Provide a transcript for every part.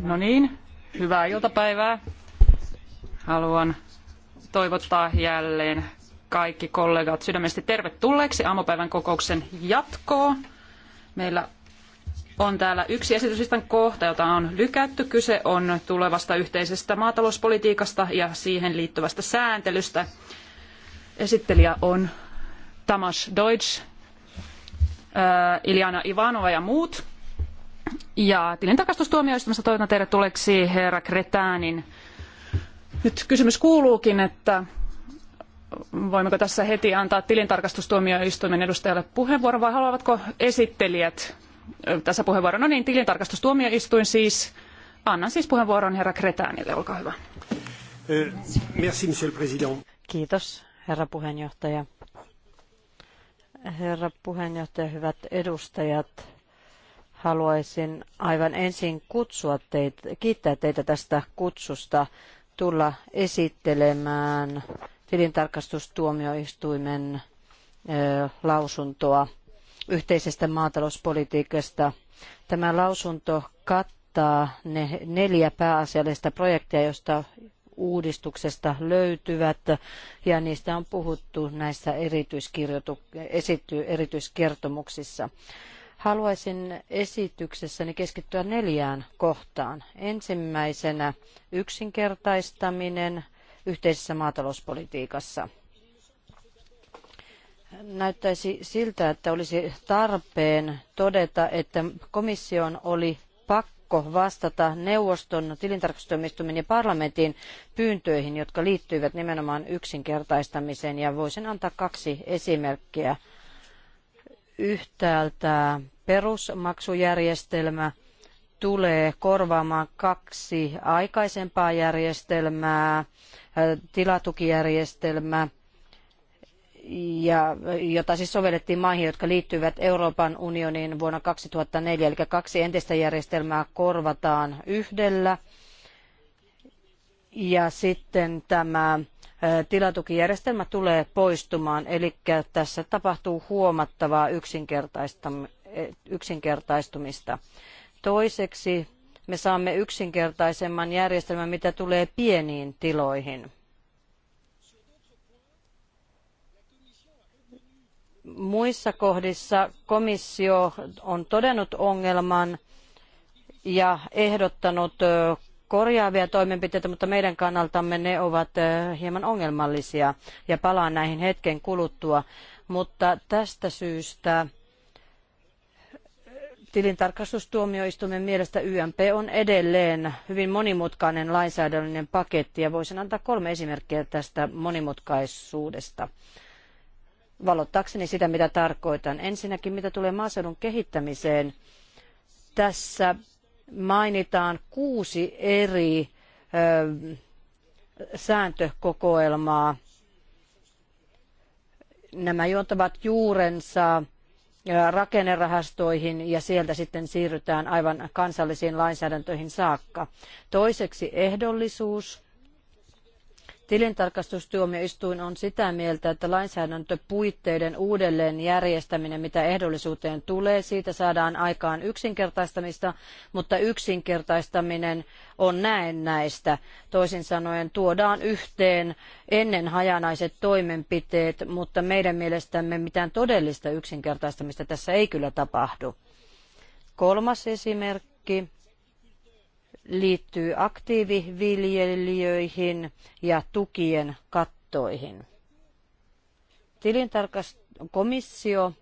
No niin, hyvää iltapäivää. Haluan toivottaa jälleen kaikki kollegat sydämesti tervetulleeksi aamupäivän kokouksen jatkoon. Meillä on täällä yksi esityslistan kohta, jota on lykätty. Kyse on tulevasta yhteisestä maatalouspolitiikasta ja siihen liittyvästä sääntelystä. Esittelijä on Tamas Deutsch, Äh, Iljana Ivanova ja muut. Ja tilintarkastustuomioistuimessa toivotan tervetulleeksi herra Kretäänin. Nyt kysymys kuuluukin, että voimmeko tässä heti antaa tilintarkastustuomioistuimen edustajalle puheenvuoron vai haluavatko esittelijät äh, tässä puheenvuoron? No niin, tilintarkastustuomioistuin siis. Annan siis puheenvuoron herra Kretäänille, olkaa hyvä. Äh, merci, monsieur le président. Kiitos, herra puheenjohtaja. Herra puheenjohtaja, hyvät edustajat, haluaisin aivan ensin kutsua teitä, kiittää teitä tästä kutsusta tulla esittelemään tilintarkastustuomioistuimen lausuntoa yhteisestä maatalouspolitiikasta. Tämä lausunto kattaa ne neljä pääasiallista projektia, joista uudistuksesta löytyvät ja niistä on puhuttu näissä esity- erityiskertomuksissa. Haluaisin esityksessäni keskittyä neljään kohtaan. Ensimmäisenä yksinkertaistaminen yhteisessä maatalouspolitiikassa näyttäisi siltä, että olisi tarpeen todeta, että komission oli pakko pakko vastata neuvoston, tilintarkastustoimistumin ja parlamentin pyyntöihin, jotka liittyivät nimenomaan yksinkertaistamiseen. Ja voisin antaa kaksi esimerkkiä. Yhtäältä perusmaksujärjestelmä tulee korvaamaan kaksi aikaisempaa järjestelmää, tilatukijärjestelmä – ja jota siis sovellettiin maihin, jotka liittyivät Euroopan unioniin vuonna 2004, eli kaksi entistä järjestelmää korvataan yhdellä. Ja sitten tämä tilatukijärjestelmä tulee poistumaan, eli tässä tapahtuu huomattavaa yksinkertaistumista. Toiseksi me saamme yksinkertaisemman järjestelmän, mitä tulee pieniin tiloihin Muissa kohdissa komissio on todennut ongelman ja ehdottanut korjaavia toimenpiteitä, mutta meidän kannaltamme ne ovat hieman ongelmallisia ja palaan näihin hetken kuluttua. Mutta tästä syystä tilintarkastustuomioistuimen mielestä YMP on edelleen hyvin monimutkainen lainsäädännöllinen paketti ja voisin antaa kolme esimerkkiä tästä monimutkaisuudesta valottaakseni sitä, mitä tarkoitan. Ensinnäkin, mitä tulee maaseudun kehittämiseen, tässä mainitaan kuusi eri ö, sääntökokoelmaa. Nämä juontavat juurensa rakennerahastoihin ja sieltä sitten siirrytään aivan kansallisiin lainsäädäntöihin saakka. Toiseksi ehdollisuus Tilintarkastustuomioistuin on sitä mieltä, että lainsäädäntöpuitteiden uudelleen järjestäminen, mitä ehdollisuuteen tulee, siitä saadaan aikaan yksinkertaistamista, mutta yksinkertaistaminen on näennäistä. Toisin sanoen tuodaan yhteen ennen hajanaiset toimenpiteet, mutta meidän mielestämme mitään todellista yksinkertaistamista tässä ei kyllä tapahdu. Kolmas esimerkki liittyy aktiiviviljelijöihin ja tukien kattoihin. Tilintarkastuskomissio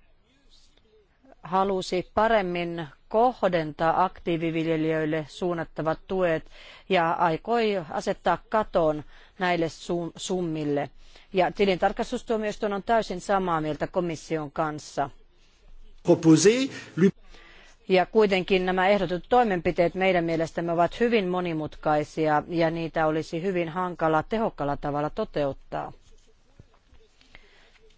halusi paremmin kohdentaa aktiiviviljelijöille suunnattavat tuet ja aikoi asettaa katon näille summille. Ja tilintarkastustuomioistuin on täysin samaa mieltä komission kanssa. Proposé, ja kuitenkin nämä ehdotut toimenpiteet meidän mielestämme ovat hyvin monimutkaisia ja niitä olisi hyvin hankala tehokkaalla tavalla toteuttaa.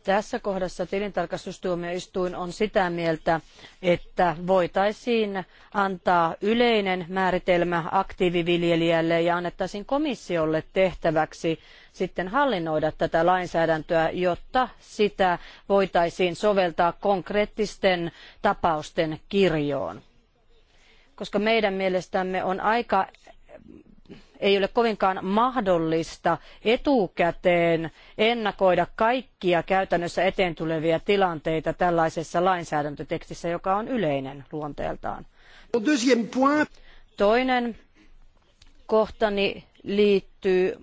Tässä kohdassa tilintarkastustuomioistuin on sitä mieltä, että voitaisiin antaa yleinen määritelmä aktiiviviljelijälle ja annettaisiin komissiolle tehtäväksi sitten hallinnoida tätä lainsäädäntöä, jotta sitä voitaisiin soveltaa konkreettisten tapausten kirjoon. Koska meidän mielestämme on aika ei ole kovinkaan mahdollista etukäteen ennakoida kaikkia käytännössä eteen tulevia tilanteita tällaisessa lainsäädäntötekstissä, joka on yleinen luonteeltaan. Toinen kohtani liittyy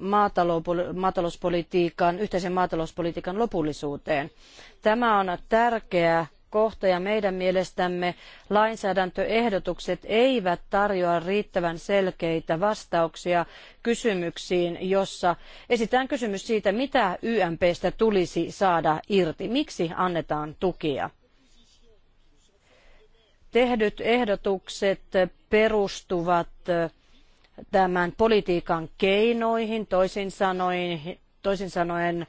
maatalouspolitiikan, yhteisen maatalouspolitiikan lopullisuuteen. Tämä on tärkeä kohta ja meidän mielestämme lainsäädäntöehdotukset eivät tarjoa riittävän selkeitä vastauksia kysymyksiin, jossa esitään kysymys siitä, mitä YMPstä tulisi saada irti, miksi annetaan tukia. Tehdyt ehdotukset perustuvat tämän politiikan keinoihin, toisin sanoen toisin sanoen äh,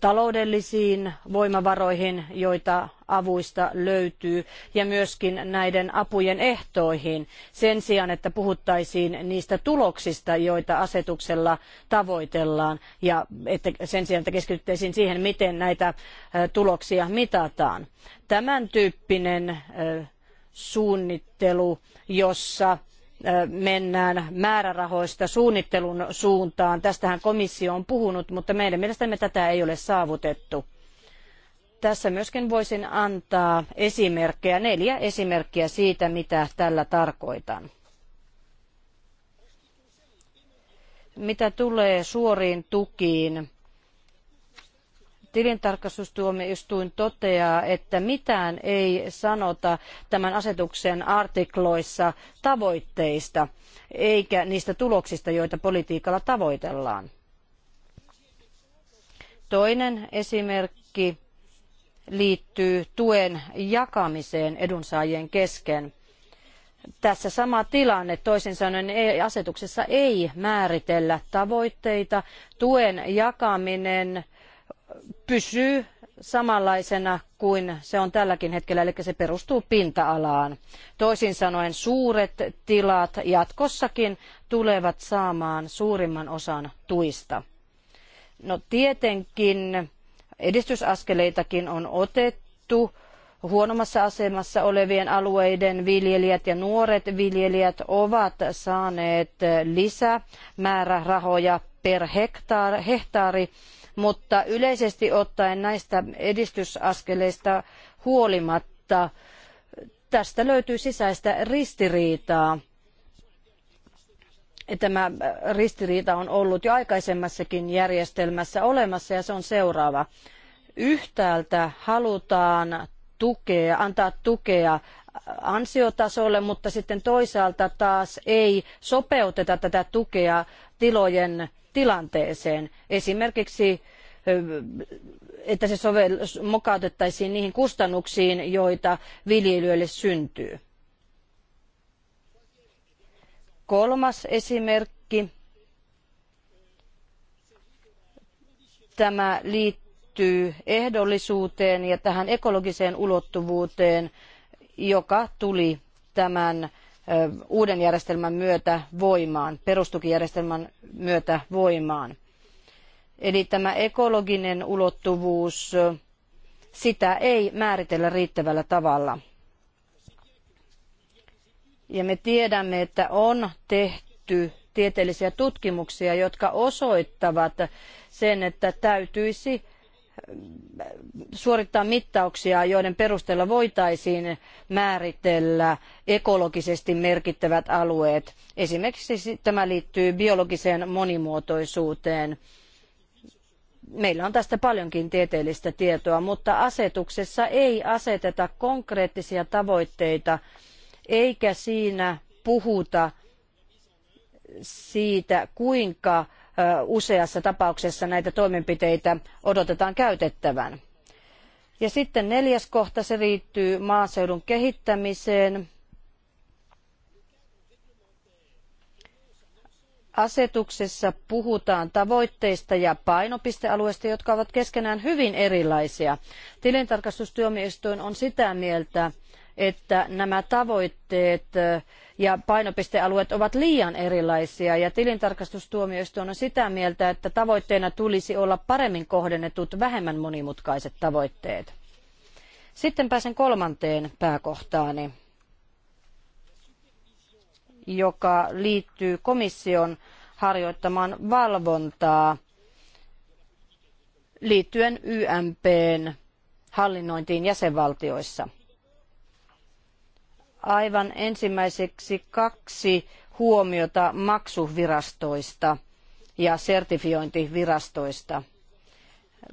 taloudellisiin voimavaroihin, joita avuista löytyy, ja myöskin näiden apujen ehtoihin, sen sijaan, että puhuttaisiin niistä tuloksista, joita asetuksella tavoitellaan, ja että sen sijaan, että keskityttäisiin siihen, miten näitä äh, tuloksia mitataan. Tämän tyyppinen äh, suunnittelu, jossa mennään määrärahoista suunnittelun suuntaan. Tästähän komissio on puhunut, mutta meidän mielestämme tätä ei ole saavutettu. Tässä myöskin voisin antaa esimerkkejä, neljä esimerkkiä siitä, mitä tällä tarkoitan. Mitä tulee suoriin tukiin, Tilintarkastustuomioistuin toteaa, että mitään ei sanota tämän asetuksen artikloissa tavoitteista eikä niistä tuloksista, joita politiikalla tavoitellaan. Toinen esimerkki liittyy tuen jakamiseen edunsaajien kesken. Tässä sama tilanne, toisin sanoen asetuksessa ei määritellä tavoitteita. Tuen jakaminen pysyy samanlaisena kuin se on tälläkin hetkellä, eli se perustuu pinta-alaan. Toisin sanoen suuret tilat jatkossakin tulevat saamaan suurimman osan tuista. No tietenkin edistysaskeleitakin on otettu. Huonommassa asemassa olevien alueiden viljelijät ja nuoret viljelijät ovat saaneet lisämäärärahoja per hehtaari mutta yleisesti ottaen näistä edistysaskeleista huolimatta tästä löytyy sisäistä ristiriitaa. Tämä ristiriita on ollut jo aikaisemmassakin järjestelmässä olemassa ja se on seuraava. Yhtäältä halutaan tukea, antaa tukea ansiotasolle, mutta sitten toisaalta taas ei sopeuteta tätä tukea tilojen tilanteeseen. Esimerkiksi että se sovel- mukautettaisiin niihin kustannuksiin, joita viljelijöille syntyy. Kolmas esimerkki. Tämä liittyy ehdollisuuteen ja tähän ekologiseen ulottuvuuteen, joka tuli tämän uuden järjestelmän myötä voimaan, perustukijärjestelmän myötä voimaan. Eli tämä ekologinen ulottuvuus, sitä ei määritellä riittävällä tavalla. Ja me tiedämme, että on tehty tieteellisiä tutkimuksia, jotka osoittavat sen, että täytyisi suorittaa mittauksia, joiden perusteella voitaisiin määritellä ekologisesti merkittävät alueet. Esimerkiksi tämä liittyy biologiseen monimuotoisuuteen. Meillä on tästä paljonkin tieteellistä tietoa, mutta asetuksessa ei aseteta konkreettisia tavoitteita eikä siinä puhuta siitä, kuinka useassa tapauksessa näitä toimenpiteitä odotetaan käytettävän. Ja sitten neljäs kohta, se liittyy maaseudun kehittämiseen. Asetuksessa puhutaan tavoitteista ja painopistealueista, jotka ovat keskenään hyvin erilaisia. Tilintarkastustuomioistuin on sitä mieltä, että nämä tavoitteet ja painopistealueet ovat liian erilaisia ja tilintarkastustuomioistuin on sitä mieltä, että tavoitteena tulisi olla paremmin kohdennetut, vähemmän monimutkaiset tavoitteet. Sitten pääsen kolmanteen pääkohtaani, joka liittyy komission harjoittamaan valvontaa liittyen YMPn hallinnointiin jäsenvaltioissa. Aivan ensimmäiseksi kaksi huomiota maksuvirastoista ja sertifiointivirastoista.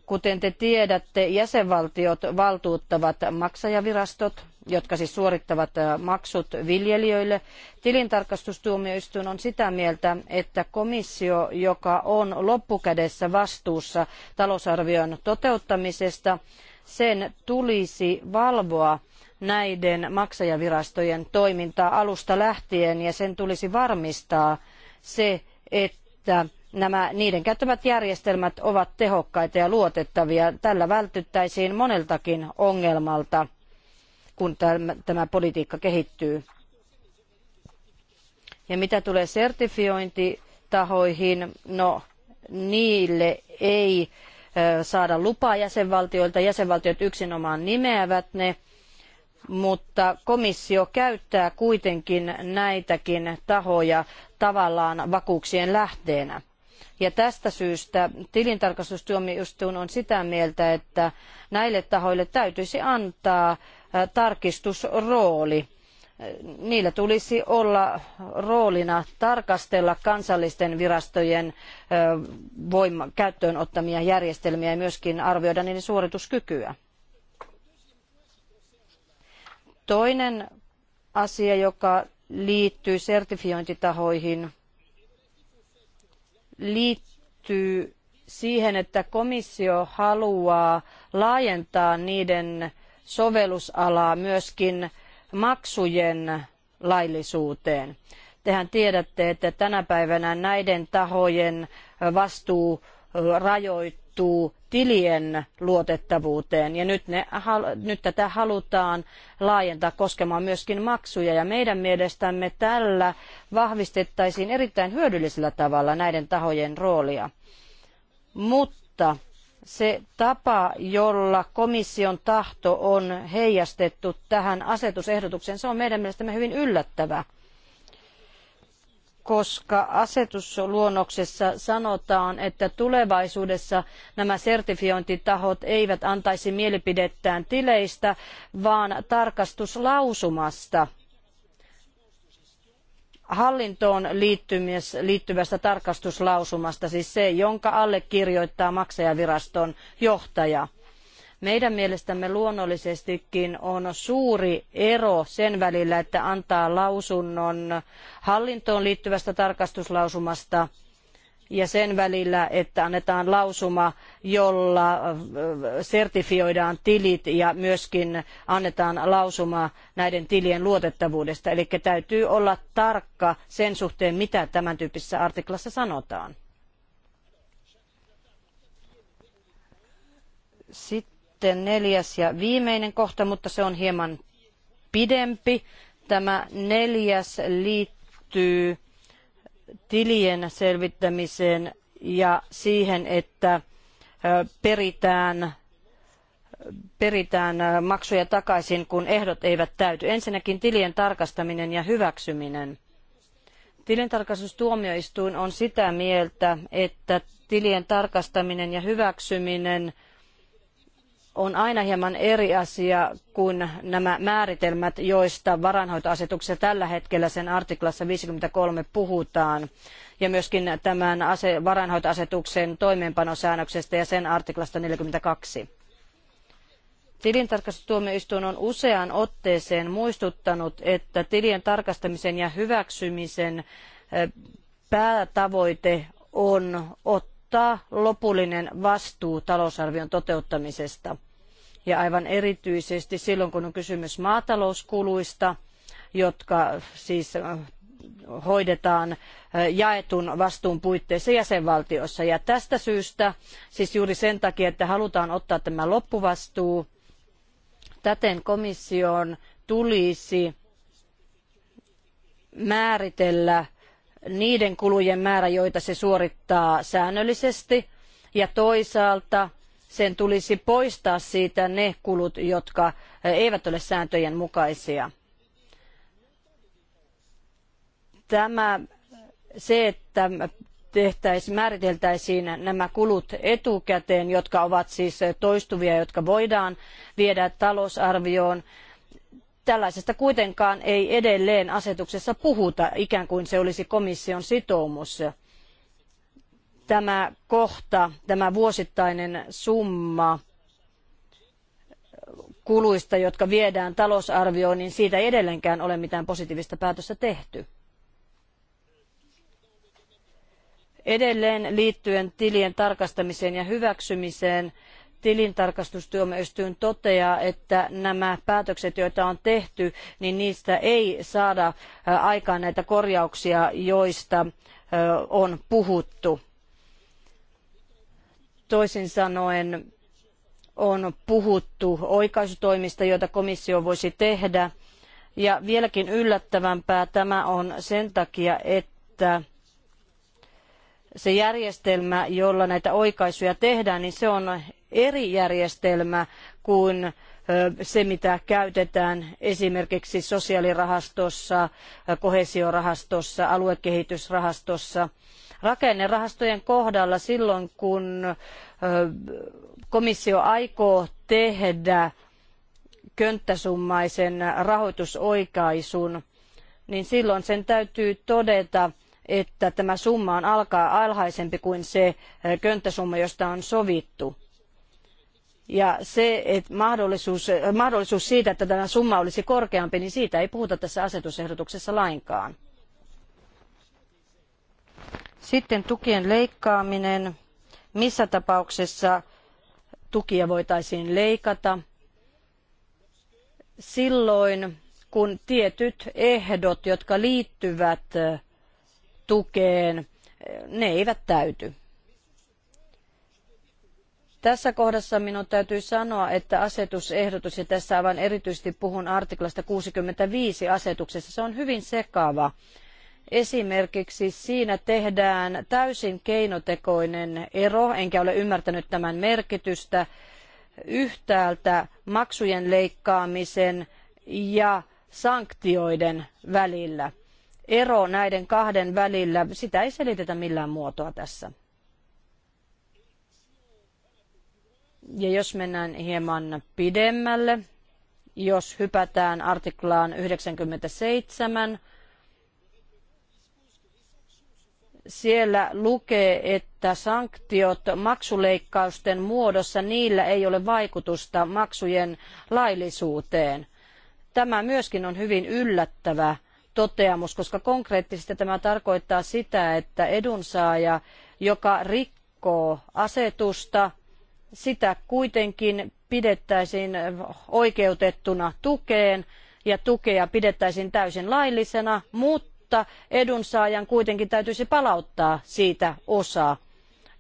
Kuten te tiedätte, jäsenvaltiot valtuuttavat maksajavirastot, jotka siis suorittavat maksut viljelijöille. Tilintarkastustuomioistuin on sitä mieltä, että komissio, joka on loppukädessä vastuussa talousarvion toteuttamisesta, sen tulisi valvoa näiden maksajavirastojen toimintaa alusta lähtien ja sen tulisi varmistaa se, että nämä niiden käyttämät järjestelmät ovat tehokkaita ja luotettavia. Tällä vältyttäisiin moneltakin ongelmalta, kun tämä politiikka kehittyy. Ja mitä tulee sertifiointitahoihin, no niille ei saada lupaa jäsenvaltioilta. Jäsenvaltiot yksinomaan nimeävät ne mutta komissio käyttää kuitenkin näitäkin tahoja tavallaan vakuuksien lähteenä. Ja tästä syystä tilintarkastustuomioistuin on sitä mieltä, että näille tahoille täytyisi antaa tarkistusrooli. Niillä tulisi olla roolina tarkastella kansallisten virastojen voima, käyttöön ottamia järjestelmiä ja myöskin arvioida niiden suorituskykyä. Toinen asia, joka liittyy sertifiointitahoihin, liittyy siihen, että komissio haluaa laajentaa niiden sovellusalaa myöskin maksujen laillisuuteen. Tehän tiedätte, että tänä päivänä näiden tahojen vastuu rajoittuu puuttuu tilien luotettavuuteen ja nyt, ne, nyt tätä halutaan laajentaa koskemaan myöskin maksuja ja meidän mielestämme tällä vahvistettaisiin erittäin hyödyllisellä tavalla näiden tahojen roolia. Mutta se tapa, jolla komission tahto on heijastettu tähän asetusehdotukseen, se on meidän mielestämme hyvin yllättävä koska asetusluonnoksessa sanotaan, että tulevaisuudessa nämä sertifiointitahot eivät antaisi mielipidettään tileistä, vaan tarkastuslausumasta hallintoon liittyvästä tarkastuslausumasta, siis se, jonka allekirjoittaa maksajaviraston johtaja meidän mielestämme luonnollisestikin on suuri ero sen välillä, että antaa lausunnon hallintoon liittyvästä tarkastuslausumasta ja sen välillä, että annetaan lausuma, jolla äh, sertifioidaan tilit ja myöskin annetaan lausuma näiden tilien luotettavuudesta. Eli täytyy olla tarkka sen suhteen, mitä tämän tyyppisessä artiklassa sanotaan. Sitten sitten neljäs ja viimeinen kohta, mutta se on hieman pidempi. Tämä neljäs liittyy tilien selvittämiseen ja siihen, että peritään, peritään maksuja takaisin, kun ehdot eivät täyty. Ensinnäkin tilien tarkastaminen ja hyväksyminen. Tilintarkastustuomioistuin on sitä mieltä, että tilien tarkastaminen ja hyväksyminen – on aina hieman eri asia kuin nämä määritelmät, joista varainhoitoasetuksessa tällä hetkellä sen artiklassa 53 puhutaan ja myöskin tämän ase- varainhoitoasetuksen toimeenpanosäännöksestä ja sen artiklasta 42. Tilintarkastustuomioistuin on useaan otteeseen muistuttanut, että tilien tarkastamisen ja hyväksymisen päätavoite on ottaa ottaa lopullinen vastuu talousarvion toteuttamisesta. Ja aivan erityisesti silloin, kun on kysymys maatalouskuluista, jotka siis äh, hoidetaan äh, jaetun vastuun puitteissa jäsenvaltioissa. Ja tästä syystä, siis juuri sen takia, että halutaan ottaa tämä loppuvastuu, täten komission tulisi määritellä niiden kulujen määrä, joita se suorittaa säännöllisesti, ja toisaalta sen tulisi poistaa siitä ne kulut, jotka eh, eivät ole sääntöjen mukaisia. Tämä se, että tehtäis määriteltäisiin nämä kulut etukäteen, jotka ovat siis toistuvia, jotka voidaan viedä talousarvioon Tällaisesta kuitenkaan ei edelleen asetuksessa puhuta, ikään kuin se olisi komission sitoumus. Tämä kohta, tämä vuosittainen summa kuluista, jotka viedään talousarvioon, niin siitä ei edelleenkään ole mitään positiivista päätöstä tehty. Edelleen liittyen tilien tarkastamiseen ja hyväksymiseen, tilintarkastustuomioistuin toteaa, että nämä päätökset, joita on tehty, niin niistä ei saada aikaan näitä korjauksia, joista on puhuttu. Toisin sanoen on puhuttu oikaisutoimista, joita komissio voisi tehdä. Ja vieläkin yllättävämpää tämä on sen takia, että se järjestelmä, jolla näitä oikaisuja tehdään, niin se on eri järjestelmä kuin se, mitä käytetään esimerkiksi sosiaalirahastossa, kohesiorahastossa, aluekehitysrahastossa. Rakennerahastojen kohdalla silloin, kun komissio aikoo tehdä könttäsummaisen rahoitusoikaisun, niin silloin sen täytyy todeta, että tämä summa on alkaa alhaisempi kuin se könttäsumma, josta on sovittu. Ja se että mahdollisuus, mahdollisuus siitä, että tämä summa olisi korkeampi, niin siitä ei puhuta tässä asetusehdotuksessa lainkaan. Sitten tukien leikkaaminen. Missä tapauksessa tukia voitaisiin leikata? Silloin, kun tietyt ehdot, jotka liittyvät tukeen, ne eivät täyty. Tässä kohdassa minun täytyy sanoa, että asetusehdotus, ja tässä aivan erityisesti puhun artiklasta 65 asetuksessa, se on hyvin sekava. Esimerkiksi siinä tehdään täysin keinotekoinen ero, enkä ole ymmärtänyt tämän merkitystä, yhtäältä maksujen leikkaamisen ja sanktioiden välillä – ero näiden kahden välillä, sitä ei selitetä millään muotoa tässä. Ja jos mennään hieman pidemmälle, jos hypätään artiklaan 97, siellä lukee, että sanktiot maksuleikkausten muodossa niillä ei ole vaikutusta maksujen laillisuuteen. Tämä myöskin on hyvin yllättävä toteamus, koska konkreettisesti tämä tarkoittaa sitä, että edunsaaja, joka rikkoo asetusta, sitä kuitenkin pidettäisiin oikeutettuna tukeen ja tukea pidettäisiin täysin laillisena, mutta edunsaajan kuitenkin täytyisi palauttaa siitä osa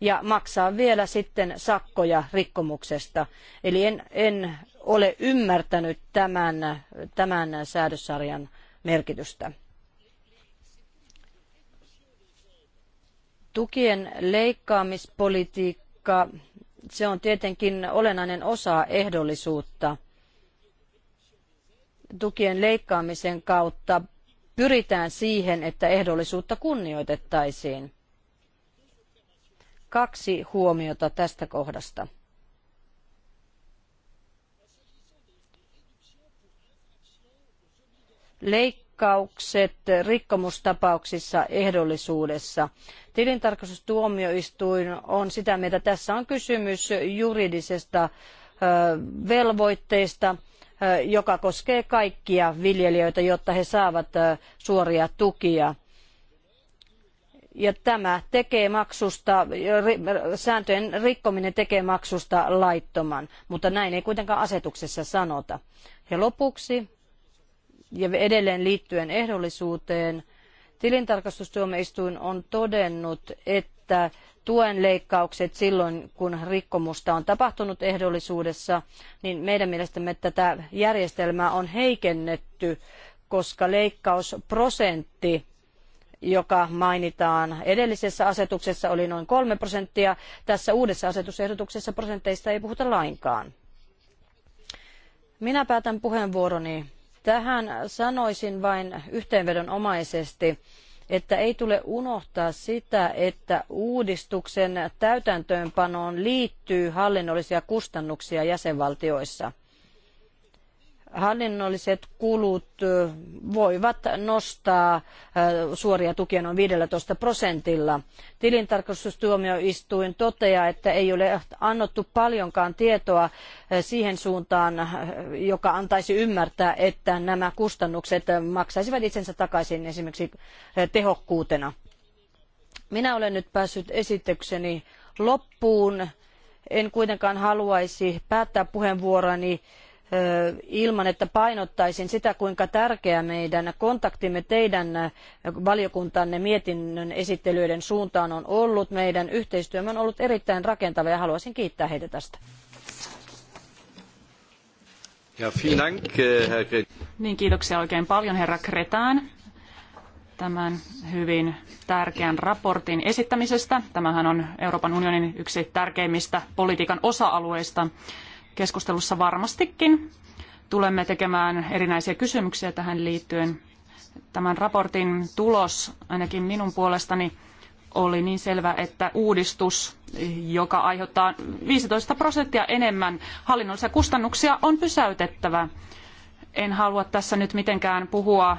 ja maksaa vielä sitten sakkoja rikkomuksesta. Eli en, en ole ymmärtänyt tämän, tämän säädössarjan merkitystä. Tukien leikkaamispolitiikka, se on tietenkin olennainen osa ehdollisuutta. Tukien leikkaamisen kautta pyritään siihen, että ehdollisuutta kunnioitettaisiin. Kaksi huomiota tästä kohdasta. leikkaukset rikkomustapauksissa ehdollisuudessa. Tilintarkastustuomioistuin on sitä mieltä, että tässä on kysymys juridisesta velvoitteesta, joka koskee kaikkia viljelijöitä, jotta he saavat suoria tukia ja tämä tekee maksusta, sääntöjen rikkominen tekee maksusta laittoman, mutta näin ei kuitenkaan asetuksessa sanota. Ja lopuksi ja edelleen liittyen ehdollisuuteen, tilintarkastustuomioistuin on todennut, että tuen leikkaukset silloin, kun rikkomusta on tapahtunut ehdollisuudessa, niin meidän mielestämme tätä järjestelmää on heikennetty, koska leikkausprosentti joka mainitaan edellisessä asetuksessa oli noin kolme prosenttia. Tässä uudessa asetusehdotuksessa prosenteista ei puhuta lainkaan. Minä päätän puheenvuoroni Tähän sanoisin vain yhteenvedonomaisesti, että ei tule unohtaa sitä, että uudistuksen täytäntöönpanoon liittyy hallinnollisia kustannuksia jäsenvaltioissa – Hallinnolliset kulut voivat nostaa suoria tukia noin 15 prosentilla. Tilintarkastustuomioistuin toteaa, että ei ole annettu paljonkaan tietoa siihen suuntaan, joka antaisi ymmärtää, että nämä kustannukset maksaisivat itsensä takaisin esimerkiksi tehokkuutena. Minä olen nyt päässyt esitykseni loppuun. En kuitenkaan haluaisi päättää puheenvuoroni ilman, että painottaisin sitä, kuinka tärkeä meidän kontaktimme teidän valiokuntanne mietinnön esittelyiden suuntaan on ollut. Meidän yhteistyömme on ollut erittäin rakentava ja haluaisin kiittää heitä tästä. Ja, dank, äh, niin, kiitoksia oikein paljon herra Kretaan tämän hyvin tärkeän raportin esittämisestä. Tämähän on Euroopan unionin yksi tärkeimmistä politiikan osa-alueista keskustelussa varmastikin tulemme tekemään erinäisiä kysymyksiä tähän liittyen. Tämän raportin tulos ainakin minun puolestani oli niin selvä, että uudistus, joka aiheuttaa 15 prosenttia enemmän hallinnollisia kustannuksia, on pysäytettävä. En halua tässä nyt mitenkään puhua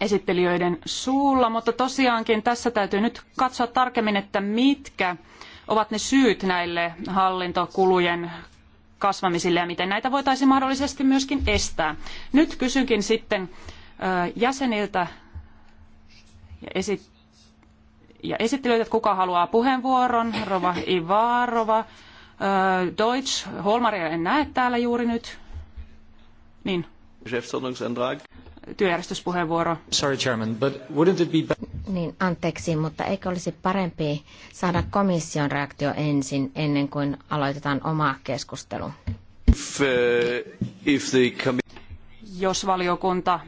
esittelijöiden suulla, mutta tosiaankin tässä täytyy nyt katsoa tarkemmin, että mitkä ovat ne syyt näille hallintokulujen kasvamisille ja miten näitä voitaisiin mahdollisesti myöskin estää. Nyt kysynkin sitten jäseniltä ja, esit- ja esittelyitä, että kuka haluaa puheenvuoron. Rova Ivarova, Deutsch, Holmaria en näe täällä juuri nyt. Niin työjärjestyspuheenvuoro. Sorry, Chairman, but wouldn't it be niin, anteeksi, mutta eikö olisi parempi saada komission reaktio ensin, ennen kuin aloitetaan oma keskustelu? If, uh, if the... Jos valiokunta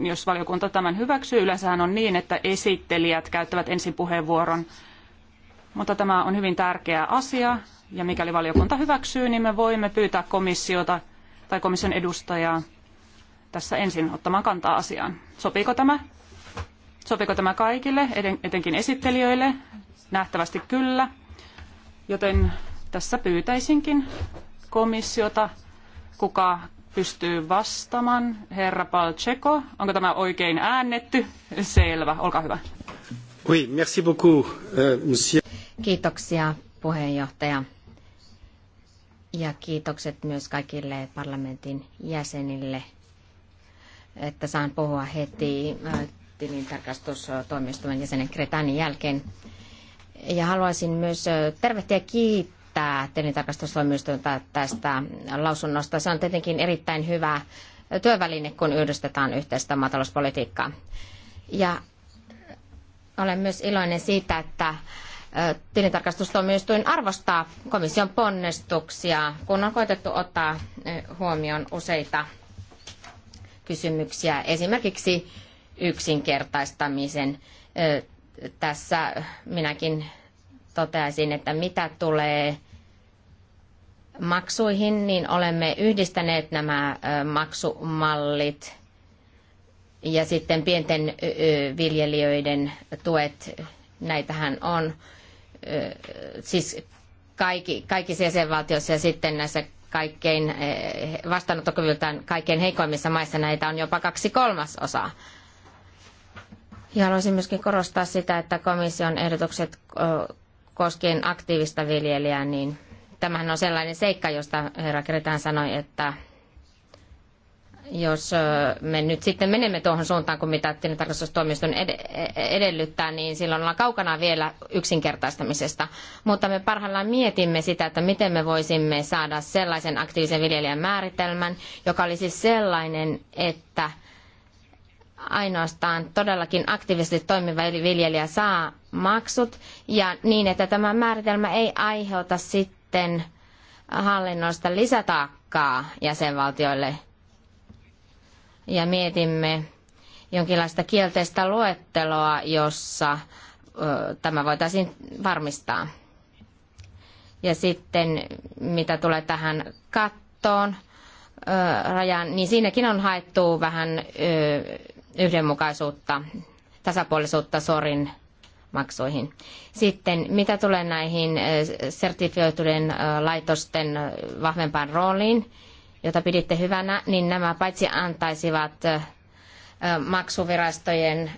jos valiokunta tämän hyväksyy, yleensähän on niin, että esittelijät käyttävät ensin puheenvuoron. Mutta tämä on hyvin tärkeä asia, ja mikäli valiokunta hyväksyy, niin me voimme pyytää komissiota tai komission edustajaa tässä ensin ottamaan kantaa asiaan. Sopiiko tämä? Sopiiko tämä kaikille, etenkin esittelijöille? Nähtävästi kyllä. Joten tässä pyytäisinkin komissiota, kuka pystyy vastaamaan. Herra Palcheko, onko tämä oikein äännetty? Selvä, olkaa hyvä. Oui, merci beaucoup, euh, monsieur. Kiitoksia puheenjohtaja. Ja kiitokset myös kaikille parlamentin jäsenille että saan puhua heti äh, tilintarkastustoimistomen jäsenen Kretanin jälkeen. Ja haluaisin myös äh, tervehtiä kiittää tilintarkastustoimistolta tästä lausunnosta. Se on tietenkin erittäin hyvä äh, työväline, kun yhdistetään yhteistä maatalouspolitiikkaa. Ja olen myös iloinen siitä, että tilintarkastustuomioistuin arvostaa komission ponnistuksia, kun on koitettu ottaa huomioon useita kysymyksiä, esimerkiksi yksinkertaistamisen. Tässä minäkin toteaisin, että mitä tulee maksuihin, niin olemme yhdistäneet nämä maksumallit ja sitten pienten viljelijöiden tuet, näitähän on siis kaikki, kaikissa jäsenvaltioissa ja sitten näissä kaikkein eh, vastaanottokyvyltään kaikkein heikoimmissa maissa näitä on jopa kaksi kolmasosaa. Ja haluaisin myöskin korostaa sitä, että komission ehdotukset eh, koskien aktiivista viljelijää, niin tämähän on sellainen seikka, josta herra Kretään sanoi, että jos me nyt sitten menemme tuohon suuntaan, kun mitä tilintarkastustoimiston e-, edellyttää, niin silloin ollaan kaukana vielä yksinkertaistamisesta. Mutta me parhaillaan mietimme sitä, että miten me voisimme saada sellaisen aktiivisen viljelijän määritelmän, joka olisi siis sellainen, että ainoastaan todellakin aktiivisesti toimiva viljelijä saa maksut ja niin, että tämä määritelmä ei aiheuta sitten hallinnollista lisätaakkaa jäsenvaltioille – ja mietimme jonkinlaista kielteistä luetteloa, jossa tämä voitaisiin varmistaa. Ja sitten mitä tulee tähän kattoon, rajan, niin siinäkin on haettu vähän yhdenmukaisuutta, tasapuolisuutta sorin maksuihin. Sitten mitä tulee näihin sertifioitujen laitosten vahvempaan rooliin, jota piditte hyvänä, niin nämä paitsi antaisivat maksuvirastojen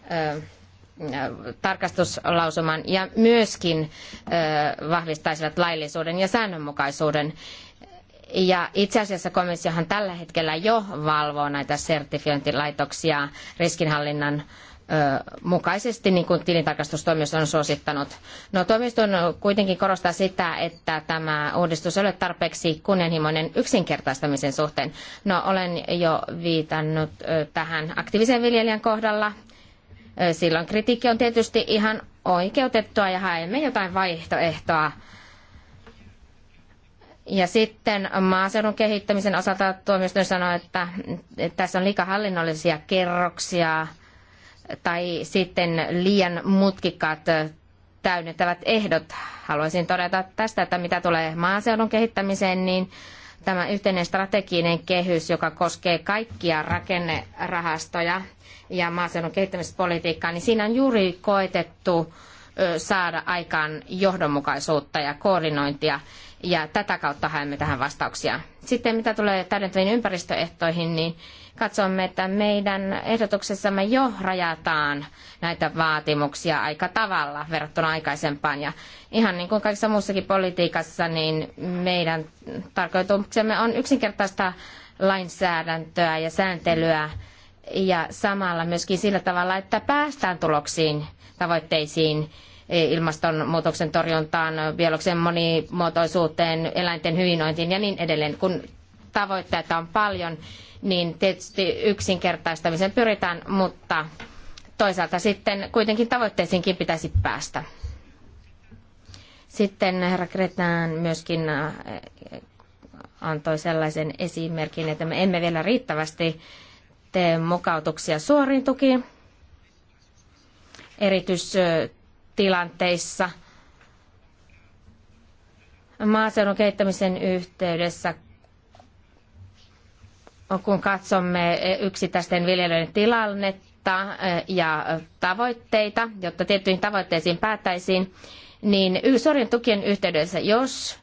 tarkastuslausuman ja myöskin vahvistaisivat laillisuuden ja säännönmukaisuuden. Ja itse asiassa komissiohan tällä hetkellä jo valvoo näitä sertifiointilaitoksia riskinhallinnan mukaisesti, niin kuin tilintarkastustoimisto on suosittanut. No, on kuitenkin korostaa sitä, että tämä uudistus ei ole tarpeeksi kunnianhimoinen yksinkertaistamisen suhteen. No, olen jo viitannut tähän aktiivisen viljelijän kohdalla. Silloin kritiikki on tietysti ihan oikeutettua ja haemme jotain vaihtoehtoa. Ja sitten maaseudun kehittämisen osalta tuomioistuin sanoi, että tässä on liikaa hallinnollisia kerroksia – tai sitten liian mutkikkaat täydentävät ehdot. Haluaisin todeta tästä, että mitä tulee maaseudun kehittämiseen, niin tämä yhteinen strateginen kehys, joka koskee kaikkia rakennerahastoja ja maaseudun kehittämispolitiikkaa, niin siinä on juuri koetettu saada aikaan johdonmukaisuutta ja koordinointia, ja tätä kautta haemme tähän vastauksia. Sitten mitä tulee täydentäviin ympäristöehtoihin, niin katsomme, että meidän ehdotuksessamme jo rajataan näitä vaatimuksia aika tavalla verrattuna aikaisempaan. Ja ihan niin kuin kaikessa muussakin politiikassa, niin meidän tarkoituksemme on yksinkertaista lainsäädäntöä ja sääntelyä ja samalla myöskin sillä tavalla, että päästään tuloksiin, tavoitteisiin, e, ilmastonmuutoksen torjuntaan, biologisen monimuotoisuuteen, eläinten hyvinvointiin ja niin edelleen, kun tavoitteita on paljon niin tietysti yksinkertaistamiseen pyritään, mutta toisaalta sitten kuitenkin tavoitteisiinkin pitäisi päästä. Sitten herra Kretään myöskin äh, antoi sellaisen esimerkin, että me emme vielä riittävästi tee mukautuksia suoriin tukiin erityistilanteissa. Maaseudun kehittämisen yhteydessä kun katsomme yksittäisten viljelijöiden tilannetta eh, ja tavoitteita, jotta tiettyihin tavoitteisiin päättäisiin, niin suorien tukien yhteydessä, jos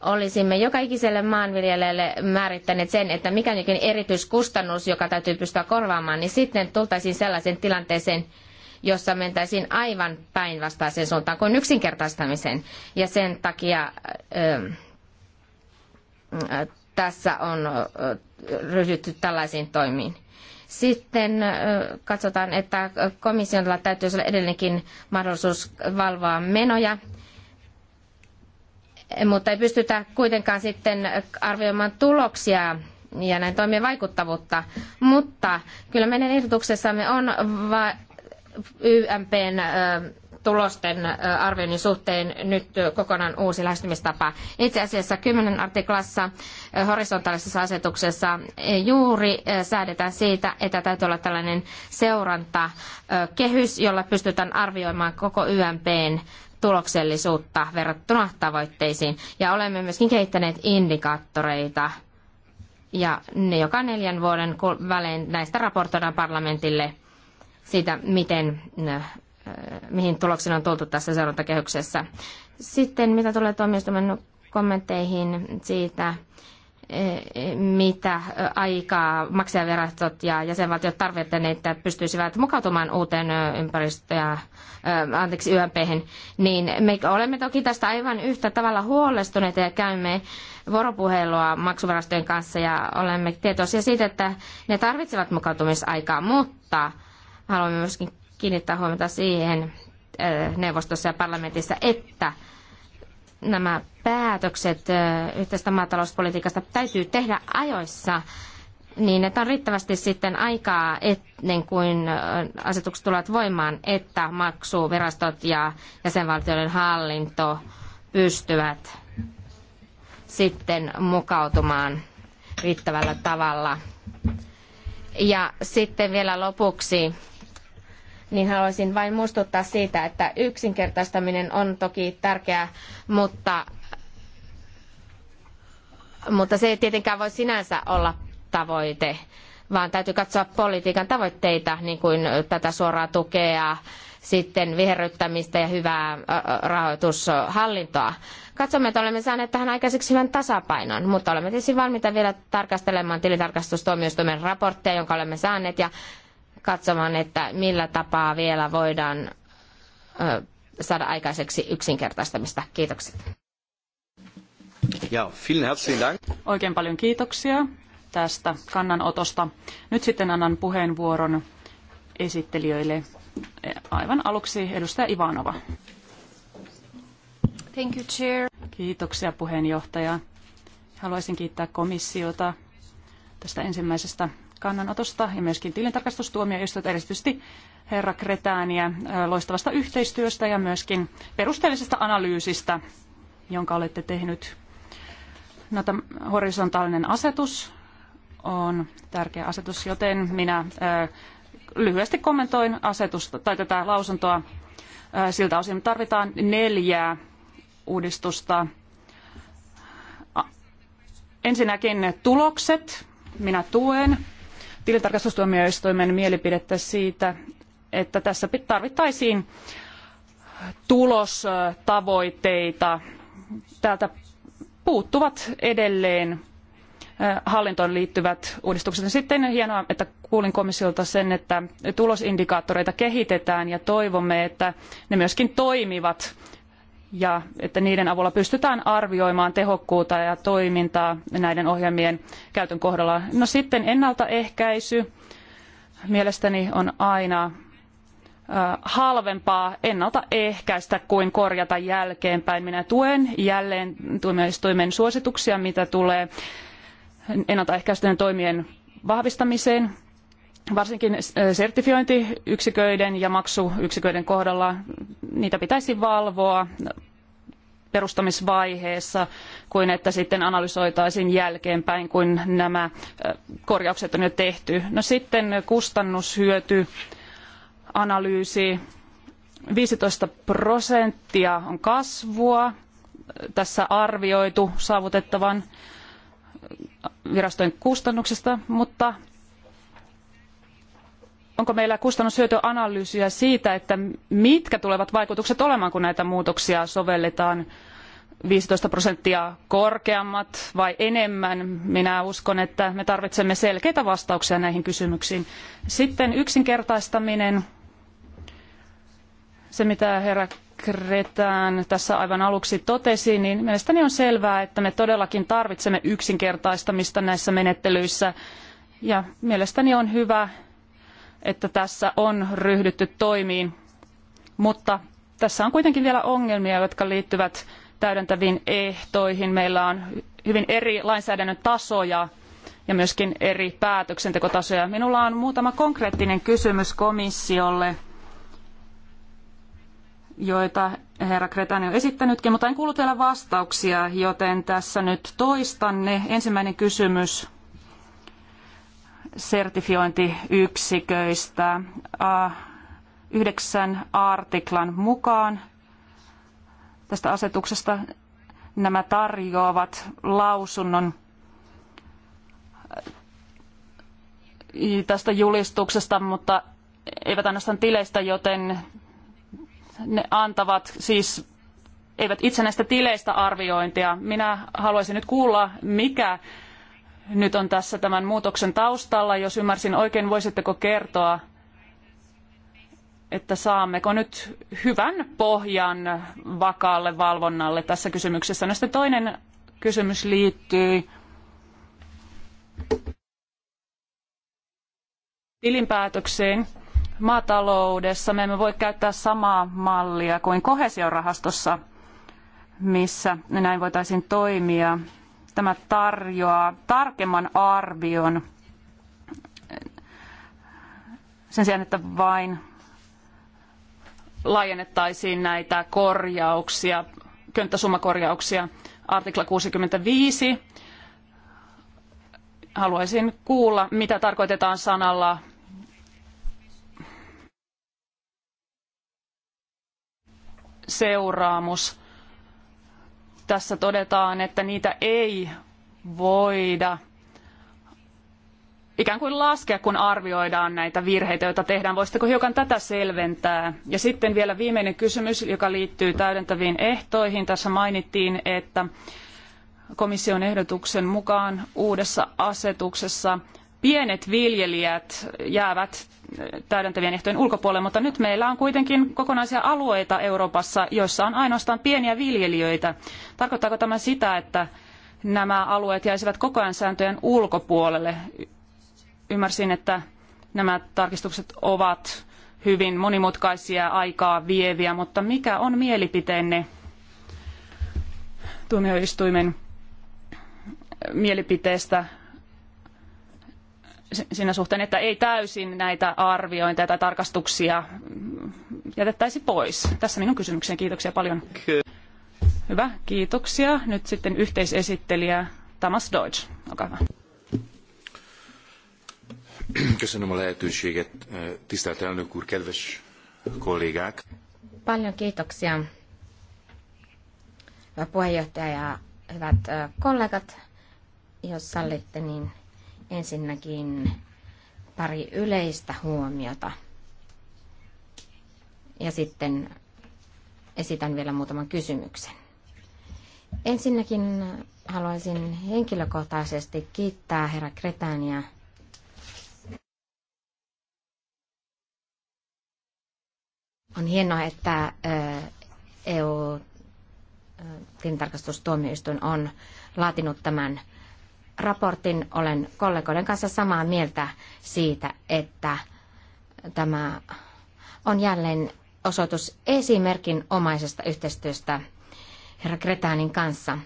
olisimme joka ikiselle maanviljelijälle määrittäneet sen, että mikä jokin erityiskustannus, joka täytyy pystyä korvaamaan, niin sitten tultaisiin sellaiseen tilanteeseen, jossa mentäisiin aivan päinvastaiseen suuntaan kuin yksinkertaistamiseen. Ja sen takia eh, tässä on ryhdytty tällaisiin toimiin. Sitten katsotaan, että komissiolla täytyisi olla edelleenkin mahdollisuus valvoa menoja, mutta ei pystytä kuitenkaan sitten arvioimaan tuloksia ja näin toimien vaikuttavuutta. Mutta kyllä meidän ehdotuksessamme on YMPn tulosten arvioinnin suhteen nyt kokonaan uusi lähestymistapa. Itse asiassa 10 artiklassa horisontaalisessa asetuksessa juuri säädetään siitä, että täytyy olla tällainen seurantakehys, jolla pystytään arvioimaan koko YMPn tuloksellisuutta verrattuna tavoitteisiin. Ja olemme myöskin kehittäneet indikaattoreita ja ne joka neljän vuoden välein näistä raportoidaan parlamentille siitä, miten Äh, mihin tuloksiin on tultu tässä seurantakehyksessä. Sitten mitä tulee tuomioistuimen kommentteihin siitä, äh, mitä äh, aikaa maksajavirastot ja jäsenvaltiot tarvitsevat, niin että pystyisivät mukautumaan uuteen ympäristöön ja anteeksi, ymp niin me olemme toki tästä aivan yhtä tavalla huolestuneita ja käymme vuoropuhelua maksuvarastojen kanssa ja olemme tietoisia siitä, että ne tarvitsevat mukautumisaikaa, mutta haluamme myöskin kiinnittää huomiota siihen neuvostossa ja parlamentissa, että nämä päätökset yhteistä maatalouspolitiikasta täytyy tehdä ajoissa niin, että on riittävästi sitten aikaa ennen kuin asetukset tulevat voimaan, että maksuvirastot ja jäsenvaltioiden hallinto pystyvät sitten mukautumaan riittävällä tavalla. Ja sitten vielä lopuksi niin haluaisin vain muistuttaa siitä, että yksinkertaistaminen on toki tärkeää, mutta, mutta se ei tietenkään voi sinänsä olla tavoite, vaan täytyy katsoa politiikan tavoitteita, niin kuin tätä suoraa tukea, sitten viherryttämistä ja hyvää rahoitushallintoa. Katsomme, että olemme saaneet tähän aikaiseksi hyvän tasapainon, mutta olemme tietysti valmiita vielä tarkastelemaan tilintarkastustuomioistuimen raporttia, jonka olemme saaneet, ja katsomaan, että millä tapaa vielä voidaan saada aikaiseksi yksinkertaistamista. Kiitokset. Ja, vielen herzlichen Dank. Oikein paljon kiitoksia tästä kannanotosta. Nyt sitten annan puheenvuoron esittelijöille. Aivan aluksi edustaja Ivanova. Thank you, chair. Kiitoksia puheenjohtaja. Haluaisin kiittää komissiota tästä ensimmäisestä kannanotosta ja myöskin tilintarkastustuomioistuinta, erityisesti herra Kretääniä loistavasta yhteistyöstä ja myöskin perusteellisesta analyysistä, jonka olette tehnyt. No, horisontaalinen asetus on tärkeä asetus, joten minä lyhyesti kommentoin asetusta tai tätä lausuntoa. Siltä osin tarvitaan neljää uudistusta. Ensinnäkin tulokset. Minä tuen tilintarkastustuomioistuimen mielipidettä siitä, että tässä tarvittaisiin tulostavoitteita. Täältä puuttuvat edelleen hallintoon liittyvät uudistukset. Sitten hienoa, että kuulin komissiolta sen, että tulosindikaattoreita kehitetään ja toivomme, että ne myöskin toimivat ja että niiden avulla pystytään arvioimaan tehokkuutta ja toimintaa näiden ohjelmien käytön kohdalla. No sitten ennaltaehkäisy mielestäni on aina halvempaa ennaltaehkäistä kuin korjata jälkeenpäin. Minä tuen jälleen tuomioistuimen suosituksia, mitä tulee ennaltaehkäisten toimien vahvistamiseen varsinkin sertifiointiyksiköiden ja maksuyksiköiden kohdalla niitä pitäisi valvoa perustamisvaiheessa kuin että sitten analysoitaisiin jälkeenpäin, kun nämä korjaukset on jo tehty. No sitten kustannushyöty analyysi 15 prosenttia on kasvua tässä arvioitu saavutettavan virastojen kustannuksista, mutta onko meillä analyysiä siitä, että mitkä tulevat vaikutukset olemaan, kun näitä muutoksia sovelletaan viisitoista prosenttia korkeammat vai enemmän? Minä uskon, että me tarvitsemme selkeitä vastauksia näihin kysymyksiin. Sitten yksinkertaistaminen, se mitä herra Kretään tässä aivan aluksi totesi, niin mielestäni on selvää, että me todellakin tarvitsemme yksinkertaistamista näissä menettelyissä. Ja mielestäni on hyvä, että tässä on ryhdytty toimiin, mutta tässä on kuitenkin vielä ongelmia, jotka liittyvät täydentäviin ehtoihin. Meillä on hyvin eri lainsäädännön tasoja ja myöskin eri päätöksentekotasoja. Minulla on muutama konkreettinen kysymys komissiolle, joita herra Kretani on esittänytkin, mutta en kuullut vielä vastauksia, joten tässä nyt toistan ne. Ensimmäinen kysymys sertifiointiyksiköistä yhdeksän artiklan mukaan tästä asetuksesta. Nämä tarjoavat lausunnon tästä julistuksesta, mutta eivät ainoastaan tileistä, joten ne antavat siis eivät itsenäistä tileistä arviointia. Minä haluaisin nyt kuulla, mikä nyt on tässä tämän muutoksen taustalla. Jos ymmärsin oikein, voisitteko kertoa, että saammeko nyt hyvän pohjan vakaalle valvonnalle tässä kysymyksessä. No sitten toinen kysymys liittyy tilinpäätökseen maataloudessa me emme voi käyttää samaa mallia kuin kohesiorahastossa, missä näin voitaisiin toimia. Tämä tarjoaa tarkemman arvion sen sijaan, että vain laajennettaisiin näitä korjauksia, könttäsummakorjauksia. Artikla 65. Haluaisin kuulla, mitä tarkoitetaan sanalla seuraamus tässä todetaan, että niitä ei voida ikään kuin laskea, kun arvioidaan näitä virheitä, joita tehdään. Voisitteko hiukan tätä selventää? Ja sitten vielä viimeinen kysymys, joka liittyy täydentäviin ehtoihin. Tässä mainittiin, että komission ehdotuksen mukaan uudessa asetuksessa pienet viljelijät jäävät äh, täydentävien ehtojen ulkopuolelle, mutta nyt meillä on kuitenkin kokonaisia alueita Euroopassa, joissa on ainoastaan pieniä viljelijöitä. Tarkoittaako tämä sitä, että nämä alueet jäisivät koko ajan sääntöjen ulkopuolelle? Ymmärsin, että nämä tarkistukset ovat hyvin monimutkaisia, aikaa vieviä, mutta mikä on mielipiteenne tuomioistuimen mielipiteestä siinä suhteen, että ei täysin näitä arviointeja tai tarkastuksia jätettäisi pois. Tässä minun kysymykseni. Kiitoksia paljon. Hyvä, kiitoksia. Nyt sitten yhteisesittelijä Thomas Deutsch. Olkaa hyvä. Köszönöm a lehetőséget, tisztelt elnök úr, kedves kollégák. Paljon kiitoksia puheenjohtaja ja hyvät kollegat. Jos sallitte, niin Ensinnäkin pari yleistä huomiota. Ja sitten esitän vielä muutaman kysymyksen. Ensinnäkin haluaisin henkilökohtaisesti kiittää herra Kretania On hienoa, että EU-tilintarkastustuomioistuin on laatinut tämän raportin. Olen kollegoiden kanssa samaa mieltä siitä, että tämä on jälleen osoitus esimerkin omaisesta yhteistyöstä herra Gretanin kanssa.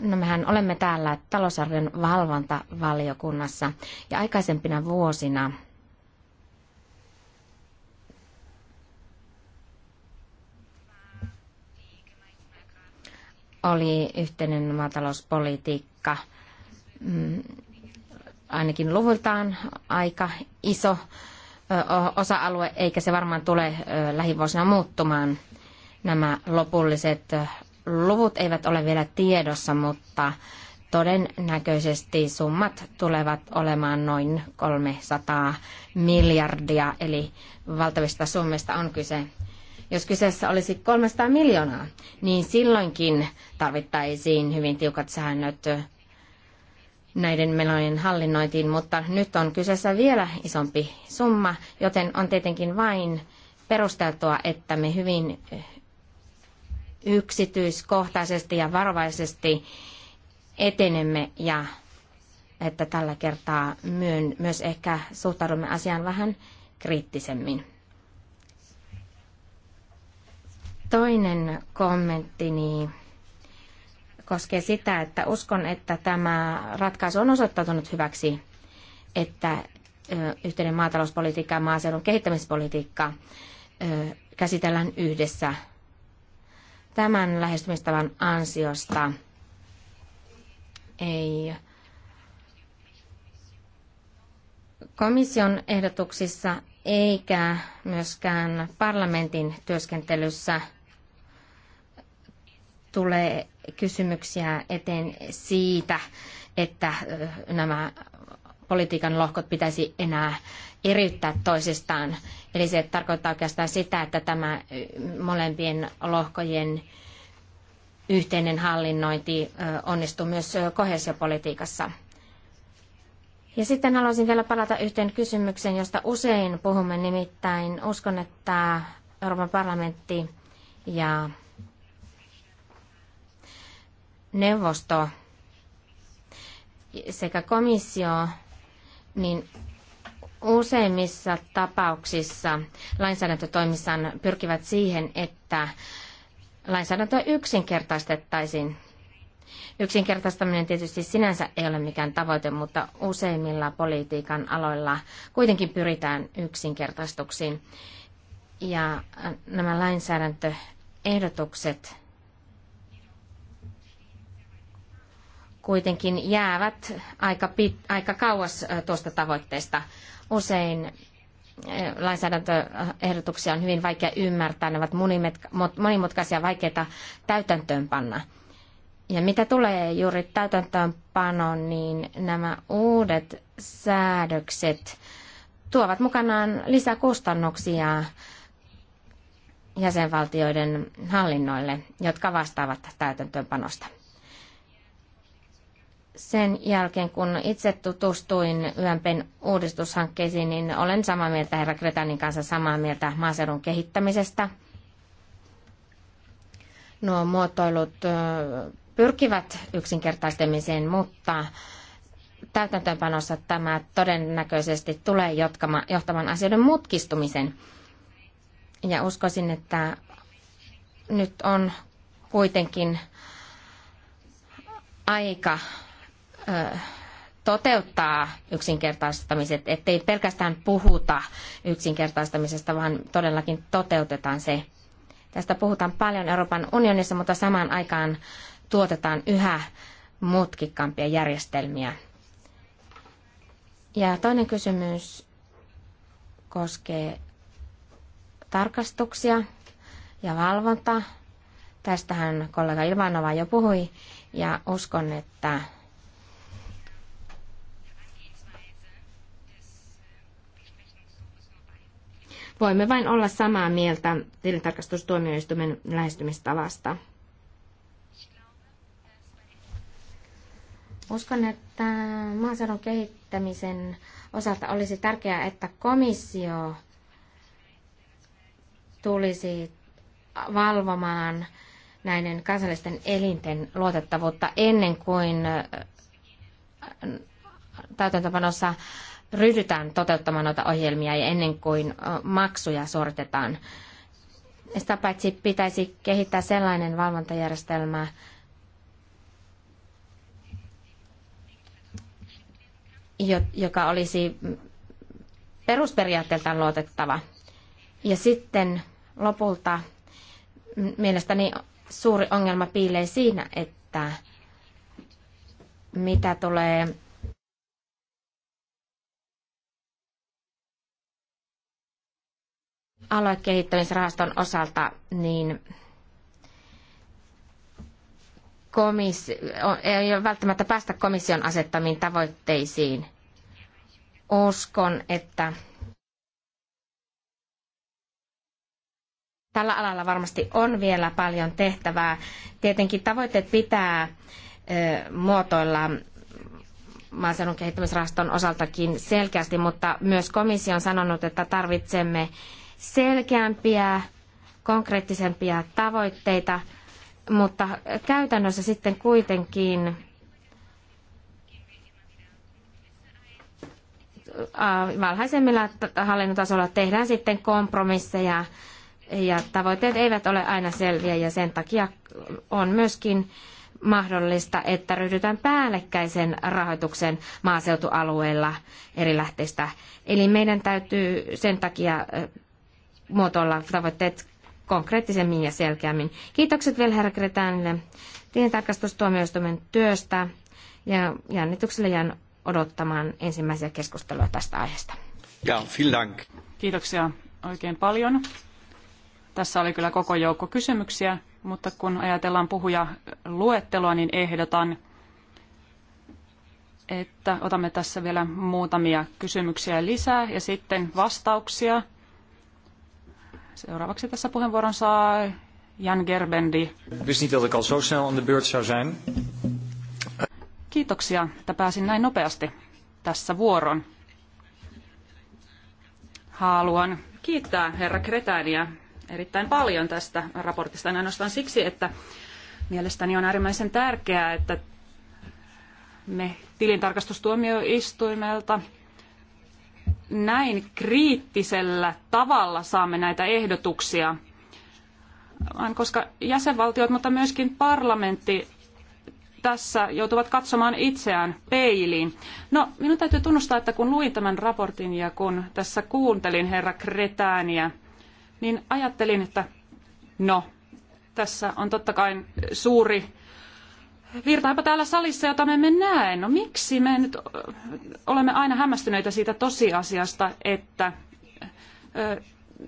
No mehän olemme täällä talousarvion valvontavaliokunnassa ja aikaisempina vuosina – oli yhteinen maatalouspolitiikka mm, ainakin luvultaan aika iso osa-alue, eikä se varmaan tule lähivuosina muuttumaan. Nämä lopulliset luvut eivät ole vielä tiedossa, mutta todennäköisesti summat tulevat olemaan noin 300 miljardia, eli valtavista summista on kyse. Jos kyseessä olisi 300 miljoonaa, niin silloinkin tarvittaisiin hyvin tiukat säännöt näiden menojen hallinnointiin, mutta nyt on kyseessä vielä isompi summa, joten on tietenkin vain perusteltua, että me hyvin eh, yksityiskohtaisesti ja varovaisesti etenemme ja että tällä kertaa myön, myös ehkä suhtaudumme asiaan vähän kriittisemmin. Toinen kommenttini niin koskee sitä, että uskon, että tämä ratkaisu on osoittautunut hyväksi, että yhteinen maatalouspolitiikka ja maaseudun kehittämispolitiikka käsitellään yhdessä. Tämän lähestymistavan ansiosta ei komission ehdotuksissa eikä myöskään parlamentin työskentelyssä – tulee kysymyksiä eteen siitä, että nämä politiikan lohkot pitäisi enää eriyttää toisistaan. Eli se tarkoittaa oikeastaan sitä, että tämä molempien lohkojen yhteinen hallinnointi onnistuu myös kohesiopolitiikassa. Ja sitten haluaisin vielä palata yhteen kysymykseen, josta usein puhumme nimittäin. Uskon, että Euroopan parlamentti ja neuvosto sekä komissio, niin useimmissa tapauksissa lainsäädäntötoimissaan pyrkivät siihen, että lainsäädäntöä yksinkertaistettaisiin. Yksinkertaistaminen tietysti sinänsä ei ole mikään tavoite, mutta useimmilla politiikan aloilla kuitenkin pyritään yksinkertaistuksiin. Ja nämä lainsäädäntöehdotukset kuitenkin jäävät aika, pit, aika kauas tuosta tavoitteesta. Usein lainsäädäntöehdotuksia on hyvin vaikea ymmärtää, ne ovat monimutkaisia vaikeita täytäntöönpanna. Ja mitä tulee juuri täytäntöönpanoon, niin nämä uudet säädökset tuovat mukanaan lisäkustannuksia jäsenvaltioiden hallinnoille, jotka vastaavat täytäntöönpanosta sen jälkeen, kun itse tutustuin YMPn uudistushankkeisiin, niin olen samaa mieltä herra Kretanin kanssa samaa mieltä maaseudun kehittämisestä. Nuo muotoilut pyrkivät yksinkertaistamiseen, mutta täytäntöönpanossa tämä todennäköisesti tulee johtamaan asioiden mutkistumisen. Ja uskoisin, että nyt on kuitenkin aika toteuttaa yksinkertaistamiset, ettei pelkästään puhuta yksinkertaistamisesta, vaan todellakin toteutetaan se. Tästä puhutaan paljon Euroopan unionissa, mutta samaan aikaan tuotetaan yhä mutkikkaampia järjestelmiä. Ja toinen kysymys koskee tarkastuksia ja valvontaa. Tästähän kollega Ilvanova jo puhui ja uskon, että Voimme vain olla samaa mieltä tilintarkastustuomioistuimen lähestymistavasta. Uskon, että maaseudun kehittämisen osalta olisi tärkeää, että komissio tulisi valvomaan näiden kansallisten elinten luotettavuutta ennen kuin täytäntöpanossa ryhdytään toteuttamaan noita ohjelmia ja ennen kuin maksuja sortetaan. Sitä paitsi pitäisi kehittää sellainen valvontajärjestelmä, joka olisi perusperiaatteeltaan luotettava. Ja sitten lopulta mielestäni suuri ongelma piilee siinä, että mitä tulee aluekehittämisrahaston osalta, niin komissio, ei ole välttämättä päästä komission asettamiin tavoitteisiin. Uskon, että tällä alalla varmasti on vielä paljon tehtävää. Tietenkin tavoitteet pitää muotoilla maaseudun kehittämisrahaston osaltakin selkeästi, mutta myös komissio on sanonut, että tarvitsemme selkeämpiä, konkreettisempia tavoitteita, mutta käytännössä sitten kuitenkin valhaisemmilla hallinnotasolla tehdään sitten kompromisseja ja tavoitteet eivät ole aina selviä ja sen takia on myöskin mahdollista, että ryhdytään päällekkäisen rahoituksen maaseutualueilla eri lähteistä. Eli meidän täytyy sen takia muotoilla tavoitteet konkreettisemmin ja selkeämmin. Kiitokset vielä herra Kretäänille tilintarkastustuomioistuimen työstä ja jännityksellä jään odottamaan ensimmäisiä keskusteluja tästä aiheesta. Ja, dank. Kiitoksia oikein paljon. Tässä oli kyllä koko joukko kysymyksiä, mutta kun ajatellaan puhuja luettelua, niin ehdotan, että otamme tässä vielä muutamia kysymyksiä lisää ja sitten vastauksia – Seuraavaksi tässä puheenvuoron saa Jan Gerbendi. Wist niet dat ik al zo snel aan de beurt zou zijn. Kiitoksia, että pääsin näin nopeasti tässä vuoron. Haluan kiittää herra Kretäniä erittäin paljon tästä raportista, en ainoastaan siksi, että mielestäni on äärimmäisen tärkeää, että me tilintarkastustuomioistuimelta näin kriittisellä tavalla saamme näitä ehdotuksia, vaan koska jäsenvaltiot, mutta myöskin parlamentti tässä joutuvat katsomaan itseään peiliin. No, minun täytyy tunnustaa, että kun luin tämän raportin ja kun tässä kuuntelin herra Kretääniä, niin ajattelin, että no, tässä on totta kai suuri virtaapa täällä salissa, jota me emme näe. No miksi me nyt olemme aina hämmästyneitä siitä tosiasiasta, että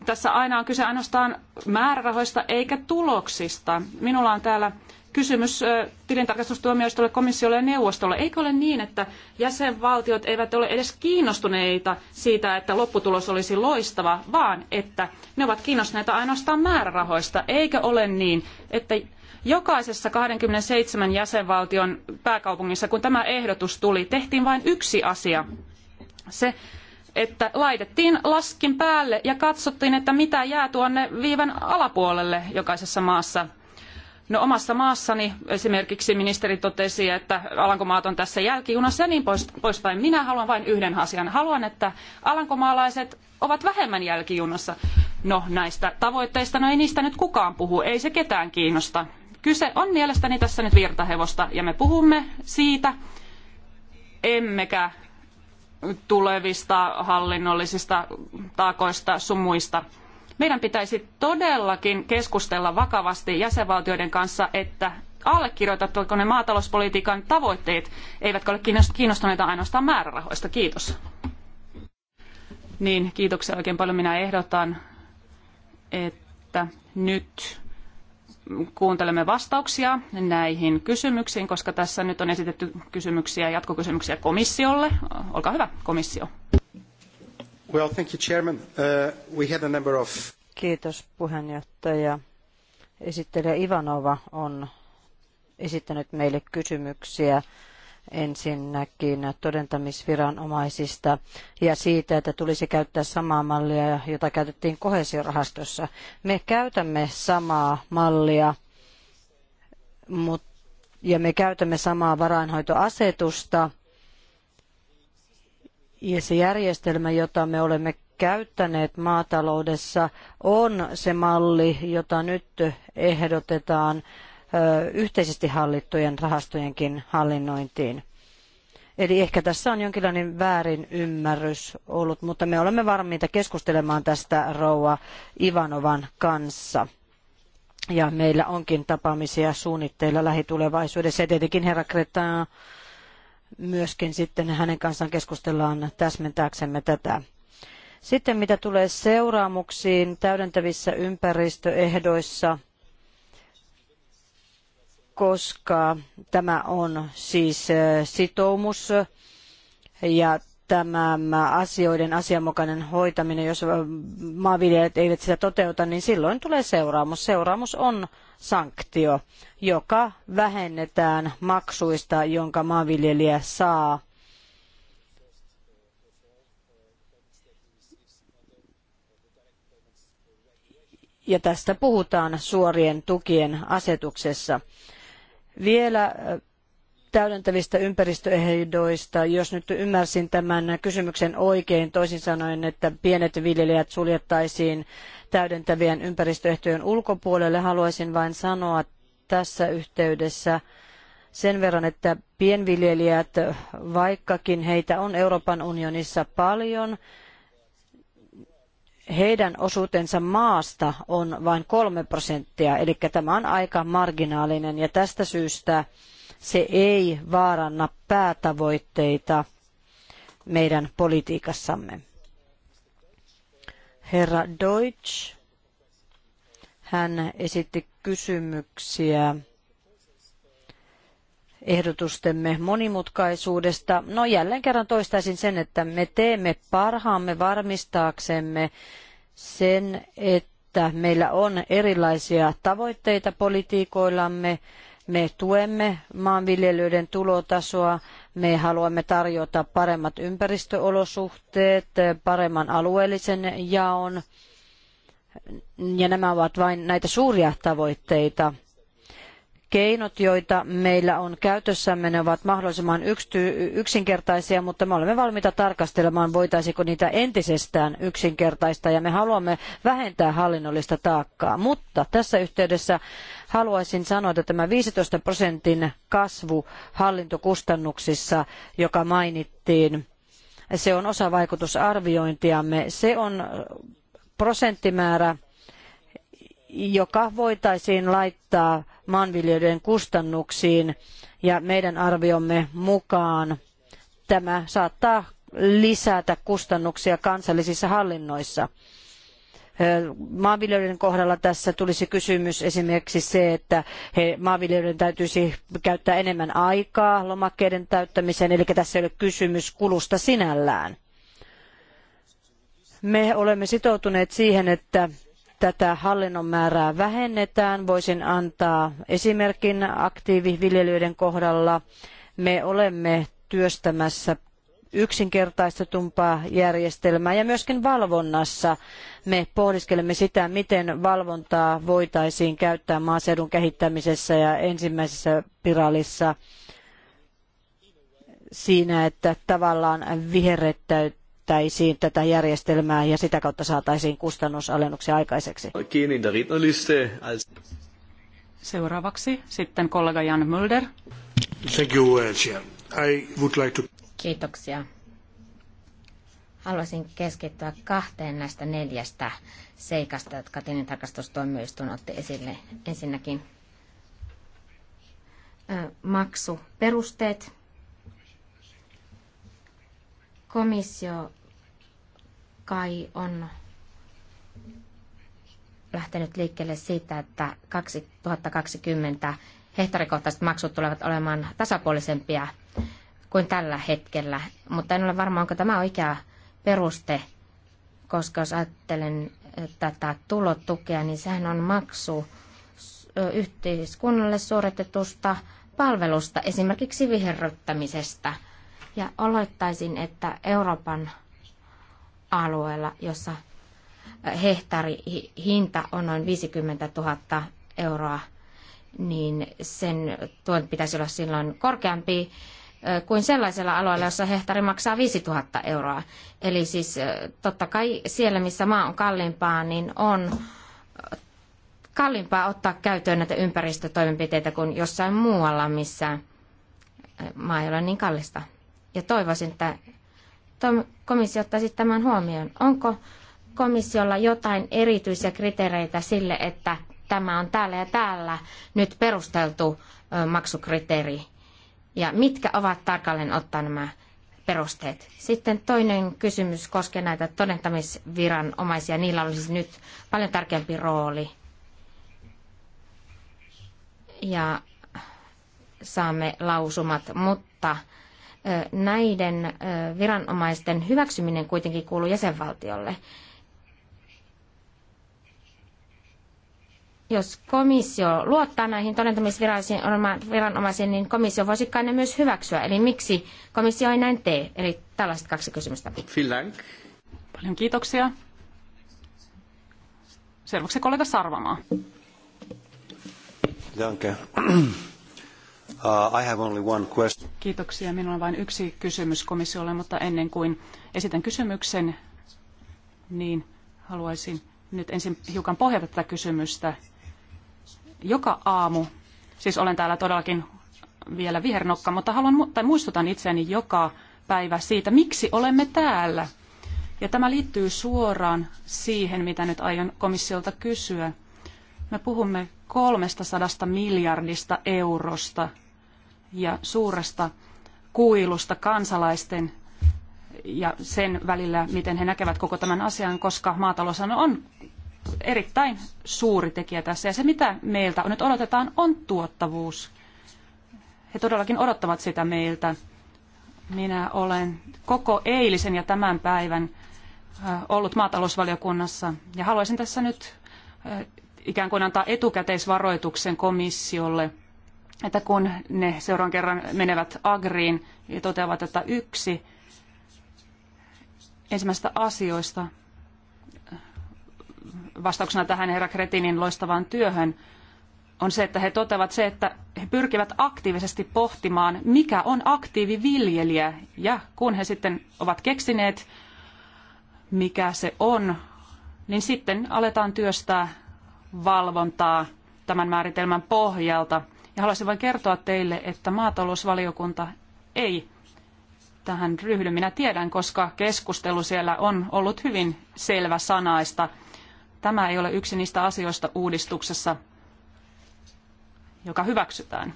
tässä aina on kyse ainoastaan määrärahoista eikä tuloksista. Minulla on täällä kysymys tilintarkastustuomioistolle, komissiolle ja neuvostolle. Eikö ole niin, että jäsenvaltiot eivät ole edes kiinnostuneita siitä, että lopputulos olisi loistava, vaan että ne ovat kiinnostuneita ainoastaan määrärahoista? Eikö ole niin, että jokaisessa 27 jäsenvaltion pääkaupungissa, kun tämä ehdotus tuli, tehtiin vain yksi asia. Se, että laitettiin laskin päälle ja katsottiin, että mitä jää tuonne viivan alapuolelle jokaisessa maassa. No omassa maassani esimerkiksi ministeri totesi, että Alankomaat on tässä jälkijunassa ja niin poispäin. Minä haluan vain yhden asian. Haluan, että alankomaalaiset ovat vähemmän jälkijunassa. No näistä tavoitteista, no ei niistä nyt kukaan puhu, ei se ketään kiinnosta. Kyse on mielestäni tässä nyt virtahevosta ja me puhumme siitä, emmekä tulevista hallinnollisista taakoista sun muista. Meidän pitäisi todellakin keskustella vakavasti jäsenvaltioiden kanssa, että allekirjoitatko ne maatalouspolitiikan tavoitteet, eivätkä ole kiinnostuneita ainoastaan määrärahoista. Kiitos. Niin, kiitoksia oikein paljon. Minä ehdotan, että nyt kuuntelemme vastauksia näihin kysymyksiin, koska tässä nyt on esitetty kysymyksiä, jatkokysymyksiä komissiolle. Olkaa hyvä, komissio. Well, thank you, Chairman. Uh, we had a number of... Kiitos puheenjohtaja. Esittelijä Ivanova on esittänyt meille kysymyksiä ensinnäkin todentamisviranomaisista ja siitä, että tulisi käyttää samaa mallia, jota käytettiin kohesiorahastossa. Me käytämme samaa mallia, mutta ja me käytämme samaa varainhoitoasetusta ja se järjestelmä, jota me olemme käyttäneet maataloudessa, on se malli, jota nyt ehdotetaan yhteisesti hallittujen rahastojenkin hallinnointiin. Eli ehkä tässä on jonkinlainen väärin ymmärrys ollut, mutta me olemme varmiita keskustelemaan tästä rouva Ivanovan kanssa. Ja meillä onkin tapaamisia suunnitteilla lähitulevaisuudessa. Ja tietenkin herra Kretan myöskin sitten hänen kanssaan keskustellaan täsmentääksemme tätä. Sitten mitä tulee seuraamuksiin täydentävissä ympäristöehdoissa, koska tämä on siis sitoumus ja tämä mm, asioiden asianmukainen hoitaminen, jos maanviljelijät eivät sitä toteuta, niin silloin tulee seuraamus. Seuraamus on sanktio, joka vähennetään maksuista, jonka maanviljelijä saa. Ja tästä puhutaan suorien tukien asetuksessa. Vielä äh, täydentävistä ympäristöehdoista, jos nyt ymmärsin tämän kysymyksen oikein, toisin sanoen, että pienet viljelijät suljettaisiin täydentävien ympäristöehtojen ulkopuolelle, haluaisin vain sanoa tässä yhteydessä sen verran, että pienviljelijät, vaikkakin heitä on Euroopan unionissa paljon, heidän osuutensa maasta on vain kolme prosenttia, eli tämä on aika marginaalinen ja tästä syystä se ei vaaranna päätavoitteita meidän politiikassamme. Herra Deutsch, hän esitti kysymyksiä ehdotustemme monimutkaisuudesta. No jälleen kerran toistaisin sen, että me teemme parhaamme varmistaaksemme sen, että meillä on erilaisia tavoitteita politiikoillamme, me tuemme maanviljelijöiden tulotasoa, me haluamme tarjota paremmat ympäristöolosuhteet, paremman alueellisen jaon, ja nämä ovat vain näitä suuria tavoitteita keinot, joita meillä on käytössämme, ne ovat mahdollisimman yksinkertaisia, mutta me olemme valmiita tarkastelemaan, voitaisiinko niitä entisestään yksinkertaistaa, ja me haluamme vähentää hallinnollista taakkaa. Mutta tässä yhteydessä haluaisin sanoa, että tämä 15 prosentin kasvu hallintokustannuksissa, joka mainittiin, se on osa vaikutusarviointiamme. Se on prosenttimäärä, joka voitaisiin laittaa maanviljelijöiden kustannuksiin ja meidän arviomme mukaan tämä saattaa lisätä kustannuksia kansallisissa hallinnoissa. Maanviljelijöiden kohdalla tässä tulisi kysymys esimerkiksi se, että he, maanviljelijöiden täytyisi käyttää enemmän aikaa lomakkeiden täyttämiseen, eli tässä ei ole kysymys kulusta sinällään. Me olemme sitoutuneet siihen, että tätä hallinnon määrää vähennetään. Voisin antaa esimerkin aktiiviviljelijöiden kohdalla. Me olemme työstämässä yksinkertaistetumpaa järjestelmää ja myöskin valvonnassa me pohdiskelemme sitä, miten valvontaa voitaisiin käyttää maaseudun kehittämisessä ja ensimmäisessä piralissa siinä, että tavallaan viherrettäyt kehitettäisiin tätä järjestelmää ja sitä kautta saataisiin kustannusalennuksia aikaiseksi. Seuraavaksi sitten kollega Jan Mulder. Thank you, uh, I would like to... Kiitoksia. Haluaisin keskittyä kahteen näistä neljästä seikasta, jotka tilintarkastustoimijoistuin otti esille. Ensinnäkin maksuperusteet. Komissio kai on lähtenyt liikkeelle siitä, että 2020 hehtaarikohtaiset maksut tulevat olemaan tasapuolisempia kuin tällä hetkellä. Mutta en ole varma, onko tämä oikea peruste, koska jos ajattelen tätä tulotukea, niin sehän on maksu yhteiskunnalle suoritetusta palvelusta, esimerkiksi viherryttämisestä. Ja olettaisin, että Euroopan alueella, jossa hinta on noin 50 000 euroa, niin sen tuen pitäisi olla silloin korkeampi kuin sellaisella alueella, jossa hehtaari maksaa 5000 euroa. Eli siis totta kai siellä, missä maa on kalliimpaa, niin on kalliimpaa ottaa käyttöön näitä ympäristötoimenpiteitä kuin jossain muualla, missä maa ei ole niin kallista. Ja toivoisin, että komissio ottaisi tämän huomioon? Onko komissiolla jotain erityisiä kriteereitä sille, että tämä on täällä ja täällä nyt perusteltu maksukriteeri? Ja mitkä ovat tarkalleen ottaen nämä perusteet. Sitten toinen kysymys koskee näitä todentamisviranomaisia. Niillä olisi nyt paljon tärkeämpi rooli. Ja saamme lausumat, mutta näiden viranomaisten hyväksyminen kuitenkin kuuluu jäsenvaltiolle. Jos komissio luottaa näihin todentamisviranomaisiin, niin komissio voisi kai ne myös hyväksyä. Eli miksi komissio ei näin tee? Eli tällaiset kaksi kysymystä. Paljon kiitoksia. Seuraavaksi kollega Sarvamaa. Danke. Uh, Kiitoksia. Minulla on vain yksi kysymys komissiolle, mutta ennen kuin esitän kysymyksen, niin haluaisin nyt ensin hiukan pohjata tätä kysymystä. Joka aamu, siis olen täällä todellakin vielä vihernokka, mutta haluan, tai muistutan itseäni joka päivä siitä, miksi olemme täällä. Ja tämä liittyy suoraan siihen, mitä nyt aion komissiolta kysyä. Me puhumme 300 miljardista eurosta, ja suuresta kuilusta kansalaisten ja sen välillä, miten he näkevät koko tämän asian, koska maatalous on erittäin suuri tekijä tässä. Ja se, mitä meiltä nyt odotetaan, on tuottavuus. He todellakin odottavat sitä meiltä. Minä olen koko eilisen ja tämän päivän ollut maatalousvaliokunnassa ja haluaisin tässä nyt ikään kuin antaa etukäteisvaroituksen komissiolle – että kun ne seuraavan kerran menevät agriin ja toteavat, että yksi ensimmäistä asioista vastauksena tähän herra Kretinin loistavaan työhön on se, että he toteavat se, että he pyrkivät aktiivisesti pohtimaan, mikä on aktiiviviljelijä. Ja kun he sitten ovat keksineet, mikä se on, niin sitten aletaan työstää valvontaa tämän määritelmän pohjalta – ja haluaisin vain kertoa teille, että maatalousvaliokunta ei tähän ryhdy. Minä tiedän, koska keskustelu siellä on ollut hyvin selvä sanaista. Tämä ei ole yksi niistä asioista uudistuksessa, joka hyväksytään.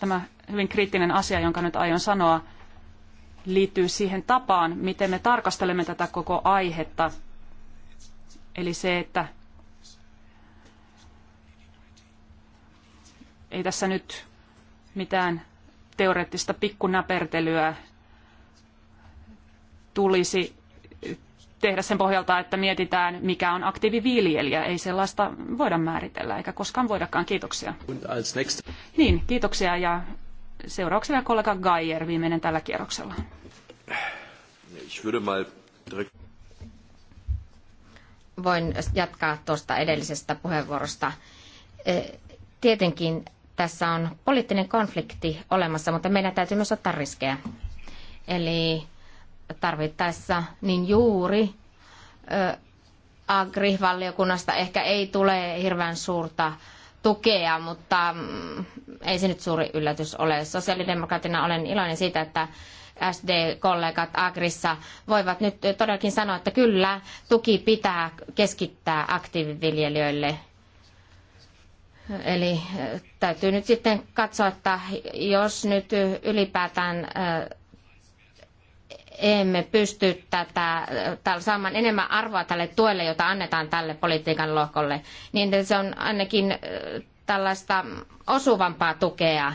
Tämä hyvin kriittinen asia, jonka nyt aion sanoa, liittyy siihen tapaan, miten me tarkastelemme tätä koko aihetta. Eli se, että ei tässä nyt mitään teoreettista pikkunäpertelyä tulisi tehdä sen pohjalta, että mietitään, mikä on aktiiviviljelijä. Ei sellaista voida määritellä, eikä koskaan voidakaan. Kiitoksia. Niin, kiitoksia ja seurauksena kollega Geier viimeinen tällä kierroksella. Voin jatkaa tuosta edellisestä puheenvuorosta. Tietenkin tässä on poliittinen konflikti olemassa, mutta meidän täytyy myös ottaa riskejä. Eli tarvittaessa niin juuri agrivaliokunnasta ehkä ei tule hirveän suurta tukea, mutta mm, ei se nyt suuri yllätys ole. Sosiaalidemokraatina olen iloinen siitä, että SD-kollegat Agrissa voivat nyt todellakin sanoa, että kyllä, tuki pitää keskittää aktiiviviljelijöille Eli eh, täytyy nyt sitten katsoa, että jos nyt ylipäätään eh, emme pysty tätä, eh, tällä saamaan enemmän arvoa tälle tuelle, jota annetaan tälle politiikan lohkolle, niin se on ainakin tällaista osuvampaa tukea.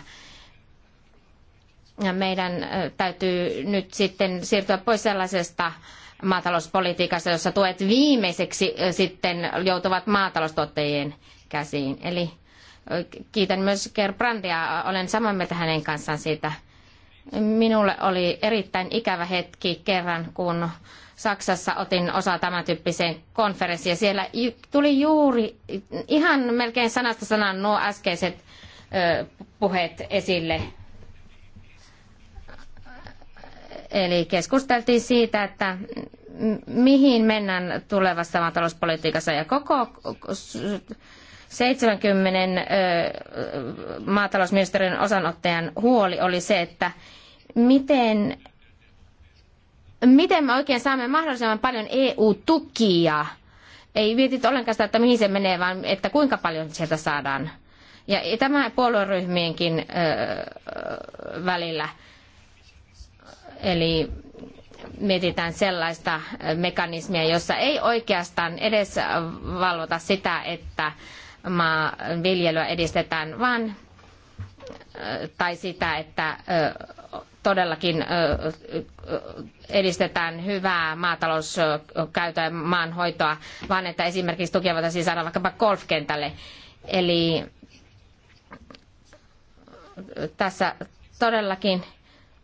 Ja meidän täytyy nyt sitten siirtyä pois sellaisesta maatalouspolitiikasta, jossa tuet viimeiseksi sitten joutuvat maataloustuottajien käsiin. Eli Kiitän myös Gerbrandia, olen samaa mieltä hänen kanssaan siitä. Minulle oli erittäin ikävä hetki kerran, kun Saksassa otin osaa tämän tyyppiseen konferenssiin. Siellä tuli juuri ihan melkein sanasta sanaan nuo äskeiset puheet esille. Eli keskusteltiin siitä, että mihin mennään tulevassa maatalouspolitiikassa ja koko 70 maatalousministeriön osanottajan huoli oli se, että miten, miten me oikein saamme mahdollisimman paljon EU-tukia. Ei mietit ollenkaan sitä, että mihin se menee, vaan että kuinka paljon sieltä saadaan. Ja tämä puolueryhmienkin välillä. Eli mietitään sellaista mekanismia, jossa ei oikeastaan edes valvota sitä, että maanviljelyä edistetään, vaan tai sitä, että todellakin edistetään hyvää maatalouskäytöä ja maanhoitoa, vaan että esimerkiksi tukia voitaisiin saada vaikkapa golfkentälle. Eli tässä todellakin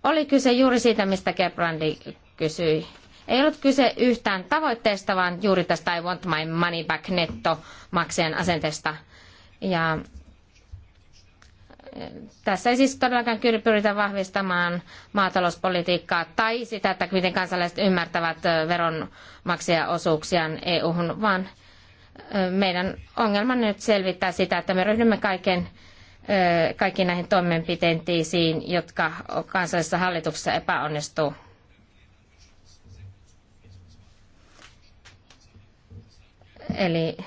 oli kyse juuri siitä, mistä Gerbrandi kysyi. Ei ollut kyse yhtään tavoitteesta, vaan juuri tästä I want my money back netto maksajan asenteesta. Ja eh, tässä ei siis todellakaan pyritä vahvistamaan maatalouspolitiikkaa tai sitä, että miten kansalaiset ymmärtävät eh, veronmaksajaosuuksiaan EU-hun, vaan eh, meidän ongelma nyt selvittää sitä, että me ryhdymme kaiken, kaikkiin näihin toimenpiteisiin, jotka kansallisessa hallituksessa epäonnistuu. Eli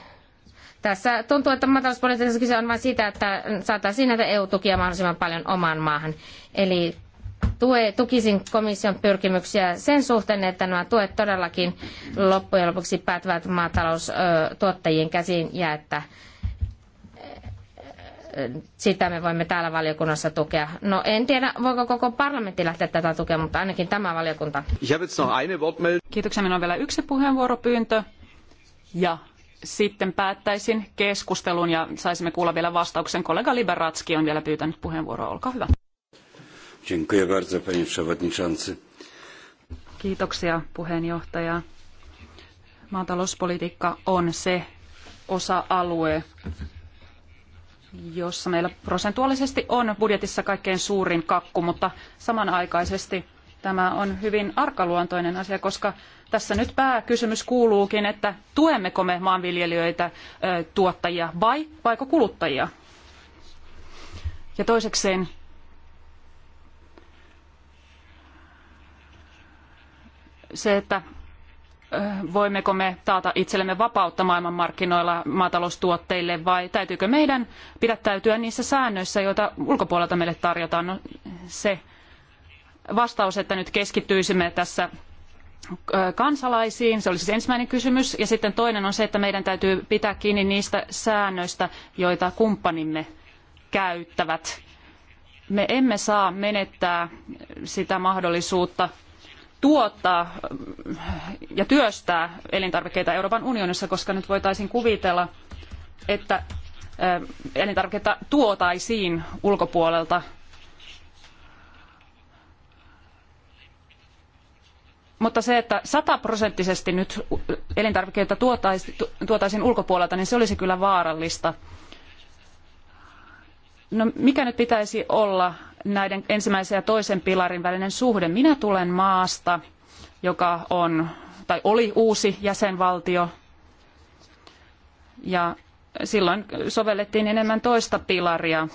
tässä tuntuu, että maatalouspolitiikassa kyse on vain siitä, että saataisiin näitä EU-tukia mahdollisimman paljon omaan maahan. Eli tue, tukisin komission pyrkimyksiä sen suhteen, että nämä tuet todellakin loppujen lopuksi päätyvät maataloustuottajien käsiin ja että eh, sitä me voimme täällä valiokunnassa tukea. No en tiedä, voiko koko parlamentti lähteä tätä tukemaan, mutta ainakin tämä valiokunta. Kiitoksia. Minulla on vielä yksi puheenvuoropyyntö. Ja sitten päättäisin keskustelun ja saisimme kuulla vielä vastauksen. Kollega Liberatski on vielä pyytänyt puheenvuoroa. Olkaa hyvä. Kiitoksia puheenjohtaja. Maatalouspolitiikka on se osa-alue, jossa meillä prosentuaalisesti on budjetissa kaikkein suurin kakku, mutta samanaikaisesti tämä on hyvin arkaluontoinen asia, koska tässä nyt pääkysymys kuuluukin, että tuemmeko me maanviljelijöitä, tuottajia vai vaiko kuluttajia? Ja toisekseen, se, että voimmeko me taata itsellemme vapautta maailmanmarkkinoilla maataloustuotteille vai täytyykö meidän pidättäytyä niissä säännöissä, joita ulkopuolelta meille tarjotaan? No, se vastaus, että nyt keskittyisimme tässä kansalaisiin? Se oli siis ensimmäinen kysymys. Ja sitten toinen on se, että meidän täytyy pitää kiinni niistä säännöistä, joita kumppanimme käyttävät. Me emme saa menettää sitä mahdollisuutta tuottaa ja työstää elintarvikkeita Euroopan unionissa, koska nyt voitaisiin kuvitella, että elintarvikkeita tuotaisiin ulkopuolelta Mutta se, että sataprosenttisesti nyt elintarvikkeita tuotaisiin ulkopuolelta, niin se olisi kyllä vaarallista. No mikä nyt pitäisi olla näiden ensimmäisen ja toisen pilarin välinen suhde? Minä tulen maasta, joka on tai oli uusi jäsenvaltio ja silloin sovellettiin enemmän toista pilaria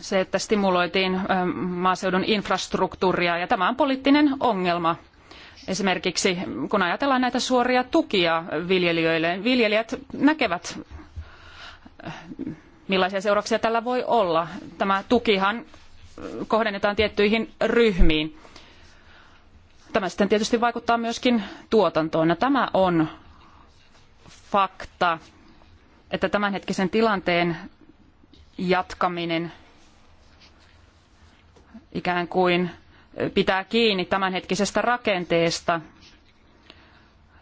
se, että stimuloitiin maaseudun infrastruktuuria ja tämä on poliittinen ongelma. Esimerkiksi kun ajatellaan näitä suoria tukia viljelijöille, viljelijät näkevät millaisia seurauksia tällä voi olla. Tämä tukihan kohdennetaan tiettyihin ryhmiin. Tämä sitten tietysti vaikuttaa myöskin tuotantoon. Ja tämä on fakta, että tämänhetkisen tilanteen jatkaminen – ikään kuin pitää kiinni tämänhetkisestä rakenteesta.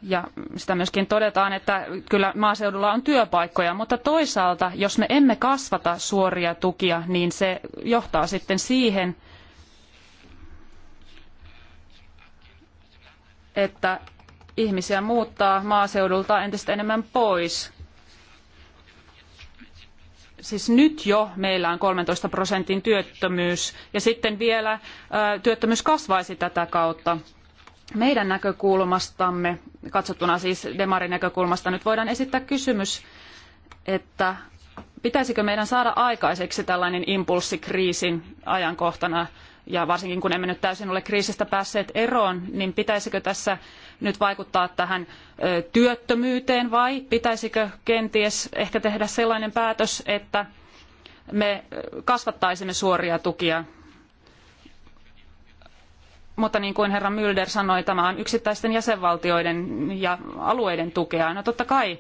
Ja sitä myöskin todetaan, että kyllä maaseudulla on työpaikkoja, mutta toisaalta, jos me emme kasvata suoria tukia, niin se johtaa sitten siihen, että ihmisiä muuttaa maaseudulta entistä enemmän pois siis nyt jo meillä on 13 prosentin työttömyys ja sitten vielä työttömyys kasvaisi tätä kautta. Meidän näkökulmastamme, katsottuna siis demarin näkökulmasta, nyt voidaan esittää kysymys, että pitäisikö meidän saada aikaiseksi tällainen impulssi kriisin ajankohtana ja varsinkin kun emme nyt täysin ole kriisistä päässeet eroon, niin pitäisikö tässä nyt vaikuttaa tähän työttömyyteen vai pitäisikö kenties ehkä tehdä sellainen päätös, että me kasvattaisimme suoria tukia mutta niin kuin herra Mylder sanoi, tämä on yksittäisten jäsenvaltioiden ja alueiden tukea. No totta kai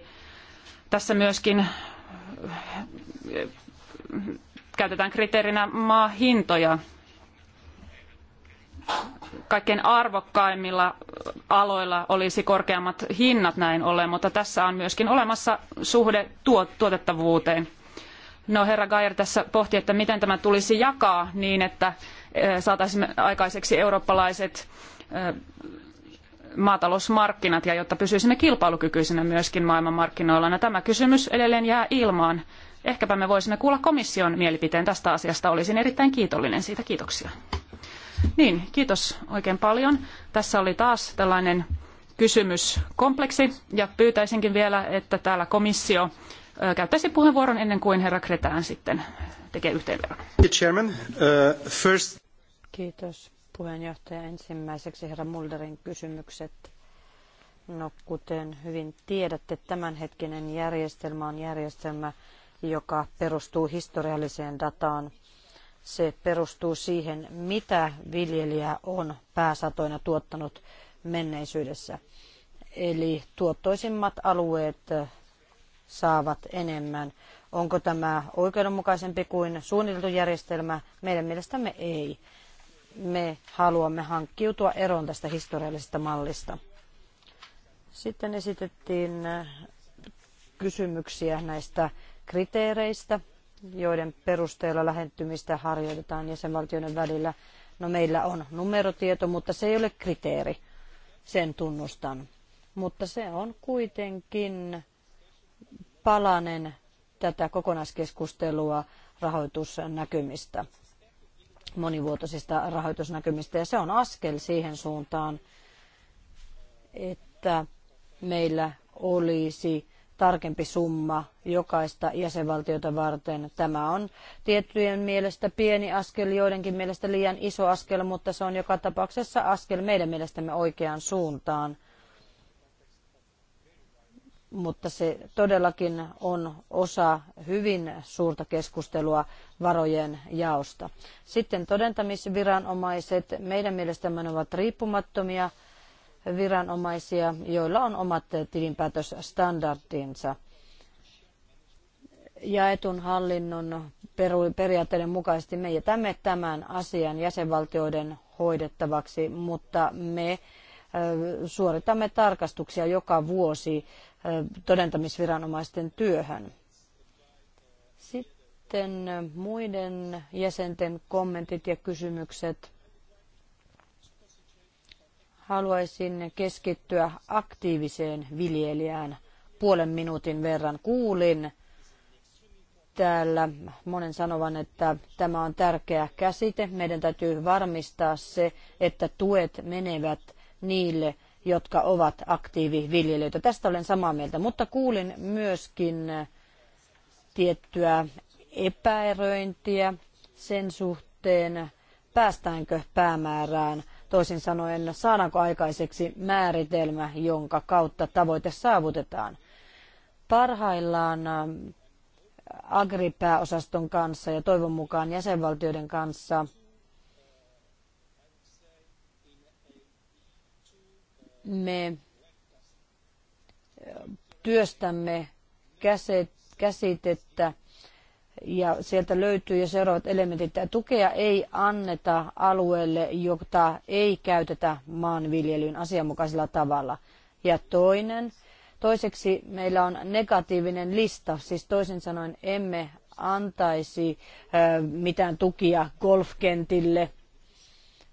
tässä myöskin käytetään kriteerinä maahintoja kaikkein arvokkaimmilla aloilla olisi korkeammat hinnat näin ollen, mutta tässä on myöskin olemassa suhde tuotettavuuteen. No herra Gajer tässä pohti, että miten tämä tulisi jakaa niin, että eh, saataisiin aikaiseksi eurooppalaiset eh, maatalousmarkkinat ja jotta pysyisimme kilpailukykyisinä myöskin maailmanmarkkinoilla. No, tämä kysymys edelleen jää ilmaan. Ehkäpä me voisimme kuulla komission mielipiteen tästä asiasta. Olisin erittäin kiitollinen siitä. Kiitoksia. Niin, kiitos oikein paljon. Tässä oli taas tällainen kysymyskompleksi ja pyytäisinkin vielä, että täällä komissio käyttäisi puheenvuoron ennen kuin herra Kretään sitten tekee yhteenvedon. Chairman, uh, first... Kiitos puheenjohtaja. Ensimmäiseksi herra Mulderin kysymykset. No, kuten hyvin tiedätte, tämänhetkinen järjestelmä on järjestelmä, joka perustuu historialliseen dataan – se perustuu siihen, mitä viljelijä on pääsatoina tuottanut menneisyydessä. Eli tuottoisimmat alueet saavat enemmän. Onko tämä oikeudenmukaisempi kuin suunniteltu järjestelmä? Meidän mielestämme ei. Me haluamme hankkiutua eroon tästä historiallisesta mallista. Sitten esitettiin kysymyksiä näistä kriteereistä joiden perusteella lähentymistä harjoitetaan jäsenvaltioiden välillä. No meillä on numerotieto, mutta se ei ole kriteeri, sen tunnustan. Mutta se on kuitenkin palanen tätä kokonaiskeskustelua rahoitusnäkymistä, monivuotoisista rahoitusnäkymistä. Ja se on askel siihen suuntaan, että meillä olisi tarkempi summa jokaista jäsenvaltiota varten. Tämä on tiettyjen mielestä pieni askel, joidenkin mielestä liian iso askel, mutta se on joka tapauksessa askel meidän mielestämme oikeaan suuntaan. Mutta se todellakin on osa hyvin suurta keskustelua varojen jaosta. Sitten todentamisviranomaiset meidän mielestämme ovat riippumattomia viranomaisia, joilla on omat tilinpäätösstandardinsa. Jaetun hallinnon periaatteiden mukaisesti me jätämme tämän asian jäsenvaltioiden hoidettavaksi, mutta me suoritamme tarkastuksia joka vuosi todentamisviranomaisten työhön. Sitten muiden jäsenten kommentit ja kysymykset haluaisin keskittyä aktiiviseen viljelijään puolen minuutin verran. Kuulin täällä monen sanovan, että tämä on tärkeä käsite. Meidän täytyy varmistaa se, että tuet menevät niille, jotka ovat aktiiviviljelijöitä. Tästä olen samaa mieltä, mutta kuulin myöskin tiettyä epäeröintiä sen suhteen, päästäänkö päämäärään – Toisin sanoen, saadaanko aikaiseksi määritelmä, jonka kautta tavoite saavutetaan. Parhaillaan äh, Agri-pääosaston kanssa ja toivon mukaan jäsenvaltioiden kanssa me äh, työstämme käsitettä ja sieltä löytyy jo seuraavat elementit. että Tukea ei anneta alueelle, jota ei käytetä maanviljelyyn asianmukaisella tavalla. Ja toinen, toiseksi meillä on negatiivinen lista, siis toisin sanoen emme antaisi mitään tukia golfkentille,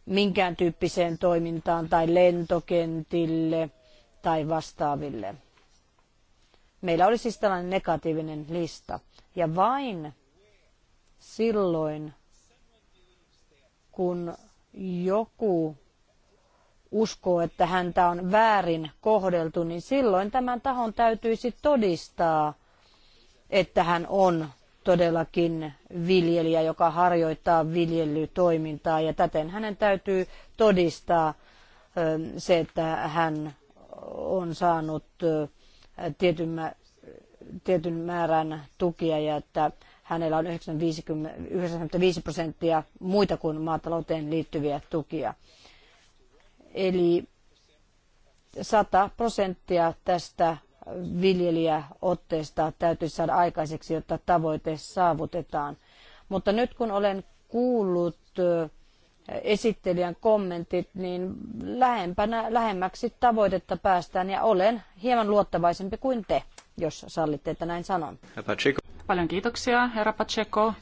minkään tyyppiseen toimintaan tai lentokentille tai vastaaville. Meillä oli siis tällainen negatiivinen lista. Ja vain silloin, kun joku uskoo, että häntä on väärin kohdeltu, niin silloin tämän tahon täytyisi todistaa, että hän on todellakin viljelijä, joka harjoittaa viljelytoimintaa ja täten hänen täytyy todistaa se, että hän on saanut tietyn, määrän tukia ja että hänellä on 95 prosenttia muita kuin maatalouteen liittyviä tukia. Eli 100 prosenttia tästä viljelijäotteesta täytyy saada aikaiseksi, jotta tavoite saavutetaan. Mutta nyt kun olen kuullut esittelijän kommentit, niin lähempänä, lähemmäksi tavoitetta päästään ja olen hieman luottavaisempi kuin te jos sallitte, että näin sanon. Paljon kiitoksia, herra Pacheco,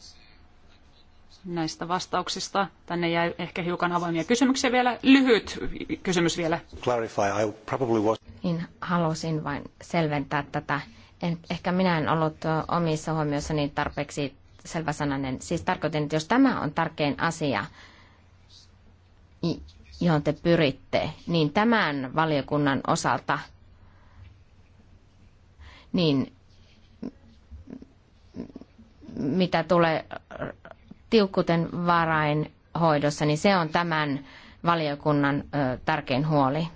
näistä vastauksista. Tänne jäi ehkä hiukan avoimia kysymyksiä vielä. Lyhyt kysymys vielä. Clarify, I probably was... Niin, halusin vain selventää tätä. En, ehkä minä en ollut omissa niin tarpeeksi selväsanainen. Siis tarkoitin, että jos tämä on tärkein asia, johon te pyritte, niin tämän valiokunnan osalta – niin mitä tulee tiukkuten hoidossa, niin se on tämän valiokunnan tärkein huoli.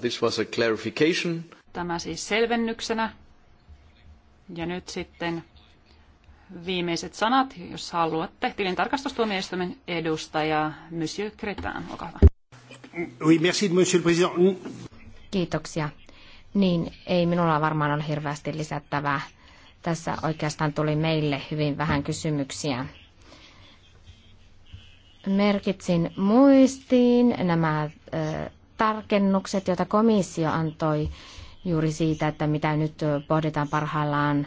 This was a clarification. Tämä siis selvennyksenä. Ja nyt sitten viimeiset sanat, jos haluatte. Tilintarkastustuomioistuimen edustaja Monsieur Cretin, olkaa hyvä. Oui, merci, monsieur le président. Kiitoksia niin ei minulla varmaan ole hirveästi lisättävää. Tässä oikeastaan tuli meille hyvin vähän kysymyksiä. Merkitsin muistiin nämä ö, tarkennukset, joita komissio antoi juuri siitä, että mitä nyt pohditaan parhaillaan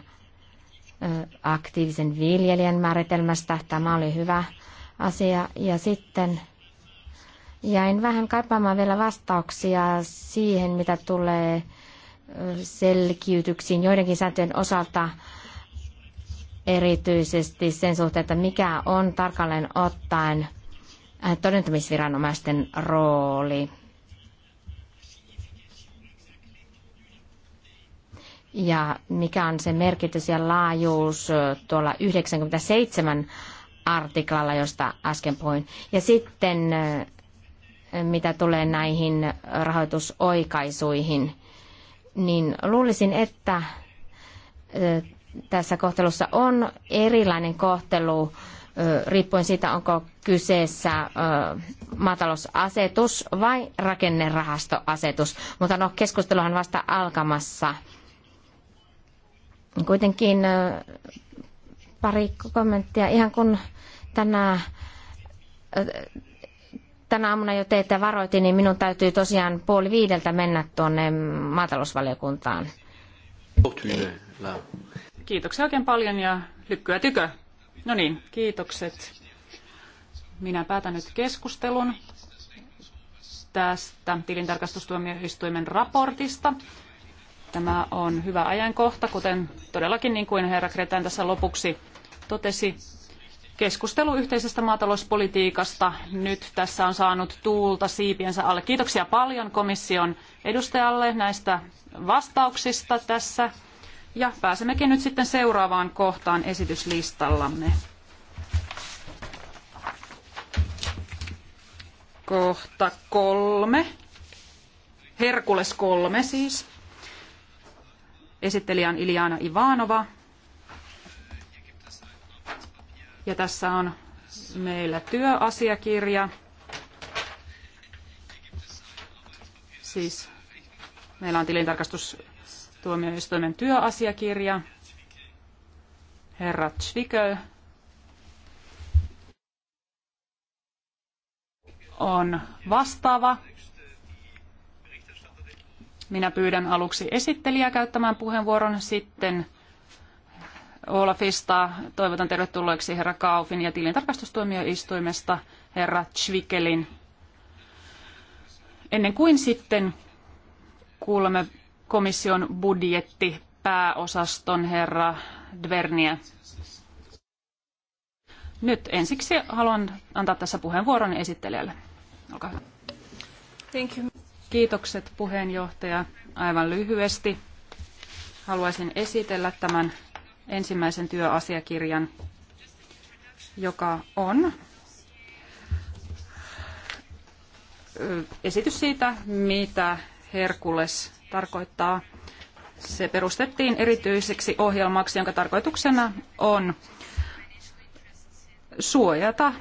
aktiivisen viljelijän määritelmästä. Tämä oli hyvä asia. Ja sitten jäin vähän kaipaamaan vielä vastauksia siihen, mitä tulee selkiytyksiin joidenkin sääntöjen osalta erityisesti sen suhteen, että mikä on tarkalleen ottaen äh, todentamisviranomaisten rooli. Ja mikä on se merkitys ja laajuus äh, tuolla 97 artiklalla, josta äsken puhuin. Ja sitten äh, mitä tulee näihin rahoitusoikaisuihin – niin luulisin, että tässä kohtelussa on erilainen kohtelu riippuen siitä, onko kyseessä maatalousasetus vai rakennerahastoasetus. Mutta no, keskusteluhan vasta alkamassa. Kuitenkin pari kommenttia. Ihan kun tänä tänä aamuna jo teitä varoitin, niin minun täytyy tosiaan puoli viideltä mennä tuonne maatalousvaliokuntaan. Kiitoksia oikein paljon ja lykkyä tykö. No niin, kiitokset. Minä päätän nyt keskustelun tästä tilintarkastustuomioistuimen raportista. Tämä on hyvä ajankohta, kuten todellakin niin kuin herra Kretän tässä lopuksi totesi, keskustelu yhteisestä maatalouspolitiikasta nyt tässä on saanut tuulta siipiensä alle. Kiitoksia paljon komission edustajalle näistä vastauksista tässä. Ja pääsemmekin nyt sitten seuraavaan kohtaan esityslistallamme. Kohta kolme. Herkules kolme siis. Esittelijä on Iliana Ivanova. Ja tässä on meillä työasiakirja. Siis meillä on tilintarkastustuomioistuimen työasiakirja. Herra Zwickel on vastaava. Minä pyydän aluksi esittelijää käyttämään puheenvuoron, sitten Fista, Toivotan tervetulleeksi herra Kaufin ja tilintarkastustuomioistuimesta herra Zwickelin. Ennen kuin sitten kuulemme komission budjetti pääosaston herra Dverniä. Nyt ensiksi haluan antaa tässä puheenvuoron esittelijälle. Olkaa hyvä. Thank you. Kiitokset puheenjohtaja. Aivan lyhyesti haluaisin esitellä tämän ensimmäisen työasiakirjan, joka on esitys siitä, mitä Herkules tarkoittaa. Se perustettiin erityiseksi ohjelmaksi, jonka tarkoituksena on suojata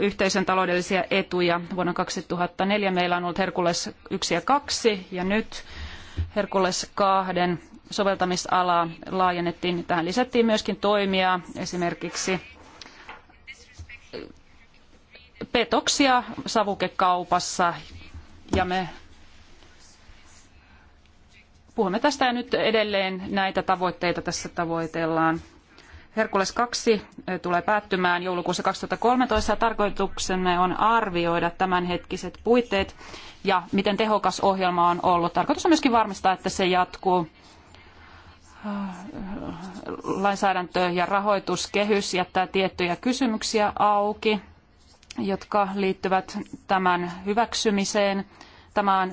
yhteisön taloudellisia etuja. Vuonna 2004 meillä on ollut Herkules 1 ja 2 ja nyt Herkules 2 soveltamisalaa laajennettiin. Tähän lisättiin myöskin toimia esimerkiksi eh, petoksia savukekaupassa ja me puhumme tästä ja nyt edelleen näitä tavoitteita tässä tavoitellaan. Herkules 2 eh, tulee päättymään joulukuussa 2013 ja tarkoituksemme on arvioida tämänhetkiset puitteet ja miten tehokas ohjelma on ollut. Tarkoitus on myöskin varmistaa, että se jatkuu lainsäädäntö ja rahoituskehys jättää tiettyjä kysymyksiä auki, jotka liittyvät tämän hyväksymiseen. Tämä on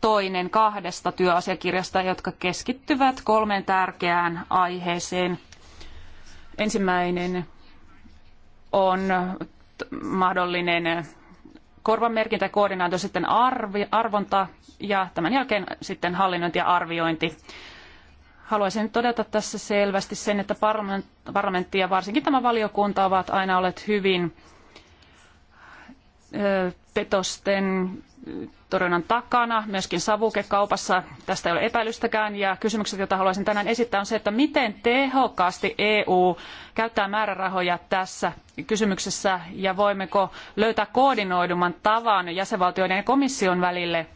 toinen kahdesta työasiakirjasta, jotka keskittyvät kolmeen tärkeään aiheeseen. Ensimmäinen on mahdollinen korvamerkintä ja koordinaatio, sitten arvi, arvonta ja tämän jälkeen sitten hallinnointi ja arviointi haluaisin nyt todeta tässä selvästi sen, että parlamentti ja varsinkin tämä valiokunta ovat aina olleet hyvin petosten torjunnan takana, myöskin savukekaupassa. Tästä ei ole epäilystäkään. Ja kysymykset, joita haluaisin tänään esittää, on se, että miten tehokkaasti EU käyttää määrärahoja tässä kysymyksessä ja voimmeko löytää koordinoidumman tavan jäsenvaltioiden ja komission välille,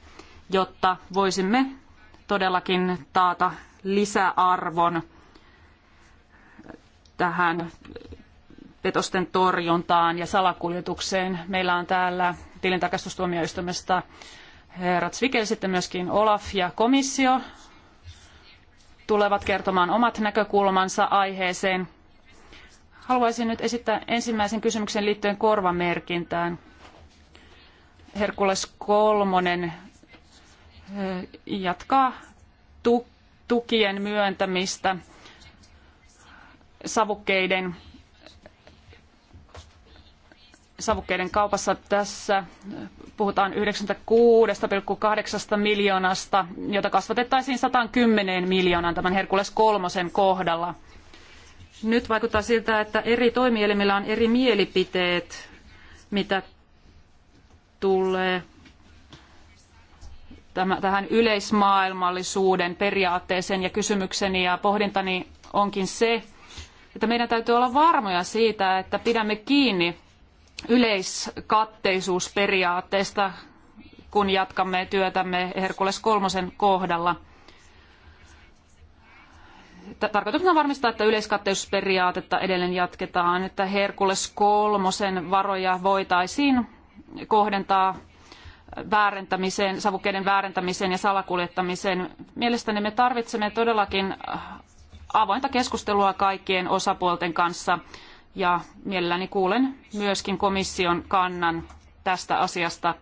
jotta voisimme todellakin taata lisäarvon tähän petosten torjuntaan ja salakuljetukseen. Meillä on täällä tilintarkastustuomioistuimesta herra Zwickel, sitten myöskin Olaf ja komissio tulevat kertomaan omat näkökulmansa aiheeseen. Haluaisin nyt esittää ensimmäisen kysymyksen liittyen korvamerkintään. Herkules Kolmonen eh, jatkaa tu- tukien myöntämistä savukkeiden, savukkeiden kaupassa. Tässä puhutaan 96,8 miljoonasta, jota kasvatettaisiin 110 miljoonaan tämän Herkules kolmosen kohdalla. Nyt vaikuttaa siltä, että eri toimielimillä on eri mielipiteet, mitä tulee tähän yleismaailmallisuuden periaatteeseen ja kysymykseni ja pohdintani onkin se, että meidän täytyy olla varmoja siitä, että pidämme kiinni yleiskatteisuusperiaatteesta, kun jatkamme työtämme Herkules kolmosen kohdalla. Tarkoituksena on varmistaa, että yleiskatteisuusperiaatetta edelleen jatketaan, että Herkules kolmosen varoja voitaisiin kohdentaa väärentämiseen, savukkeiden väärentämiseen ja salakuljettamiseen. Mielestäni me tarvitsemme todellakin äh, avointa keskustelua kaikkien osapuolten kanssa ja mielelläni kuulen myöskin komission kannan tästä asiasta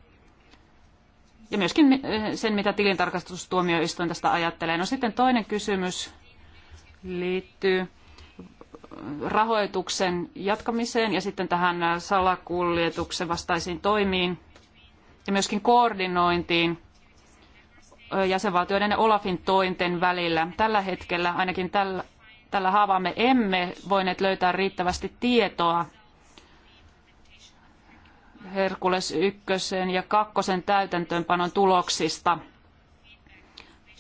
ja myöskin äh, sen, mitä tilintarkastustuomioistuin tästä ajattelee. No sitten toinen kysymys liittyy rahoituksen jatkamiseen ja sitten tähän salakuljetuksen vastaisiin toimiin ja myöskin koordinointiin jäsenvaltioiden ja Olafin tointen välillä. Tällä hetkellä, ainakin tällä, tällä haavaa, me emme voineet löytää riittävästi tietoa Herkules ykkösen ja kakkosen täytäntöönpanon tuloksista.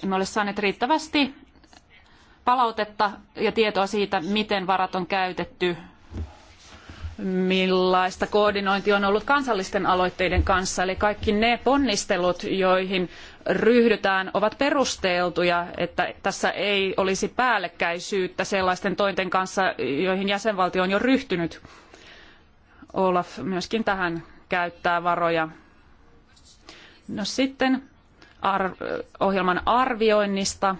Emme ole saaneet riittävästi palautetta ja tietoa siitä, miten varat on käytetty millaista koordinointi on ollut kansallisten aloitteiden kanssa. Eli kaikki ne ponnistelut, joihin ryhdytään, ovat perusteltuja, että tässä ei olisi päällekkäisyyttä sellaisten tointen kanssa, joihin jäsenvaltio on jo ryhtynyt. Olaf myöskin tähän käyttää varoja. No sitten ar ohjelman arvioinnista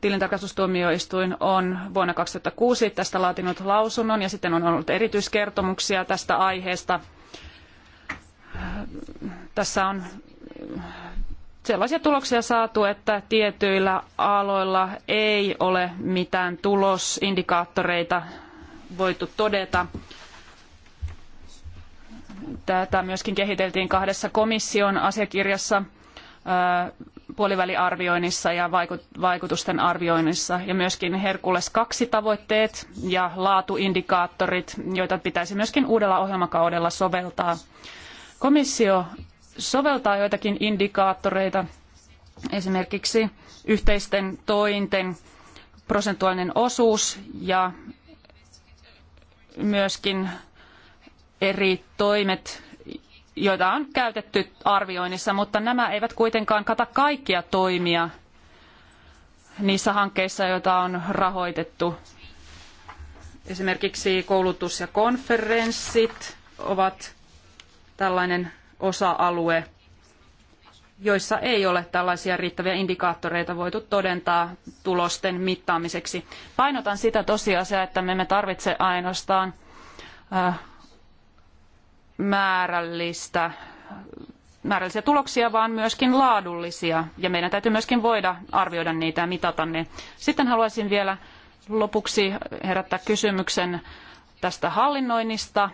tilintarkastustuomioistuin on vuonna 2006 tästä laatinut lausunnon ja sitten on ollut erityiskertomuksia tästä aiheesta. Tässä on sellaisia tuloksia saatu, että tietyillä aloilla ei ole mitään tulosindikaattoreita voitu todeta. Tätä myöskin kehiteltiin kahdessa komission asiakirjassa puoliväliarvioinnissa ja vaikutusten arvioinnissa ja myöskin Herkules 2 tavoitteet ja laatuindikaattorit, joita pitäisi myöskin uudella ohjelmakaudella soveltaa. Komissio soveltaa joitakin indikaattoreita, esimerkiksi yhteisten tointen prosentuaalinen osuus ja myöskin eri toimet joita on käytetty arvioinnissa, mutta nämä eivät kuitenkaan kata kaikkia toimia niissä hankkeissa, joita on rahoitettu. Esimerkiksi koulutus ja konferenssit ovat tällainen osa-alue, joissa ei ole tällaisia riittäviä indikaattoreita voitu todentaa tulosten mittaamiseksi. Painotan sitä tosiasiaa, että me emme tarvitse ainoastaan äh, määrällistä, määrällisiä tuloksia, vaan myöskin laadullisia. Ja meidän täytyy myöskin voida arvioida niitä ja mitata ne. Sitten haluaisin vielä lopuksi herättää kysymyksen tästä hallinnoinnista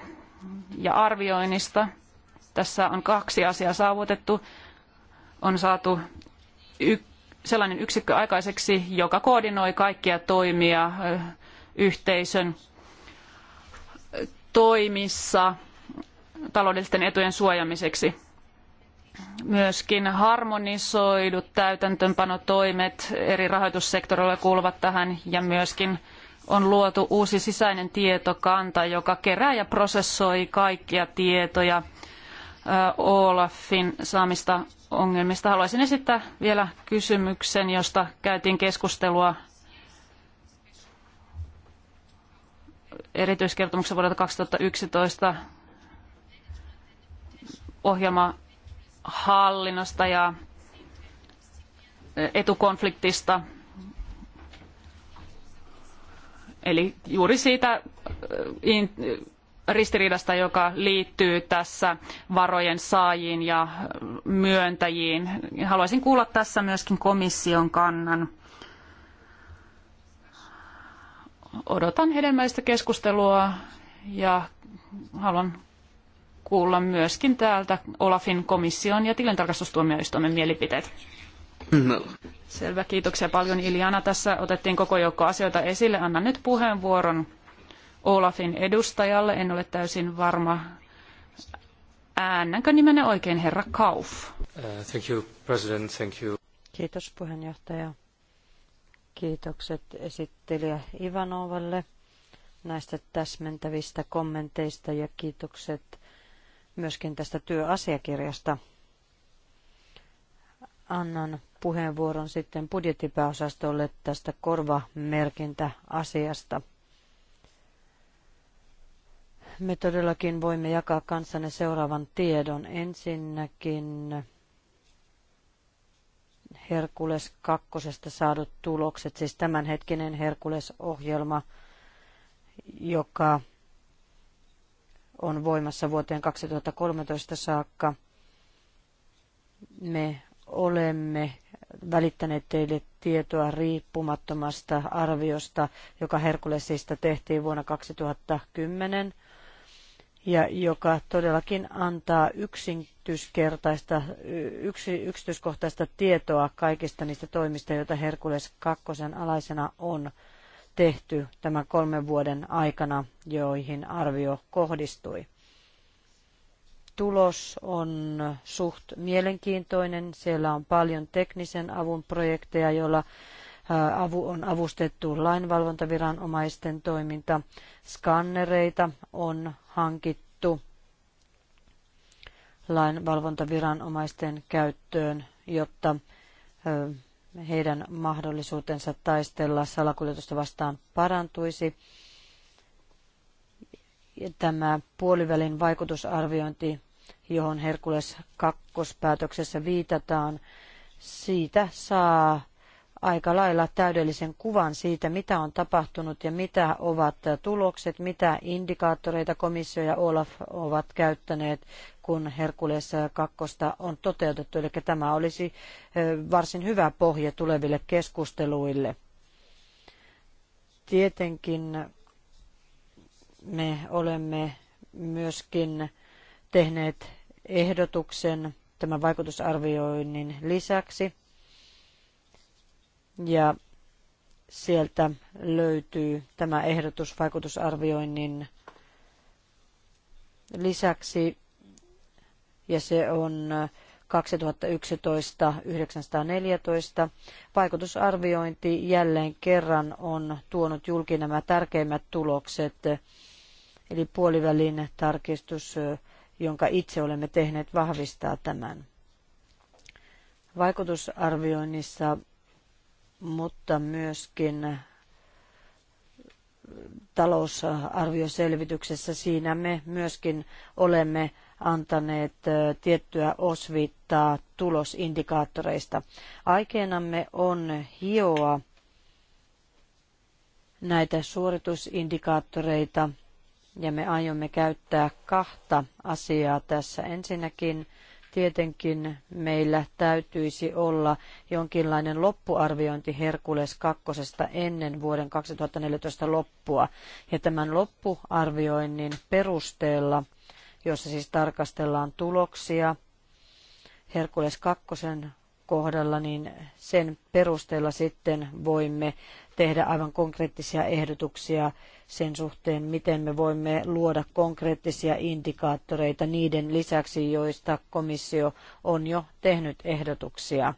ja arvioinnista. Tässä on kaksi asiaa saavutettu. On saatu sellainen yksikkö aikaiseksi, joka koordinoi kaikkia toimia yhteisön toimissa taloudellisten etujen suojamiseksi. Myöskin harmonisoidut täytäntöönpanotoimet eri rahoitussektoreilla kuuluvat tähän ja myöskin on luotu uusi sisäinen tietokanta, joka kerää ja prosessoi kaikkia tietoja Olafin saamista ongelmista. Haluaisin esittää vielä kysymyksen, josta käytiin keskustelua erityiskertomuksen vuodelta 2011 ohjelmahallinnasta ja etukonfliktista. Eli juuri siitä äh, ristiriidasta, joka liittyy tässä varojen saajiin ja myöntäjiin. Haluaisin kuulla tässä myöskin komission kannan. Odotan hedelmällistä keskustelua ja haluan kuulla myöskin täältä Olafin komission ja tilintarkastustuomioistuimen mielipiteet. No. Selvä, kiitoksia paljon Iljana. Tässä otettiin koko joukko asioita esille. Annan nyt puheenvuoron Olafin edustajalle. En ole täysin varma, äännänkö nimenne oikein, herra Kauf. Uh, thank you, President. Thank you. Kiitos puheenjohtaja. Kiitokset esittelijä Ivanovalle näistä täsmentävistä kommenteista ja kiitokset myöskin tästä työasiakirjasta. Annan puheenvuoron sitten budjettipääosastolle tästä korvamerkintäasiasta. Me todellakin voimme jakaa kanssanne seuraavan tiedon. Ensinnäkin Herkules 2. saadut tulokset, siis tämänhetkinen Herkules-ohjelma, joka on voimassa vuoteen 2013 saakka. Me olemme välittäneet teille tietoa riippumattomasta arviosta, joka Herkulesista tehtiin vuonna 2010 ja joka todellakin antaa yksityiskertaista, yksi, yksityiskohtaista tietoa kaikista niistä toimista, joita Herkules kakkosen alaisena on tehty tämän kolmen vuoden aikana, joihin arvio kohdistui. Tulos on suht mielenkiintoinen. Siellä on paljon teknisen avun projekteja, joilla avu on avustettu lainvalvontaviranomaisten toiminta. Skannereita on hankittu lainvalvontaviranomaisten käyttöön, jotta heidän mahdollisuutensa taistella salakuljetusta vastaan parantuisi. Tämä puolivälin vaikutusarviointi, johon Herkules kakkospäätöksessä viitataan, siitä saa aika lailla täydellisen kuvan siitä, mitä on tapahtunut ja mitä ovat tulokset, mitä indikaattoreita komissio ja Olaf ovat käyttäneet kun Herkules 2 on toteutettu. Eli tämä olisi varsin hyvä pohja tuleville keskusteluille. Tietenkin me olemme myöskin tehneet ehdotuksen tämän vaikutusarvioinnin lisäksi. Ja sieltä löytyy tämä ehdotus vaikutusarvioinnin lisäksi ja se on 2011 äh, 914. Vaikutusarviointi jälleen kerran on tuonut julki nämä tärkeimmät tulokset, äh, eli puolivälin tarkistus, äh, jonka itse olemme tehneet, vahvistaa tämän. Vaikutusarvioinnissa, mutta myöskin talousarvioselvityksessä. Siinä me myöskin olemme antaneet tiettyä osviittaa tulosindikaattoreista. Aikeenamme on hioa näitä suoritusindikaattoreita ja me aiomme käyttää kahta asiaa tässä. Ensinnäkin tietenkin meillä täytyisi olla jonkinlainen loppuarviointi Herkules kakkosesta ennen vuoden 2014 loppua. Ja tämän loppuarvioinnin perusteella jossa siis tarkastellaan tuloksia. Herkules 2 kohdalla, niin sen perusteella sitten voimme tehdä aivan konkreettisia ehdotuksia sen suhteen, miten me voimme luoda konkreettisia indikaattoreita niiden lisäksi, joista komissio on jo tehnyt ehdotuksia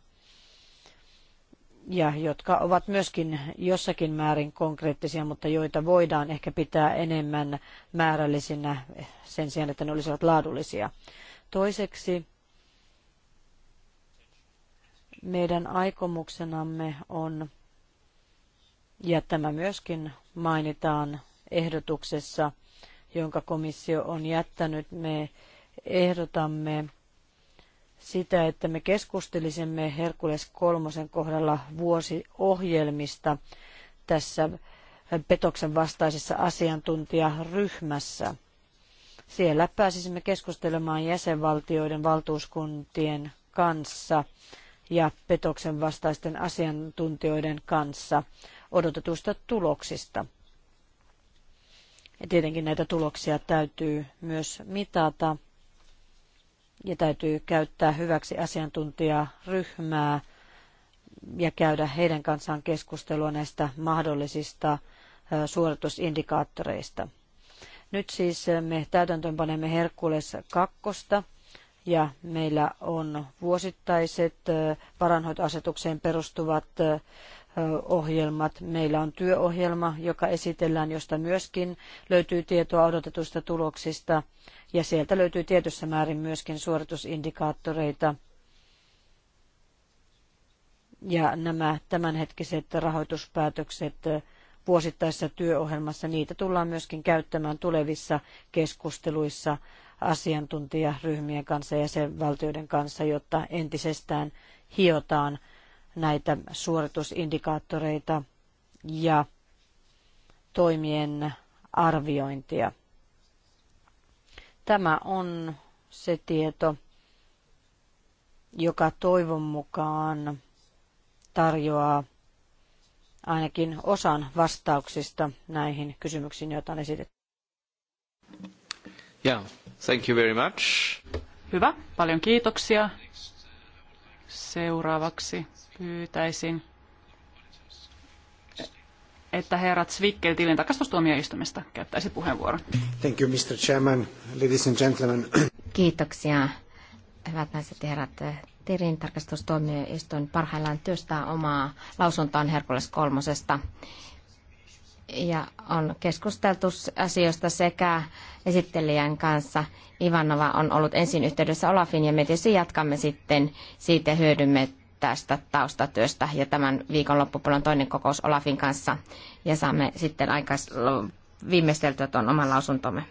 ja jotka ovat myöskin jossakin määrin konkreettisia, mutta joita voidaan ehkä pitää enemmän määrällisinä sen sijaan, että ne olisivat laadullisia. Toiseksi meidän aikomuksenamme on, ja tämä myöskin mainitaan ehdotuksessa, jonka komissio on jättänyt, me ehdotamme sitä, että me keskustelisimme Herkules kolmosen kohdalla vuosiohjelmista tässä petoksen vastaisessa asiantuntijaryhmässä. Siellä pääsisimme keskustelemaan jäsenvaltioiden valtuuskuntien kanssa ja petoksen vastaisten asiantuntijoiden kanssa odotetuista tuloksista. Ja tietenkin näitä tuloksia täytyy myös mitata ja täytyy käyttää hyväksi asiantuntijaryhmää ja käydä heidän kanssaan keskustelua näistä mahdollisista suoritusindikaattoreista. Nyt siis me täytäntöönpanemme Herkules kakkosta ja meillä on vuosittaiset varanhoitoasetukseen perustuvat ohjelmat. Meillä on työohjelma, joka esitellään, josta myöskin löytyy tietoa odotetuista tuloksista ja sieltä löytyy tietyssä määrin myöskin suoritusindikaattoreita. Ja nämä tämänhetkiset rahoituspäätökset vuosittaisessa työohjelmassa, niitä tullaan myöskin käyttämään tulevissa keskusteluissa asiantuntijaryhmien kanssa ja sen valtioiden kanssa, jotta entisestään hiotaan näitä suoritusindikaattoreita ja toimien arviointia. Tämä on se tieto, joka toivon mukaan tarjoaa ainakin osan vastauksista näihin kysymyksiin, joita on esitetty. Yeah, thank you very much. Hyvä, paljon kiitoksia. Seuraavaksi pyytäisin, että herra Zwickel takastustuomioistumista käyttäisi puheenvuoron. Thank you, Mr. Chairman, ladies and gentlemen. Kiitoksia, hyvät naiset ja herrat. tarkastustuomioistuin parhaillaan työstää omaa lausuntoaan Herkules kolmosesta ja on keskusteltu asioista sekä esittelijän kanssa. Ivanova on ollut ensin yhteydessä Olafin ja me tietysti jatkamme sitten siitä hyödymme tästä taustatyöstä ja tämän viikon loppupuolen toinen kokous Olafin kanssa ja saamme sitten aikais viimeisteltyä tuon oman lausuntomme.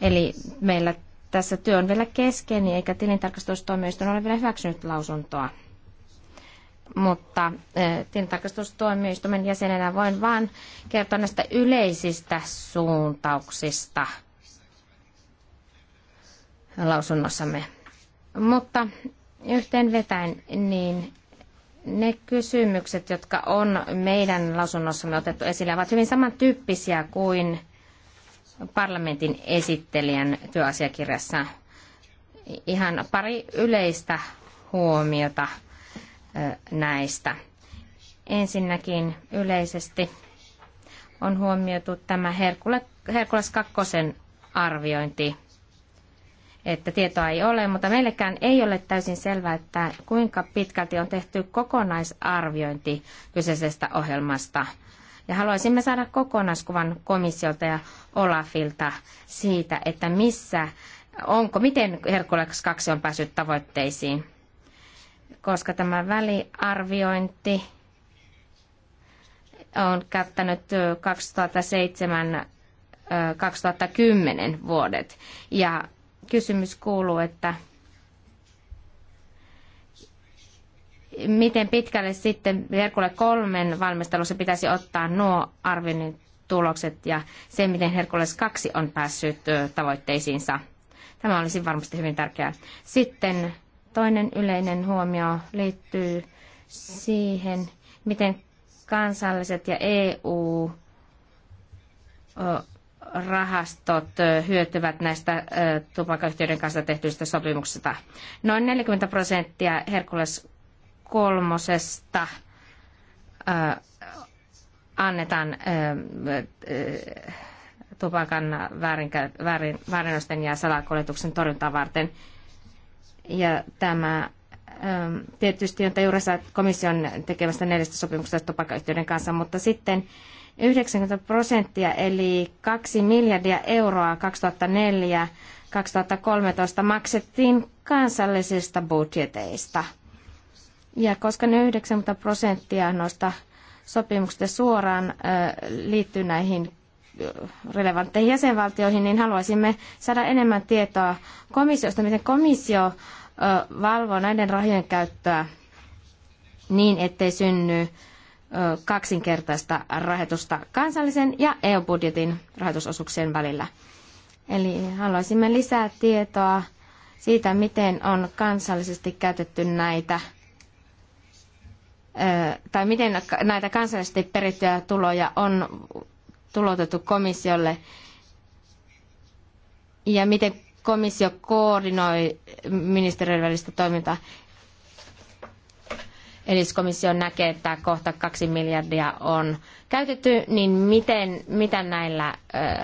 Eli meillä tässä työ on vielä kesken eikä tilintarkastustoimistoon ole vielä hyväksynyt lausuntoa. Mutta tilintarkastustoimistoimen jäsenenä voin vain kertoa näistä yleisistä suuntauksista lausunnossamme. Mutta yhteen vetäen, niin ne kysymykset, jotka on meidän lausunnossamme otettu esille, ovat hyvin samantyyppisiä kuin parlamentin esittelijän työasiakirjassa. Ihan pari yleistä huomiota näistä. Ensinnäkin yleisesti on huomioitu tämä Herkules kakkosen arviointi että tietoa ei ole, mutta meillekään ei ole täysin selvää, että kuinka pitkälti on tehty kokonaisarviointi kyseisestä ohjelmasta. Ja haluaisimme saada kokonaiskuvan komissiolta ja Olafilta siitä, että missä, onko, miten Herkules 2 on päässyt tavoitteisiin. Koska tämä väliarviointi on käyttänyt 2007 2010 vuodet. Ja kysymys kuuluu, että miten pitkälle sitten Herkule kolmen valmistelussa pitäisi ottaa nuo arvioinnin tulokset ja se, miten Herkules 2 on päässyt tavoitteisiinsa. Tämä olisi varmasti hyvin tärkeää. Sitten toinen yleinen huomio liittyy siihen, miten kansalliset ja EU rahastot hyötyvät näistä tupakayhtiöiden kanssa tehtyistä sopimuksista. Noin 40 prosenttia Herkules kolmosesta annetaan tupakan väärinnosten ja salakuljetuksen torjuntaa varten. Ja tämä tietysti on juuressa komission tekemästä neljästä sopimuksesta tupakkayhtiöiden kanssa, mutta sitten 90 prosenttia eli 2 miljardia euroa 2004 2013 maksettiin kansallisista budjeteista. Ja koska 90 prosenttia noista sopimuksista suoraan liittyy näihin relevantteihin jäsenvaltioihin, niin haluaisimme saada enemmän tietoa komissiosta, miten komissio valvoo näiden rahojen käyttöä niin, ettei synny kaksinkertaista rahoitusta kansallisen ja EU-budjetin rahoitusosuuksien välillä. Eli haluaisimme lisää tietoa siitä, miten on kansallisesti käytetty näitä tai miten näitä kansallisesti perittyjä tuloja on tulotettu komissiolle ja miten komissio koordinoi ministeriöiden välistä toimintaa. Eli jos komissio näkee, että kohta kaksi miljardia on käytetty, niin miten, mitä näillä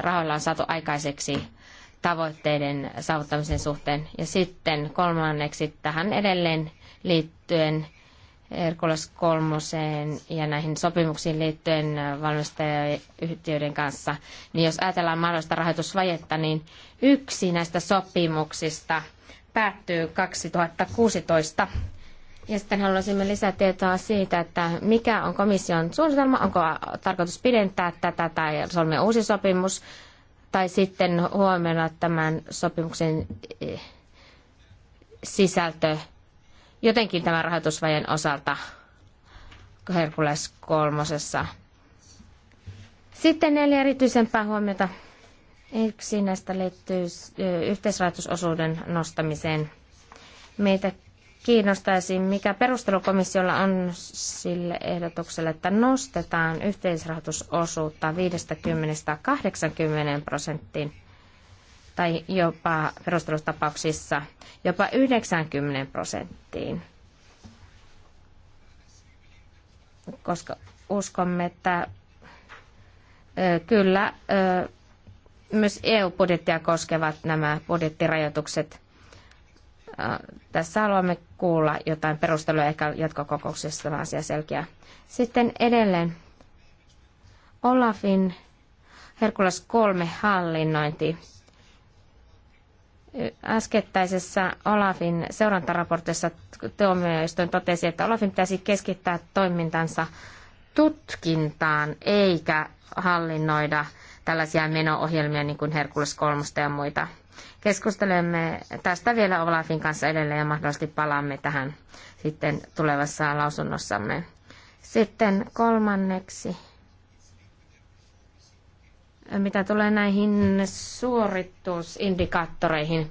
rahoilla on saatu aikaiseksi tavoitteiden saavuttamisen suhteen? Ja sitten kolmanneksi tähän edelleen liittyen Herkules kolmoseen ja näihin sopimuksiin liittyen valmistajayhtiöiden kanssa, niin jos ajatellaan mahdollista rahoitusvajetta, niin yksi näistä sopimuksista päättyy 2016 ja sitten haluaisimme lisätietoa siitä, että mikä on komission suunnitelma, onko tarkoitus pidentää tätä tai solmia uusi sopimus, tai sitten huomioida tämän sopimuksen eh, sisältö jotenkin tämän rahoitusvajen osalta Herkules kolmosessa. Sitten neljä erityisempää huomiota. Yksi näistä liittyy eh, yhteisrahoitusosuuden nostamiseen. Meitä kiinnostaisi, mikä perustelukomissiolla on sille ehdotukselle, että nostetaan yhteisrahoitusosuutta 50-80 prosenttiin tai jopa perustelustapauksissa jopa 90 prosenttiin. Koska uskomme, että kyllä myös EU-budjettia koskevat nämä budjettirajoitukset. Tässä haluamme kuulla jotain perusteluja ehkä jatkokokouksessa tämä asia selkeä. Sitten edelleen Olafin Herkules 3 hallinnointi. Äskettäisessä Olafin seurantaraportissa tuomioistuin totesi, että Olafin pitäisi keskittää toimintansa tutkintaan eikä hallinnoida tällaisia menoohjelmia niin kuin Herkules 3 ja muita Keskustelemme tästä vielä Olafin kanssa edelleen ja mahdollisesti palaamme tähän sitten tulevassa lausunnossamme. Sitten kolmanneksi, mitä tulee näihin suoritusindikaattoreihin,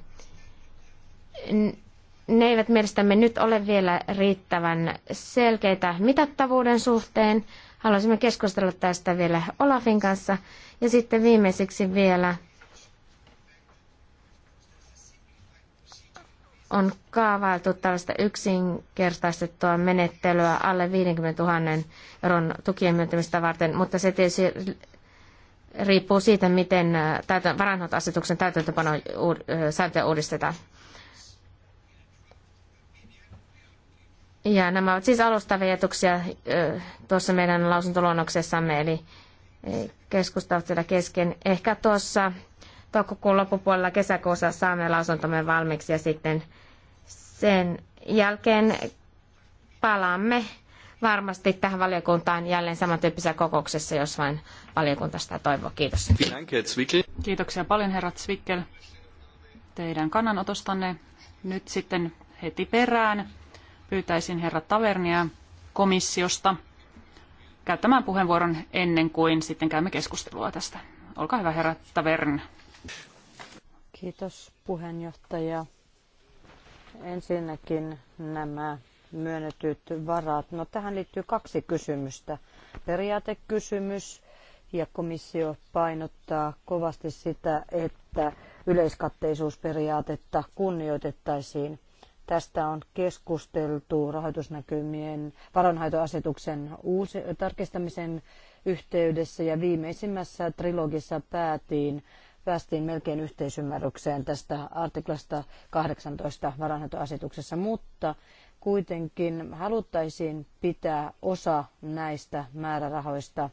ne eivät mielestämme nyt ole vielä riittävän selkeitä mitattavuuden suhteen. Haluaisimme keskustella tästä vielä Olafin kanssa. Ja sitten viimeiseksi vielä on kaavailtu tällaista yksinkertaistettua menettelyä alle 50 000 euron tukien myöntämistä varten, mutta se tietysti riippuu siitä, miten äh, varainhoitoasetuksen täytäntöpano äh, sääntöjä uudistetaan. Ja nämä ovat siis alustavia ajatuksia äh, tuossa meidän lausuntoluonnoksessamme, eli keskustelut siellä kesken. Ehkä tuossa toukokuun loppupuolella kesäkuussa saamme lausuntomme valmiiksi ja sitten sen jälkeen palaamme varmasti tähän valiokuntaan jälleen samantyyppisessä kokouksessa, jos vain valiokunta sitä toivoo. Kiitos. Kiitoksia paljon herra Zwickel teidän kannanotostanne. Nyt sitten heti perään pyytäisin herra Tavernia komissiosta käyttämään puheenvuoron ennen kuin sitten käymme keskustelua tästä. Olkaa hyvä herra Tavern. Kiitos puheenjohtaja. Ensinnäkin nämä myönnetyt varat. No tähän liittyy kaksi kysymystä. Periaatekysymys ja komissio painottaa kovasti sitä, että yleiskatteisuusperiaatetta kunnioitettaisiin. Tästä on keskusteltu rahoitusnäkymien varanhaitoasetuksen uusi, tarkistamisen yhteydessä ja viimeisimmässä trilogissa päätiin päästiin melkein yhteisymmärrykseen tästä artiklasta 18 varainhoitoasetuksessa, mutta kuitenkin haluttaisiin pitää osa näistä määrärahoista,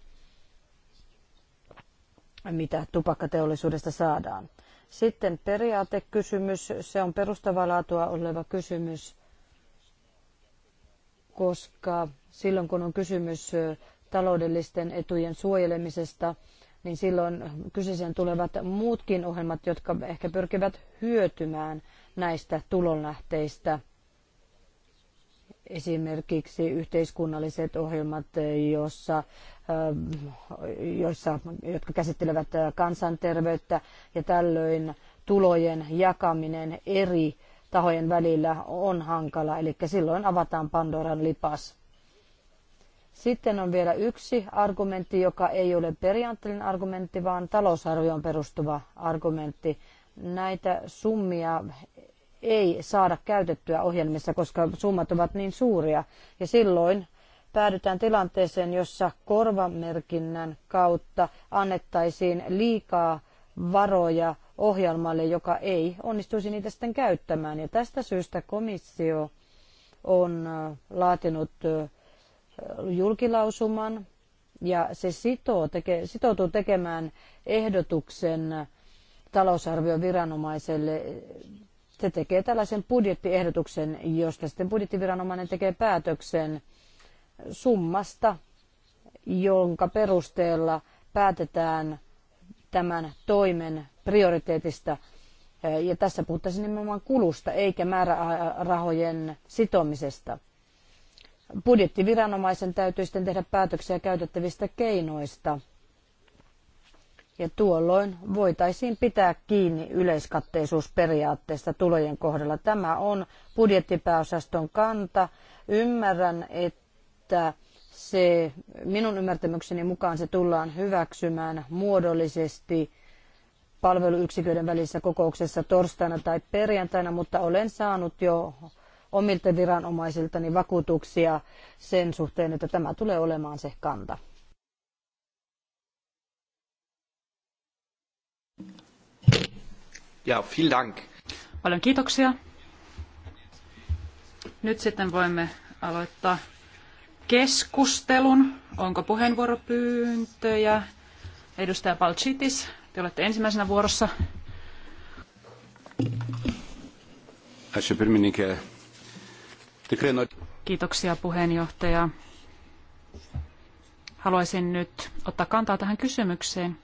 mitä tupakkateollisuudesta saadaan. Sitten periaatekysymys, se on perustavaa laatua oleva kysymys, koska silloin kun on kysymys taloudellisten etujen suojelemisesta, niin silloin kyseeseen tulevat muutkin ohjelmat, jotka ehkä pyrkivät hyötymään näistä tulonlähteistä. Esimerkiksi yhteiskunnalliset ohjelmat, jossa, joissa, jotka käsittelevät kansanterveyttä ja tällöin tulojen jakaminen eri tahojen välillä on hankala, eli silloin avataan Pandoran lipas. Sitten on vielä yksi argumentti, joka ei ole periaatteellinen argumentti, vaan talousarvioon perustuva argumentti. Näitä summia ei saada käytettyä ohjelmissa, koska summat ovat niin suuria. Ja silloin päädytään tilanteeseen, jossa korvamerkinnän kautta annettaisiin liikaa varoja ohjelmalle, joka ei onnistuisi niitä sitten käyttämään. Ja tästä syystä komissio on äh, laatinut äh, julkilausuman ja se sitoo, teke, sitoutuu tekemään ehdotuksen talousarvioviranomaiselle. Se tekee tällaisen budjettiehdotuksen, josta sitten budjettiviranomainen tekee päätöksen summasta, jonka perusteella päätetään tämän toimen prioriteetista. Ja tässä puhuttaisiin nimenomaan kulusta eikä määrärahojen sitomisesta budjettiviranomaisen täytyy sitten tehdä päätöksiä käytettävistä keinoista. Ja tuolloin voitaisiin pitää kiinni yleiskatteisuusperiaatteesta tulojen kohdalla. Tämä on budjettipääosaston kanta. Ymmärrän, että se, minun ymmärtämykseni mukaan se tullaan hyväksymään muodollisesti palveluyksiköiden välisessä kokouksessa torstaina tai perjantaina, mutta olen saanut jo omilta viranomaisiltani vakuutuksia sen suhteen, että tämä tulee olemaan se kanta. Ja, vielen Dank. Paljon kiitoksia. Nyt sitten voimme aloittaa keskustelun. Onko puheenvuoropyyntöjä? Edustaja Palchitis, te olette ensimmäisenä vuorossa. Ačiū pirmininkė. Kiitoksia puheenjohtaja. Haluaisin nyt ottaa kantaa tähän kysymykseen,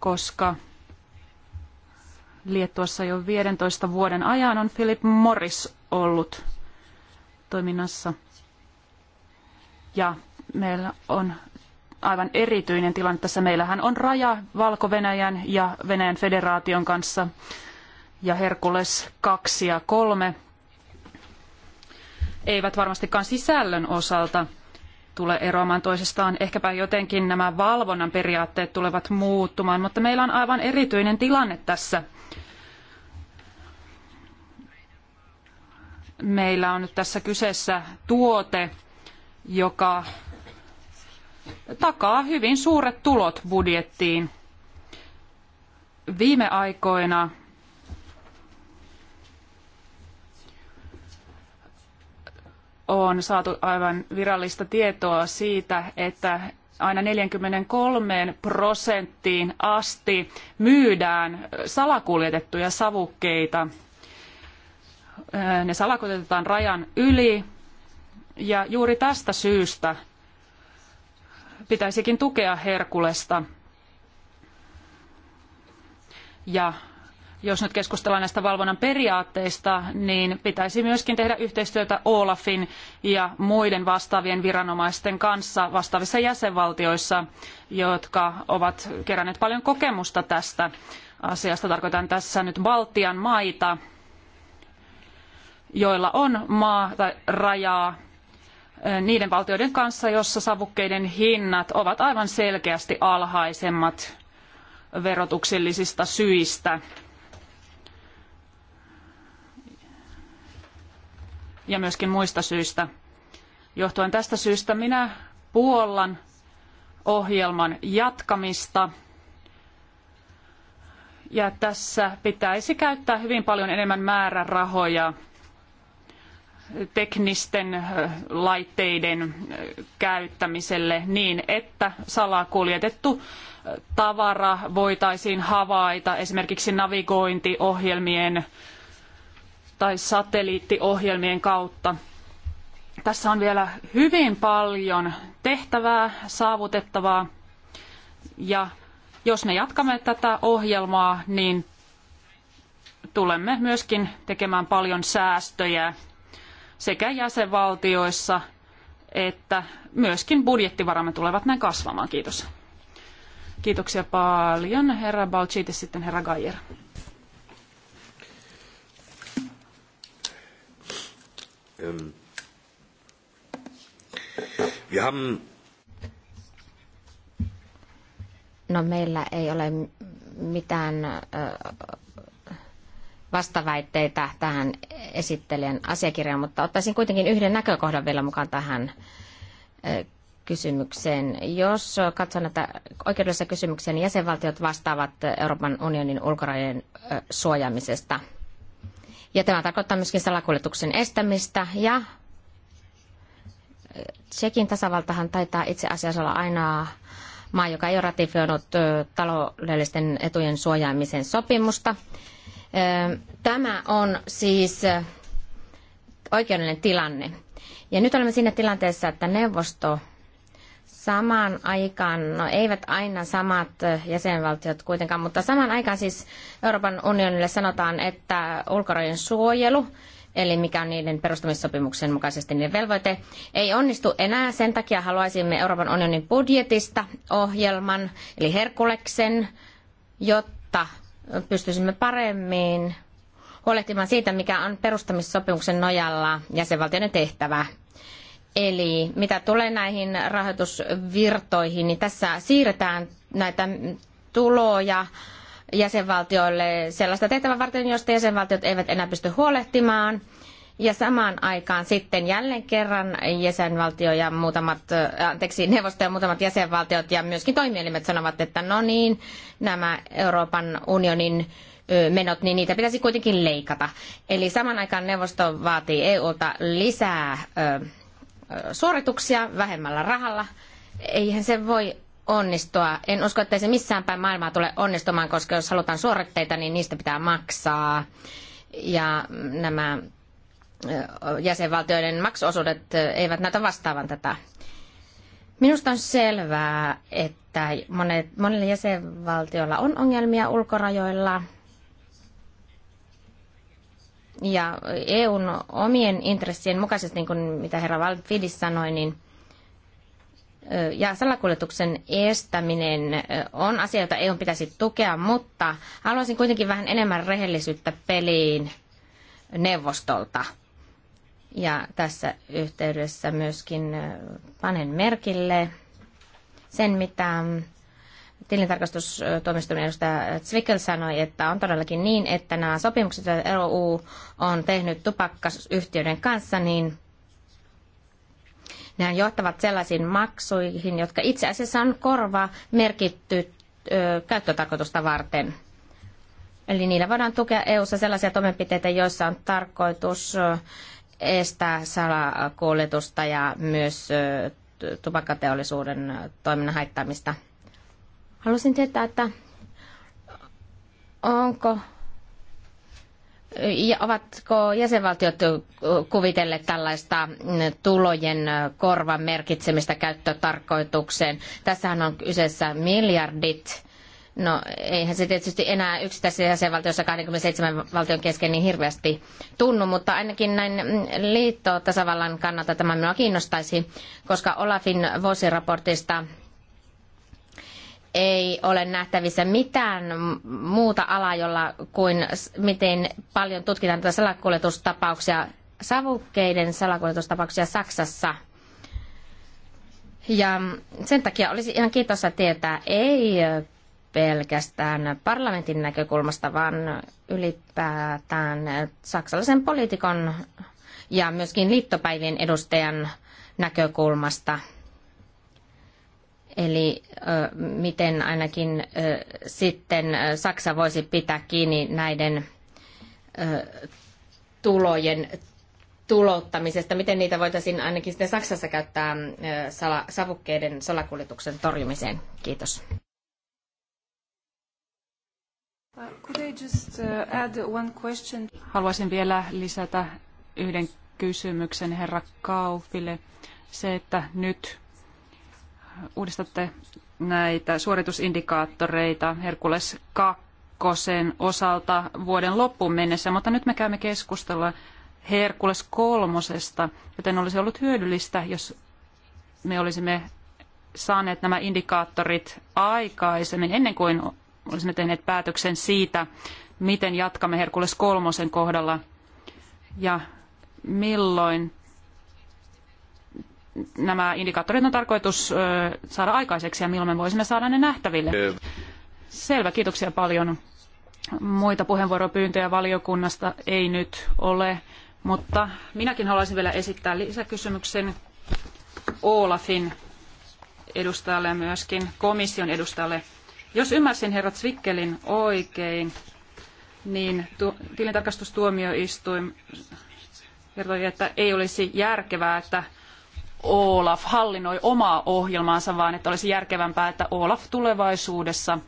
koska Liettuassa jo 15 vuoden ajan on Philip Morris ollut toiminnassa. Ja meillä on aivan erityinen tilanne tässä. Meillähän on raja Valko-Venäjän ja Venäjän federaation kanssa ja Herkules 2 ja 3 eivät varmastikaan sisällön osalta tule eroamaan toisestaan. Ehkäpä jotenkin nämä valvonnan periaatteet tulevat muuttumaan, mutta meillä on aivan erityinen tilanne tässä. Meillä on nyt tässä kyseessä tuote, joka takaa hyvin suuret tulot budjettiin. Viime aikoina on saatu aivan virallista tietoa siitä, että aina 43 prosenttiin asti myydään salakuljetettuja savukkeita. Ne salakuljetetaan rajan yli ja juuri tästä syystä pitäisikin tukea Herkulesta ja jos nyt keskustellaan näistä valvonnan periaatteista, niin pitäisi myöskin tehdä yhteistyötä Olafin ja muiden vastaavien viranomaisten kanssa vastaavissa jäsenvaltioissa, jotka ovat keränneet paljon kokemusta tästä asiasta. Tarkoitan tässä nyt Baltian maita, joilla on maa tai rajaa niiden valtioiden kanssa, jossa savukkeiden hinnat ovat aivan selkeästi alhaisemmat verotuksellisista syistä ja myöskin muista syistä. Johtuen tästä syystä minä puollan ohjelman jatkamista. Ja tässä pitäisi käyttää hyvin paljon enemmän määrärahoja teknisten laitteiden käyttämiselle niin, että salakuljetettu tavara voitaisiin havaita esimerkiksi navigointiohjelmien tai satelliittiohjelmien kautta. Tässä on vielä hyvin paljon tehtävää, saavutettavaa ja jos me jatkamme tätä ohjelmaa, niin tulemme myöskin tekemään paljon säästöjä sekä jäsenvaltioissa että myöskin budjettivaramme tulevat näin kasvamaan. Kiitos. Kiitoksia paljon, herra Balchites, sitten herra Gajer. Ähm, wir haben No meillä ei ole mitään vastaväitteitä tähän esittelijän asiakirjaan, mutta ottaisin kuitenkin yhden näkökohdan vielä mukaan tähän kysymykseen. Jos katson näitä oikeudellisia kysymyksiä, niin jäsenvaltiot vastaavat Euroopan unionin ulkorajojen suojaamisesta – ja tämä tarkoittaa myöskin salakuljetuksen estämistä ja äh, Tsekin tasavaltahan taitaa itse asiassa olla ainoa maa, joka ei ole ratifioinut äh, taloudellisten etujen suojaamisen sopimusta. Äh, tämä on siis oikeudellinen tilanne. Ja nyt olemme siinä tilanteessa, että neuvosto samaan aikaan, no eivät aina samat jäsenvaltiot kuitenkaan, mutta samaan aikaan siis Euroopan unionille sanotaan, että ulkorajojen suojelu, eli mikä on niiden perustamissopimuksen mukaisesti niiden velvoite, ei onnistu enää. Sen takia haluaisimme Euroopan unionin budjetista ohjelman, eli Herkuleksen, jotta pystyisimme paremmin huolehtimaan siitä, mikä on perustamissopimuksen nojalla jäsenvaltioiden tehtävä. Eli mitä tulee näihin rahoitusvirtoihin, niin tässä siirretään näitä tuloja jäsenvaltioille sellaista tehtävää varten, josta jäsenvaltiot eivät enää pysty huolehtimaan. Ja samaan aikaan sitten jälleen kerran jäsenvaltio ja muutamat, äh, anteeksi, neuvosto ja muutamat jäsenvaltiot ja myöskin toimielimet sanovat, että no niin, nämä Euroopan unionin menot, niin niitä pitäisi kuitenkin leikata. Eli saman aikaan neuvosto vaatii EUlta lisää suorituksia vähemmällä rahalla. Eihän se voi onnistua. En usko, että se missään päin maailmaa tulee onnistumaan, koska jos halutaan suoritteita, niin niistä pitää maksaa. Ja nämä jäsenvaltioiden maksuosuudet eivät näytä vastaavan tätä. Minusta on selvää, että monet, monilla jäsenvaltioilla on ongelmia ulkorajoilla – ja EUn omien intressien mukaisesti, niin kuin mitä herra Valfidis sanoi, niin ja salakuljetuksen estäminen on asia, jota EU pitäisi tukea, mutta haluaisin kuitenkin vähän enemmän rehellisyyttä peliin neuvostolta. Ja tässä yhteydessä myöskin panen merkille sen, mitä tilintarkastustoimiston edustaja Zwickel sanoi, että on todellakin niin, että nämä sopimukset, joita EU on tehnyt tupakkayhtiöiden kanssa, niin ne johtavat sellaisiin maksuihin, jotka itse asiassa on korva merkitty ö, käyttötarkoitusta varten. Eli niillä voidaan tukea EU-ssa sellaisia toimenpiteitä, joissa on tarkoitus estää salakuljetusta ja myös tupakkateollisuuden toiminnan haittaamista – Halusin tietää, että onko ja ovatko jäsenvaltiot kuvitelleet tällaista tulojen korvan merkitsemistä käyttötarkoitukseen? Tässähän on kyseessä miljardit. No eihän se tietysti enää yksittäisessä jäsenvaltiossa 27 valtion kesken niin hirveästi tunnu, mutta ainakin näin liitto tasavallan kannalta tämä minua kiinnostaisi, koska Olafin vuosiraportista ei ole nähtävissä mitään muuta alaa, jolla kuin miten paljon tutkitaan tätä salakuljetustapauksia, savukkeiden salakuljetustapauksia Saksassa. Ja sen takia olisi ihan kiitossa tietää, ei pelkästään parlamentin näkökulmasta, vaan ylipäätään saksalaisen poliitikon ja myöskin liittopäivien edustajan näkökulmasta – Eli miten ainakin sitten Saksa voisi pitää kiinni näiden tulojen tulouttamisesta, miten niitä voitaisiin ainakin sitten Saksassa käyttää sala, savukkeiden salakuljetuksen torjumiseen. Kiitos. Uh, Haluaisin vielä lisätä yhden kysymyksen herra Kaufille. Se, että nyt uudistatte näitä suoritusindikaattoreita Herkules 2 osalta vuoden loppuun mennessä, mutta nyt me käymme keskustelua Herkules kolmosesta, joten olisi ollut hyödyllistä, jos me olisimme saaneet nämä indikaattorit aikaisemmin, ennen kuin olisimme tehneet päätöksen siitä, miten jatkamme Herkules kolmosen kohdalla ja milloin nämä indikaattorit on tarkoitus saada aikaiseksi ja milloin me voisimme saada ne nähtäville. Selvä, kiitoksia paljon. Muita puheenvuoropyyntöjä valiokunnasta ei nyt ole, mutta minäkin haluaisin vielä esittää lisäkysymyksen Olafin edustajalle ja myöskin komission edustajalle. Jos ymmärsin herra Zwickelin oikein, niin tu- tilintarkastustuomioistuin kertoi, että ei olisi järkevää, että Olaf hallinnoi omaa ohjelmaansa, vaan että olisi järkevämpää, että Olaf tulevaisuudessa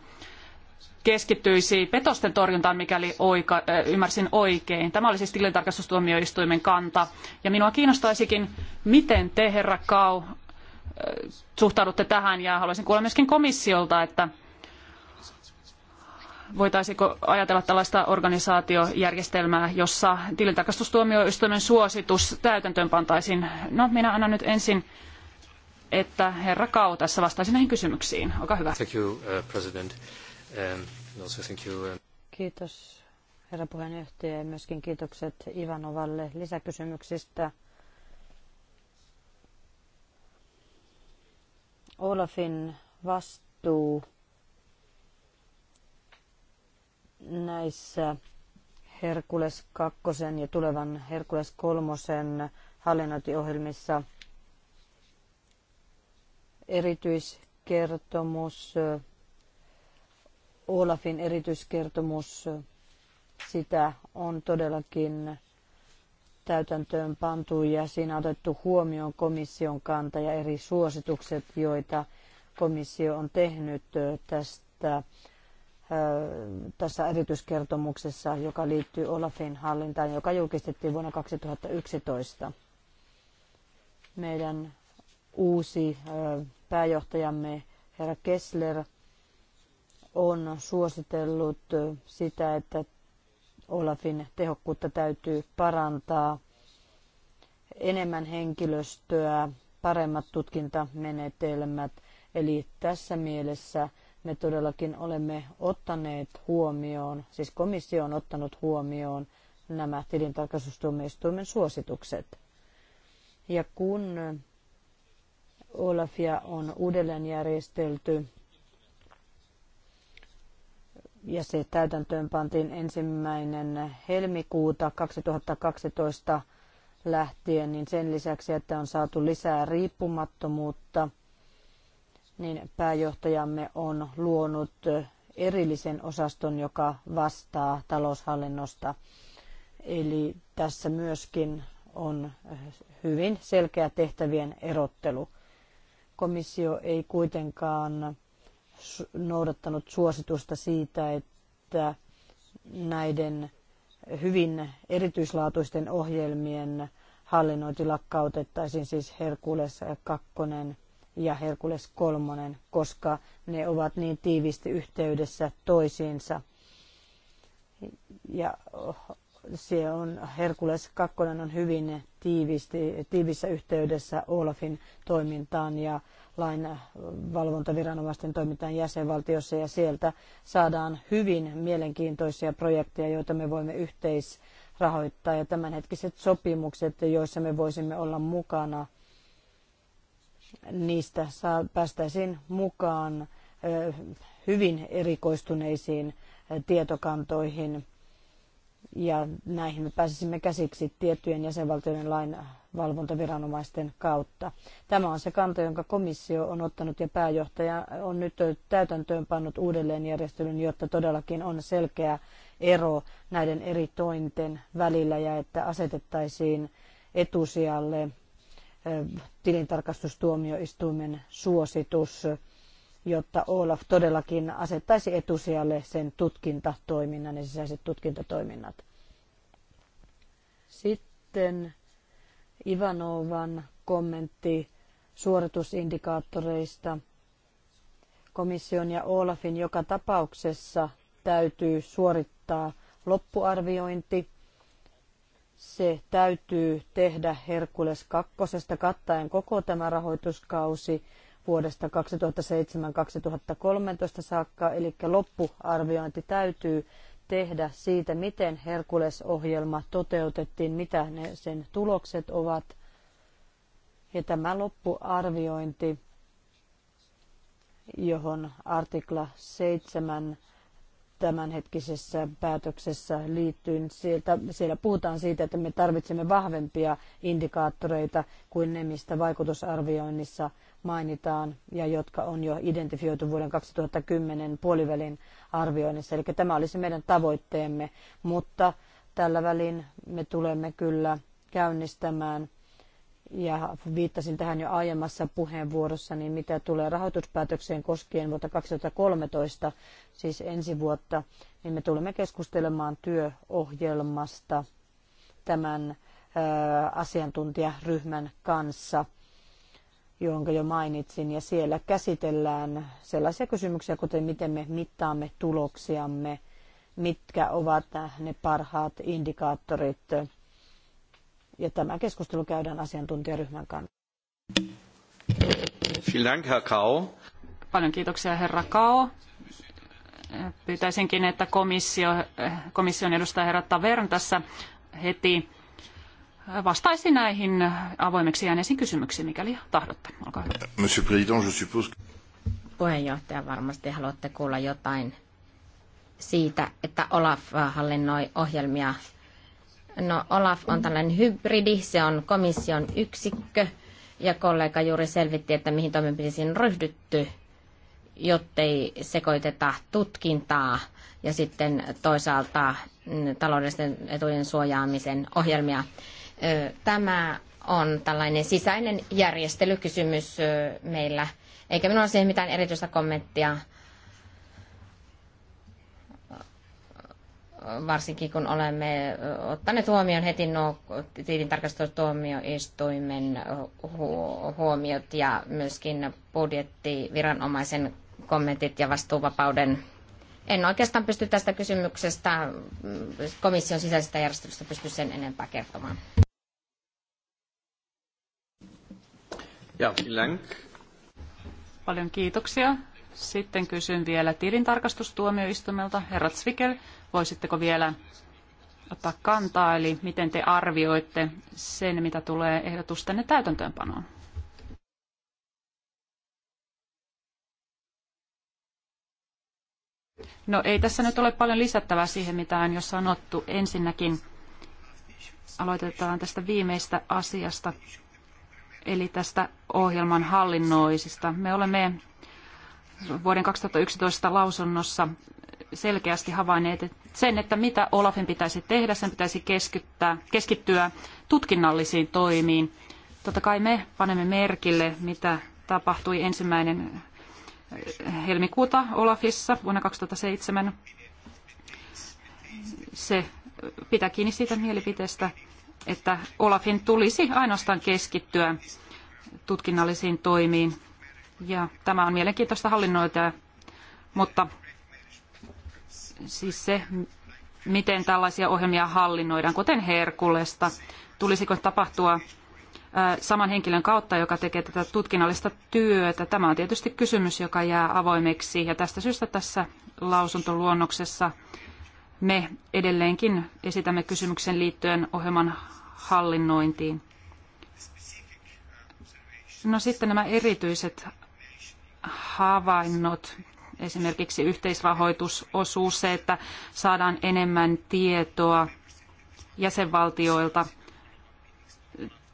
keskittyisi petosten torjuntaan, mikäli oika, ymmärsin oikein. Tämä oli siis tilintarkastustuomioistuimen kanta. Ja minua kiinnostaisikin, miten te, herra Kau, suhtaudutte tähän, ja haluaisin kuulla myöskin komissiolta, että voitaisiko ajatella tällaista organisaatiojärjestelmää, jossa tilintarkastustuomioistuimen suositus täytäntöön pantaisiin? No, minä annan nyt ensin, että herra Kau tässä vastaisi näihin kysymyksiin. Olkaa hyvä. Thank you, uh, President. Um, also thank you, um, Kiitos herra puheenjohtaja ja myöskin kiitokset Ivanovalle lisäkysymyksistä. Olafin vastuu näissä Herkules 2 ja tulevan Herkules 3 hallinnointiohjelmissa erityiskertomus, Olafin erityiskertomus, sitä on todellakin täytäntöön pantu ja siinä on otettu huomioon komission kanta ja eri suositukset, joita komissio on tehnyt tästä tässä erityiskertomuksessa, joka liittyy Olafin hallintaan, joka julkistettiin vuonna 2011. Meidän uusi pääjohtajamme herra Kessler on suositellut sitä, että Olafin tehokkuutta täytyy parantaa, enemmän henkilöstöä, paremmat tutkintamenetelmät. Eli tässä mielessä me todellakin olemme ottaneet huomioon, siis komissio on ottanut huomioon nämä tilintarkastustuomioistuimen suositukset. Ja kun Olafia on uudelleen järjestelty ja se täytäntöön pantiin ensimmäinen helmikuuta 2012 lähtien, niin sen lisäksi, että on saatu lisää riippumattomuutta – niin pääjohtajamme on luonut erillisen osaston, joka vastaa taloushallinnosta. Eli tässä myöskin on hyvin selkeä tehtävien erottelu. Komissio ei kuitenkaan noudattanut suositusta siitä, että näiden hyvin erityislaatuisten ohjelmien hallinnointi lakkautettaisiin, siis Herkules 2 ja Herkules kolmonen, koska ne ovat niin tiivisti yhteydessä toisiinsa. Ja oh, se on, Herkules kakkonen on hyvin tiivisti, tiivissä yhteydessä Olafin toimintaan ja lain valvontaviranomaisten toimintaan jäsenvaltiossa ja sieltä saadaan hyvin mielenkiintoisia projekteja, joita me voimme yhteisrahoittaa ja tämänhetkiset sopimukset, joissa me voisimme olla mukana – niistä saa, päästäisiin mukaan hyvin erikoistuneisiin tietokantoihin ja näihin me pääsisimme käsiksi tiettyjen jäsenvaltioiden lainvalvontaviranomaisten kautta. Tämä on se kanta, jonka komissio on ottanut ja pääjohtaja on nyt täytäntöön pannut uudelleenjärjestelyn, jotta todellakin on selkeä ero näiden eri tointen välillä ja että asetettaisiin etusijalle tilintarkastustuomioistuimen suositus, jotta Olaf todellakin asettaisi etusijalle sen tutkintatoiminnan ja sisäiset tutkintatoiminnat. Sitten Ivanovan kommentti suoritusindikaattoreista. Komission ja Olafin joka tapauksessa täytyy suorittaa loppuarviointi se täytyy tehdä Herkules kakkosesta kattaen koko tämä rahoituskausi vuodesta 2007-2013 saakka, eli loppuarviointi täytyy tehdä siitä, miten Herkules-ohjelma toteutettiin, mitä ne sen tulokset ovat. Ja tämä loppuarviointi, johon artikla 7 tämänhetkisessä päätöksessä liittyen. Sieltä, siellä puhutaan siitä, että me tarvitsemme vahvempia indikaattoreita kuin ne, mistä vaikutusarvioinnissa mainitaan ja jotka on jo identifioitu vuoden 2010 puolivälin arvioinnissa. Eli tämä olisi meidän tavoitteemme, mutta tällä välin me tulemme kyllä käynnistämään ja viittasin tähän jo aiemmassa puheenvuorossa, niin mitä tulee rahoituspäätökseen koskien vuotta 2013, siis ensi vuotta, niin me tulemme keskustelemaan työohjelmasta tämän ö, asiantuntijaryhmän kanssa, jonka jo mainitsin, ja siellä käsitellään sellaisia kysymyksiä, kuten miten me mittaamme tuloksiamme, mitkä ovat ne parhaat indikaattorit ja tämä keskustelu käydään asiantuntijaryhmän kanssa. Paljon kiitoksia, herra Kao. Pyytäisinkin, että komissio, komission edustaja herra Tavern tässä heti vastaisi näihin avoimeksi jääneisiin kysymyksiin, mikäli tahdotte. Olkaa hyvä. Monsieur Président, je suppose... Puheenjohtaja, varmasti haluatte kuulla jotain siitä, että Olaf hallinnoi ohjelmia No Olaf on tällainen hybridi, se on komission yksikkö ja kollega juuri selvitti, että mihin toimenpiteisiin on ryhdytty, jottei sekoiteta tutkintaa ja sitten toisaalta mm, taloudellisten etujen suojaamisen ohjelmia. Tämä on tällainen sisäinen järjestelykysymys meillä, eikä minulla ole siihen mitään erityistä kommenttia varsinkin kun olemme ottaneet huomioon heti nuo tilintarkastustuomioistuimen huomiot ja myöskin budjettiviranomaisen kommentit ja vastuuvapauden. En oikeastaan pysty tästä kysymyksestä, mm, komission sisäisestä järjestelystä pysty sen enempää kertomaan. Ja, vielen. Paljon kiitoksia. Sitten kysyn vielä tilintarkastustuomioistuimelta. Herra Zwickel, voisitteko vielä ottaa kantaa, eli miten te arvioitte sen, mitä tulee ehdotustenne täytäntöönpanoon? No ei tässä nyt ole paljon lisättävää siihen, mitä on jo sanottu. Ensinnäkin aloitetaan tästä viimeistä asiasta, eli tästä ohjelman hallinnoisista. Me olemme vuoden 2011 lausunnossa selkeästi havainneet sen, että mitä Olafin pitäisi tehdä, sen pitäisi keskittää, keskittyä tutkinnallisiin toimiin. Totta kai me panemme merkille, mitä tapahtui ensimmäinen eh, helmikuuta Olafissa vuonna 2007. Se pitää kiinni siitä mielipiteestä, että Olafin tulisi ainoastaan keskittyä tutkinnallisiin toimiin. Ja tämä on mielenkiintoista hallinnointia, mutta siis se, miten tällaisia ohjelmia hallinnoidaan, kuten Herkulesta. Tulisiko tapahtua saman henkilön kautta, joka tekee tätä tutkinnallista työtä. Tämä on tietysti kysymys, joka jää avoimeksi ja tästä syystä tässä lausuntoluonnoksessa me edelleenkin esitämme kysymyksen liittyen ohjelman hallinnointiin. No sitten nämä erityiset havainnot esimerkiksi yhteisrahoitusosuus, se, että saadaan enemmän tietoa jäsenvaltioilta.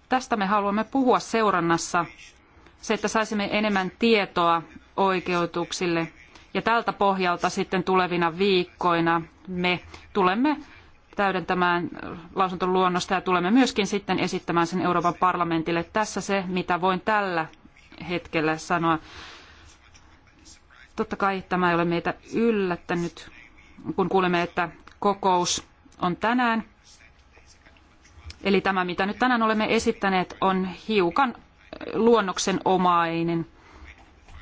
Tästä me haluamme puhua seurannassa, se, että saisimme enemmän tietoa oikeutuksille. Ja tältä pohjalta sitten tulevina viikkoina me tulemme täydentämään lausuntoluonnosta ja tulemme myöskin sitten esittämään sen Euroopan parlamentille. Tässä se, mitä voin tällä hetkellä sanoa. Totta kai tämä ei ole meitä yllättänyt, kun kuulemme, että kokous on tänään. Eli tämä, mitä nyt tänään olemme esittäneet, on hiukan äh, luonnoksenomainen.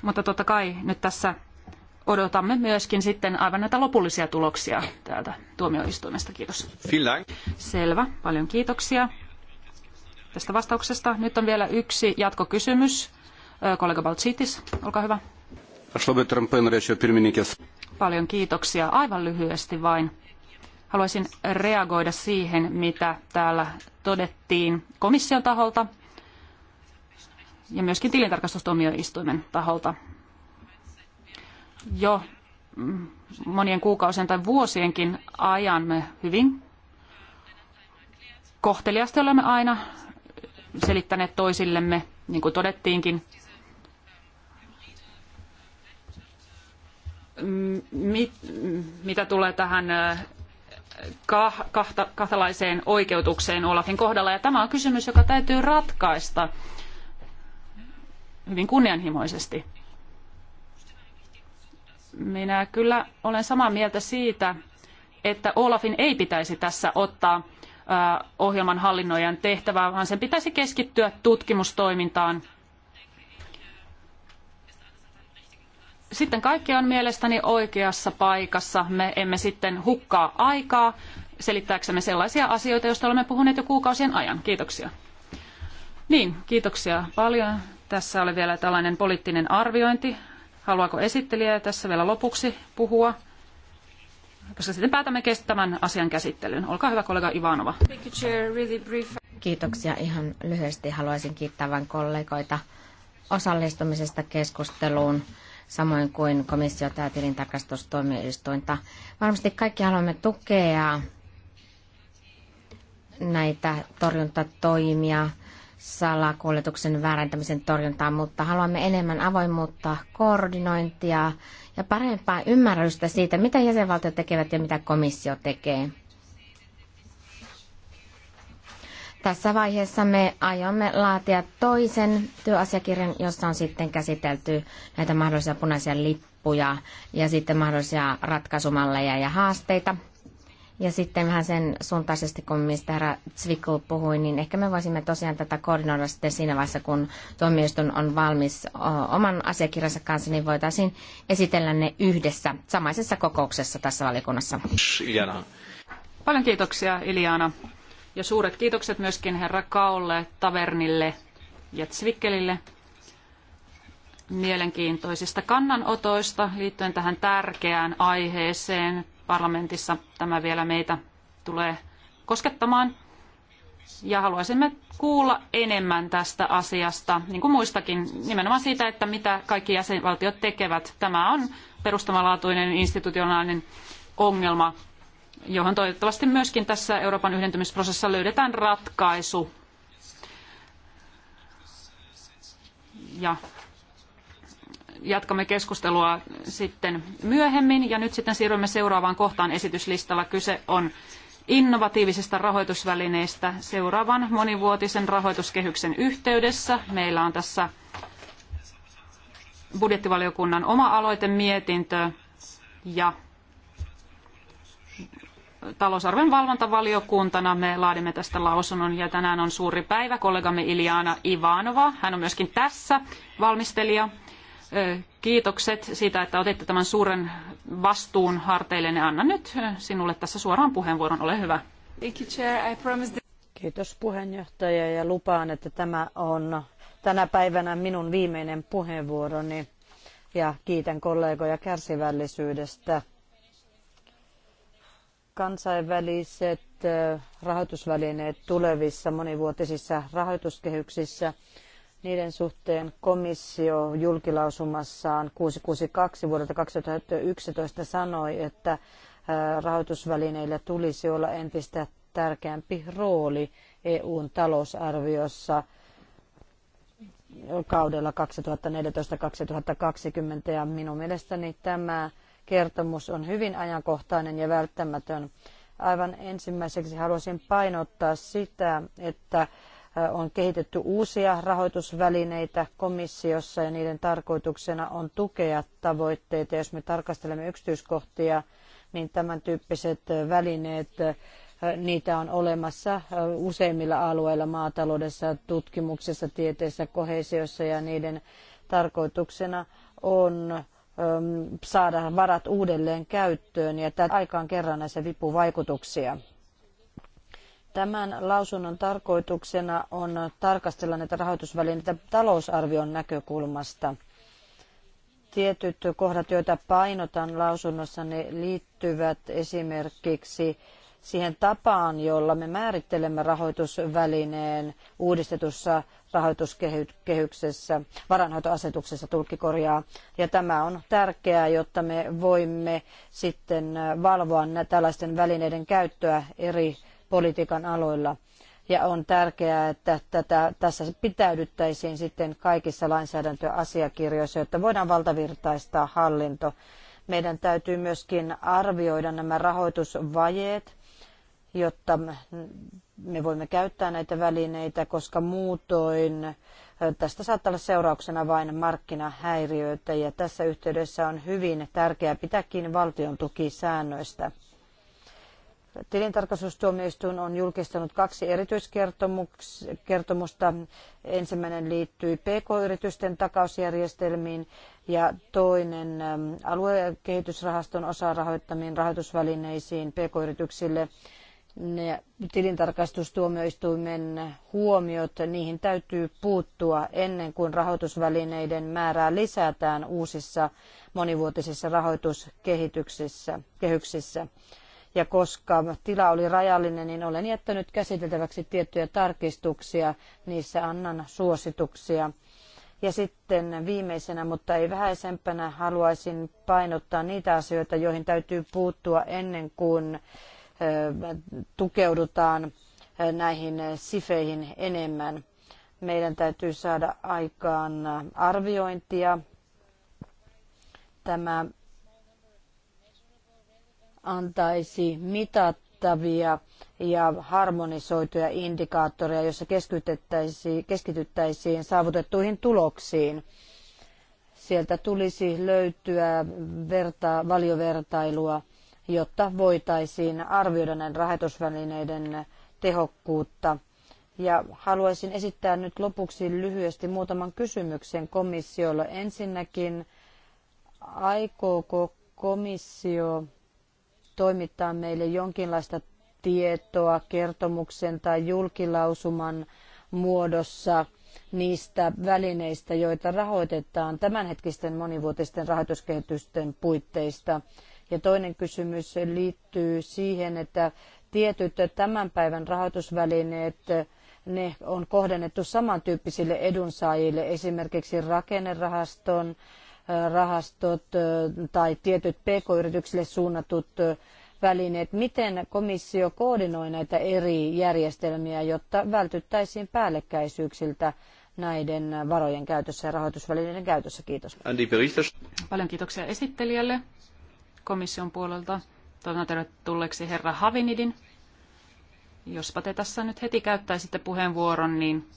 Mutta totta kai nyt tässä odotamme myöskin sitten aivan näitä lopullisia tuloksia täältä tuomioistuimesta. Kiitos. Finland. Selvä. Paljon kiitoksia tästä vastauksesta. Nyt on vielä yksi jatkokysymys. Äh, kollega Baltsitis, olkaa hyvä. Paljon kiitoksia. Aivan lyhyesti vain. Haluaisin reagoida siihen, mitä täällä todettiin komission taholta ja myöskin tilintarkastustuomioistuimen taholta. Jo mm, monien kuukausien tai vuosienkin ajan me hyvin kohteliasti olemme aina selittäneet toisillemme, niin kuin todettiinkin, mit, mitä tulee tähän kahta, kahtalaiseen oikeutukseen Olafin kohdalla. Ja tämä on kysymys, joka täytyy ratkaista hyvin kunnianhimoisesti. Minä kyllä olen samaa mieltä siitä, että Olafin ei pitäisi tässä ottaa ohjelman hallinnoijan tehtävää, vaan sen pitäisi keskittyä tutkimustoimintaan – sitten kaikki on mielestäni oikeassa paikassa. Me emme sitten hukkaa aikaa selittääksemme sellaisia asioita, joista olemme puhuneet jo kuukausien ajan. Kiitoksia. Niin, kiitoksia paljon. Tässä oli vielä tällainen poliittinen arviointi. Haluaako esittelijä tässä vielä lopuksi puhua? Koska sitten päätämme kestämään asian käsittelyyn. Olkaa hyvä kollega Ivanova. Kiitoksia. Ihan lyhyesti haluaisin kiittää vain kollegoita osallistumisesta keskusteluun samoin kuin komissio ja tilintarkastustuomioistuinta. Varmasti kaikki haluamme tukea näitä torjuntatoimia, salakuljetuksen väärentämisen torjuntaa, mutta haluamme enemmän avoimuutta, koordinointia ja parempaa ymmärrystä siitä, mitä jäsenvaltiot tekevät ja mitä komissio tekee. Tässä vaiheessa me aiomme laatia toisen työasiakirjan, jossa on sitten käsitelty näitä mahdollisia punaisia lippuja ja sitten mahdollisia ratkaisumalleja ja haasteita. Ja sitten vähän sen suuntaisesti, kun mistä herra Zwickl puhui, niin ehkä me voisimme tosiaan tätä koordinoida sitten siinä vaiheessa, kun tuomioistuin on valmis oman asiakirjansa kanssa, niin voitaisiin esitellä ne yhdessä samaisessa kokouksessa tässä valiokunnassa. Paljon kiitoksia Iliana ja suuret kiitokset myöskin herra Kaolle, Tavernille ja Zwickelille mielenkiintoisista kannanotoista liittyen tähän tärkeään aiheeseen. Parlamentissa tämä vielä meitä tulee koskettamaan. Ja haluaisimme kuulla enemmän tästä asiasta, niin kuin muistakin, nimenomaan siitä, että mitä kaikki jäsenvaltiot tekevät. Tämä on perustavanlaatuinen institutionaalinen ongelma johon toivottavasti myöskin tässä Euroopan yhdentymisprosessissa löydetään ratkaisu. Ja jatkamme keskustelua sitten myöhemmin ja nyt sitten siirrymme seuraavaan kohtaan esityslistalla. Kyse on innovatiivisista rahoitusvälineistä seuraavan monivuotisen rahoituskehyksen yhteydessä. Meillä on tässä budjettivaliokunnan oma aloitemietintö ja talousarven valvontavaliokuntana me laadimme tästä lausunnon ja tänään on suuri päivä. Kollegamme Iliana Ivanova, hän on myöskin tässä valmistelija. Kiitokset siitä, että otitte tämän suuren vastuun harteillenne. Anna nyt sinulle tässä suoraan puheenvuoron. Ole hyvä. Kiitos puheenjohtaja ja lupaan, että tämä on tänä päivänä minun viimeinen puheenvuoroni ja kiitän kollegoja kärsivällisyydestä kansainväliset rahoitusvälineet tulevissa monivuotisissa rahoituskehyksissä. Niiden suhteen komissio julkilausumassaan 662 vuodelta 2011 sanoi, että rahoitusvälineillä tulisi olla entistä tärkeämpi rooli EUn talousarviossa kaudella 2014-2020 ja minun mielestäni tämä kertomus on hyvin ajankohtainen ja välttämätön. Aivan ensimmäiseksi haluaisin painottaa sitä, että äh, on kehitetty uusia rahoitusvälineitä komissiossa ja niiden tarkoituksena on tukea tavoitteita. Jos me tarkastelemme yksityiskohtia, niin tämän tyyppiset äh, välineet, äh, niitä on olemassa useimmilla alueilla maataloudessa, tutkimuksessa, tieteessä, kohesiossa ja niiden tarkoituksena on Ähm, saada varat uudelleen käyttöön ja tätä aikaan kerran näissä vipuvaikutuksia. Tämän lausunnon tarkoituksena on tarkastella näitä rahoitusvälineitä talousarvion näkökulmasta. Tietyt kohdat, joita painotan lausunnossa, ne liittyvät esimerkiksi siihen tapaan, jolla me määrittelemme rahoitusvälineen uudistetussa rahoituskehyksessä, varanhoitoasetuksessa tulkkikorjaa. Ja tämä on tärkeää, jotta me voimme sitten valvoa tällaisten välineiden käyttöä eri politiikan aloilla. Ja on tärkeää, että tätä, tässä pitäydyttäisiin sitten kaikissa lainsäädäntöasiakirjoissa, jotta voidaan valtavirtaistaa hallinto. Meidän täytyy myöskin arvioida nämä rahoitusvajeet, jotta me voimme käyttää näitä välineitä, koska muutoin tästä saattaa olla seurauksena vain markkinahäiriöitä ja tässä yhteydessä on hyvin tärkeää pitää kiinni valtion tukisäännöistä. Tilintarkastustuomioistuin on julkistanut kaksi erityiskertomusta. Ensimmäinen liittyy PK-yritysten takausjärjestelmiin ja toinen aluekehitysrahaston osa rahoittamiin rahoitusvälineisiin PK-yrityksille – ne tilintarkastustuomioistuimen huomiot, niihin täytyy puuttua ennen kuin rahoitusvälineiden määrää lisätään uusissa monivuotisissa rahoituskehityksissä. Ja koska tila oli rajallinen, niin olen jättänyt käsiteltäväksi tiettyjä tarkistuksia. Niissä annan suosituksia. Ja sitten viimeisenä, mutta ei vähäisempänä, haluaisin painottaa niitä asioita, joihin täytyy puuttua ennen kuin tukeudutaan eh, näihin eh, sifeihin enemmän. Meidän täytyy saada aikaan eh, arviointia. Tämä antaisi mitattavia ja harmonisoituja indikaattoreja, joissa keskityttäisiin, keskityttäisiin saavutettuihin tuloksiin. Sieltä tulisi löytyä verta, valiovertailua jotta voitaisiin arvioida näiden rahoitusvälineiden tehokkuutta. Ja haluaisin esittää nyt lopuksi lyhyesti muutaman kysymyksen komissiolle. Ensinnäkin, aikooko komissio toimittaa meille jonkinlaista tietoa kertomuksen tai julkilausuman muodossa niistä välineistä, joita rahoitetaan tämänhetkisten monivuotisten rahoituskehitysten puitteista. Ja toinen kysymys liittyy siihen, että tietyt tämän päivän rahoitusvälineet ne on kohdennettu samantyyppisille edunsaajille, esimerkiksi rakennerahaston äh, rahastot äh, tai tietyt pk-yrityksille suunnatut äh, välineet. Miten komissio koordinoi näitä eri järjestelmiä, jotta vältyttäisiin päällekkäisyyksiltä näiden varojen käytössä ja rahoitusvälineiden käytössä? Kiitos. Paljon kiitoksia esittelijälle komission puolelta. Toivotan tervetulleeksi herra Havinidin. Jospa te tässä nyt heti käyttäisitte puheenvuoron, niin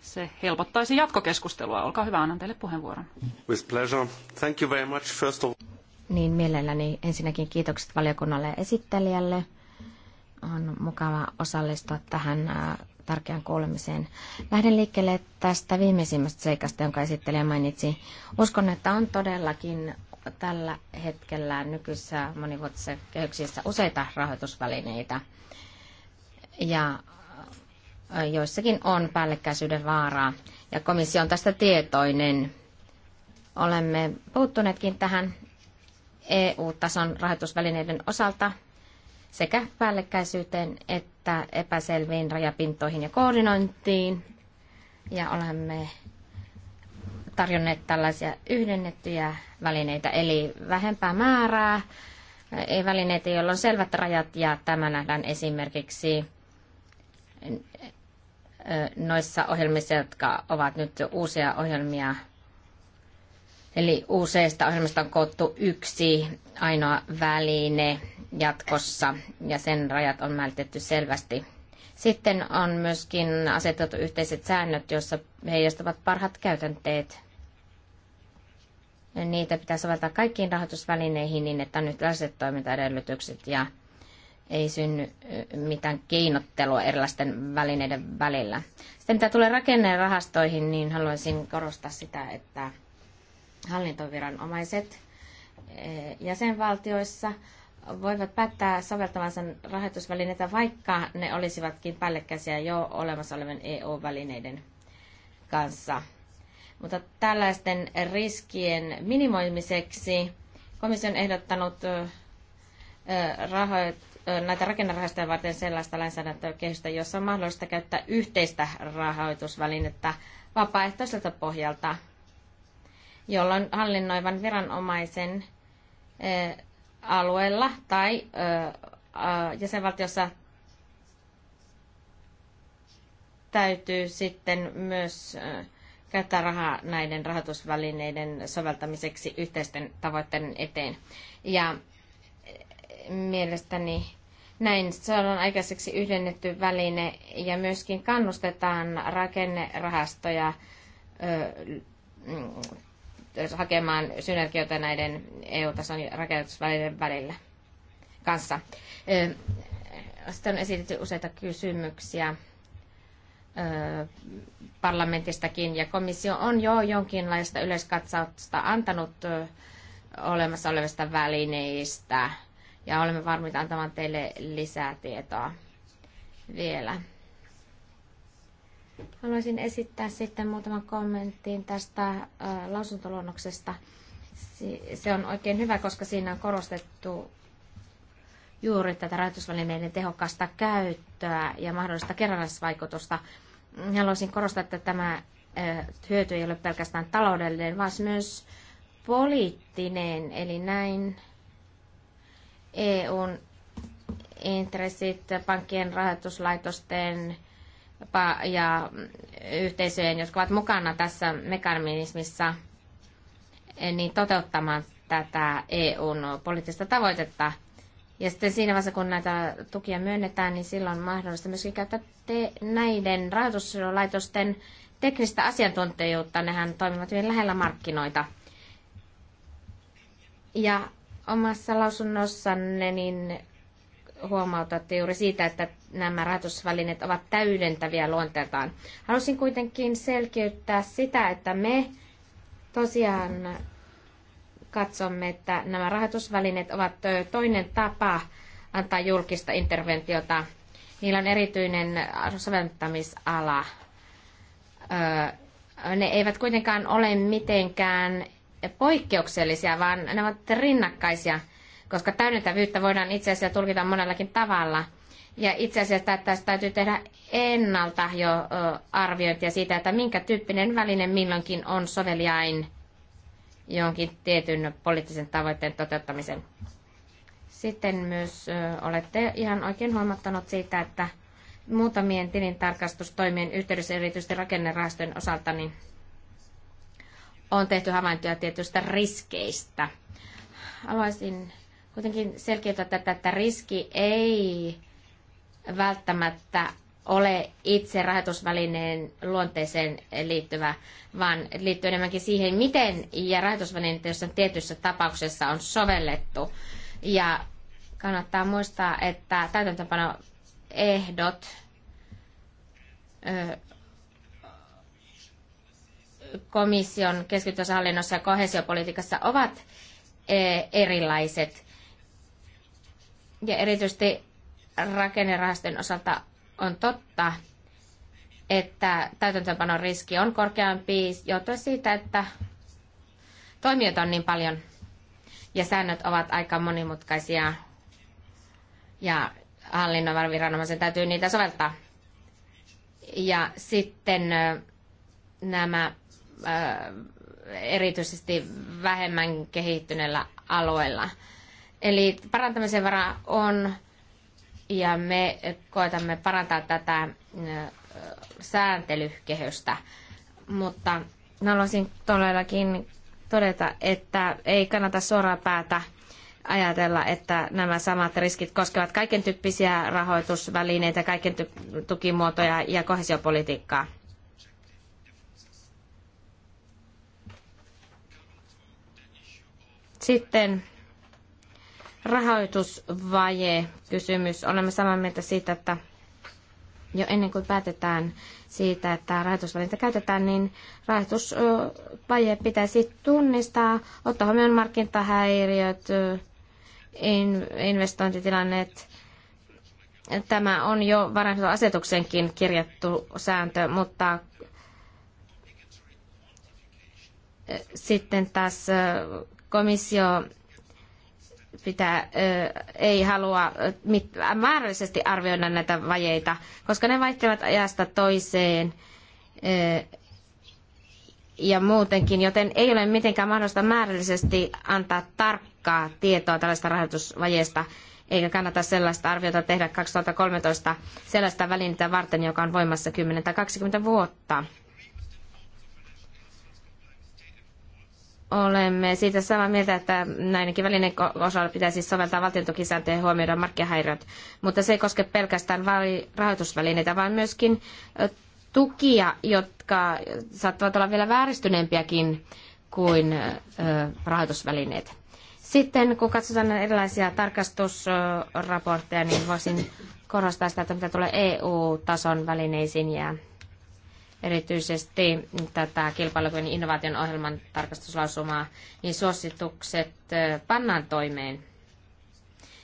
se helpottaisi jatkokeskustelua. Olkaa hyvä, annan teille puheenvuoron. With pleasure. Thank you very much, first of... Niin mielelläni ensinnäkin kiitokset valiokunnalle ja esittelijälle. On mukava osallistua tähän äh, tärkeään kuulemiseen. Lähden liikkeelle tästä viimeisimmästä seikasta, jonka esittelijä mainitsi. Uskon, että on todellakin tällä hetkellä nykyisissä monivuotisissa kehyksissä useita rahoitusvälineitä. Ja joissakin on päällekkäisyyden vaaraa. Ja komissio on tästä tietoinen. Olemme puuttuneetkin tähän EU-tason rahoitusvälineiden osalta sekä päällekkäisyyteen että epäselviin rajapintoihin ja koordinointiin. Ja olemme tarjonneet tällaisia yhdennettyjä välineitä, eli vähempää määrää, ei välineitä, joilla on selvät rajat, ja tämä nähdään esimerkiksi noissa ohjelmissa, jotka ovat nyt jo uusia ohjelmia. Eli useista ohjelmista on koottu yksi ainoa väline jatkossa, ja sen rajat on määritetty selvästi. Sitten on myöskin asetettu yhteiset säännöt, joissa heijastuvat parhaat käytänteet niitä pitää soveltaa kaikkiin rahoitusvälineihin niin, että on nyt tällaiset toimintaedellytykset ja ei synny mitään keinottelua erilaisten välineiden välillä. Sitten mitä tulee rahastoihin, niin haluaisin korostaa sitä, että hallintoviranomaiset jäsenvaltioissa voivat päättää soveltavansa rahoitusvälineitä, vaikka ne olisivatkin päällekkäisiä jo olemassa olevien EU-välineiden kanssa. Mutta tällaisten riskien minimoimiseksi komission on ehdottanut rahoit- näitä rakennerahastoja varten sellaista lainsäädäntökehystä, jossa on mahdollista käyttää yhteistä rahoitusvälinettä vapaaehtoiselta pohjalta, jolloin hallinnoivan viranomaisen alueella tai jäsenvaltiossa täytyy sitten myös käyttää rahaa näiden rahoitusvälineiden soveltamiseksi yhteisten tavoitteiden eteen. Ja eh, mielestäni näin se on aikaiseksi yhdennetty väline ja myöskin kannustetaan rakennerahastoja ö, mm, hakemaan synergioita näiden EU-tason rakennusvälineiden välillä kanssa. Ö, sitten on esitetty useita kysymyksiä parlamentistakin, ja komissio on jo jonkinlaista yleiskatsausta antanut olemassa olevista välineistä, ja olemme varmiita antamaan teille lisää tietoa vielä. Haluaisin esittää sitten muutaman kommentin tästä lausuntoluonnoksesta. Se on oikein hyvä, koska siinä on korostettu juuri tätä rajoitusvälineiden tehokasta käyttöä ja mahdollista kerrannaisvaikutusta haluaisin korostaa, että tämä hyöty ei ole pelkästään taloudellinen, vaan myös poliittinen, eli näin EUn intressit pankkien rahoituslaitosten ja yhteisöjen, jotka ovat mukana tässä mekanismissa, niin toteuttamaan tätä EUn poliittista tavoitetta – ja sitten siinä vaiheessa, kun näitä tukia myönnetään, niin silloin on mahdollista myöskin käyttää te- näiden rahoituslaitosten teknistä asiantuntijuutta. Nehän toimivat hyvin lähellä markkinoita. Ja omassa lausunnossanne niin huomautatte juuri siitä, että nämä rahoitusvälineet ovat täydentäviä luonteeltaan. Haluaisin kuitenkin selkeyttää sitä, että me tosiaan katsomme, että nämä rahoitusvälineet ovat toinen tapa antaa julkista interventiota. Niillä on erityinen soveltamisala. Ne eivät kuitenkaan ole mitenkään poikkeuksellisia, vaan ne ovat rinnakkaisia, koska täydentävyyttä voidaan itse asiassa tulkita monellakin tavalla. Ja itse asiassa tästä täytyy tehdä ennalta jo arviointia siitä, että minkä tyyppinen väline milloinkin on soveliain jonkin tietyn poliittisen tavoitteen toteuttamisen. Sitten myös olette ihan oikein huomattanut siitä, että muutamien tilintarkastustoimien yhteydessä erityisesti rakennerahastojen osalta niin on tehty havaintoja tietyistä riskeistä. Haluaisin kuitenkin selkeyttää tätä, että riski ei välttämättä ole itse rahoitusvälineen luonteeseen liittyvä, vaan liittyy enemmänkin siihen, miten ja joissa on tietyissä tapauksessa on sovellettu. Ja kannattaa muistaa, että täytäntöpanoehdot komission keskityssä hallinnossa ja kohesiopolitiikassa ovat e, erilaiset. Ja erityisesti rakennerahastojen osalta on totta, että täytäntöönpanon riski on korkeampi johtuen siitä, että toimijoita on niin paljon ja säännöt ovat aika monimutkaisia ja hallinnon viranomaisen täytyy niitä soveltaa. Ja sitten nämä erityisesti vähemmän kehittyneillä alueilla. Eli parantamisen vara on ja me koetamme parantaa tätä sääntelykehystä, mutta haluaisin todellakin todeta, että ei kannata suoraan päätä ajatella, että nämä samat riskit koskevat kaiken tyyppisiä rahoitusvälineitä, kaiken tukimuotoja ja kohesiopolitiikkaa. Sitten rahoitusvaje kysymys. Olemme samaa mieltä siitä, että jo ennen kuin päätetään siitä, että rahoitusvalinta käytetään, niin rahoitusvaje pitäisi tunnistaa, ottaa huomioon markkintahäiriöt, investointitilanneet. Tämä on jo varainhoitoasetuksenkin kirjattu sääntö, mutta sitten taas komissio pitää, ei halua määrällisesti arvioida näitä vajeita, koska ne vaihtelevat ajasta toiseen ja muutenkin, joten ei ole mitenkään mahdollista määrällisesti antaa tarkkaa tietoa tällaista rahoitusvajeesta, eikä kannata sellaista arviota tehdä 2013 sellaista välinettä varten, joka on voimassa 10 tai 20 vuotta. olemme siitä samaa mieltä, että näidenkin välinen osalla pitäisi soveltaa valtiontukisääntöjä ja huomioida markkinahäiriöt, mutta se ei koske pelkästään rahoitusvälineitä, vaan myöskin tukia, jotka saattavat olla vielä vääristyneempiäkin kuin rahoitusvälineet. Sitten kun katsotaan erilaisia tarkastusraportteja, niin voisin korostaa sitä, että mitä tulee EU-tason välineisiin ja erityisesti tätä kilpailukyvyn innovaation ohjelman tarkastuslausumaa, niin suositukset pannaan toimeen.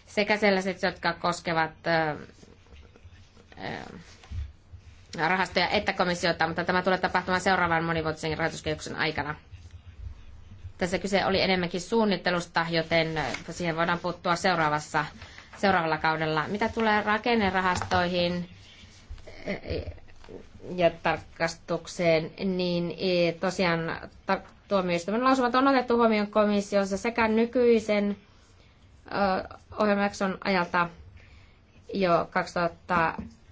Sekä sellaiset, jotka koskevat rahastoja että komissiota, mutta tämä tulee tapahtumaan seuraavan monivuotisen rahoituskehyksen aikana. Tässä kyse oli enemmänkin suunnittelusta, joten siihen voidaan puuttua seuraavassa, seuraavalla kaudella. Mitä tulee rakennerahastoihin, ja tarkastukseen, niin e, tosiaan tuomioistuimen lausumat on otettu huomioon komissiossa sekä nykyisen ohjelmakson ajalta jo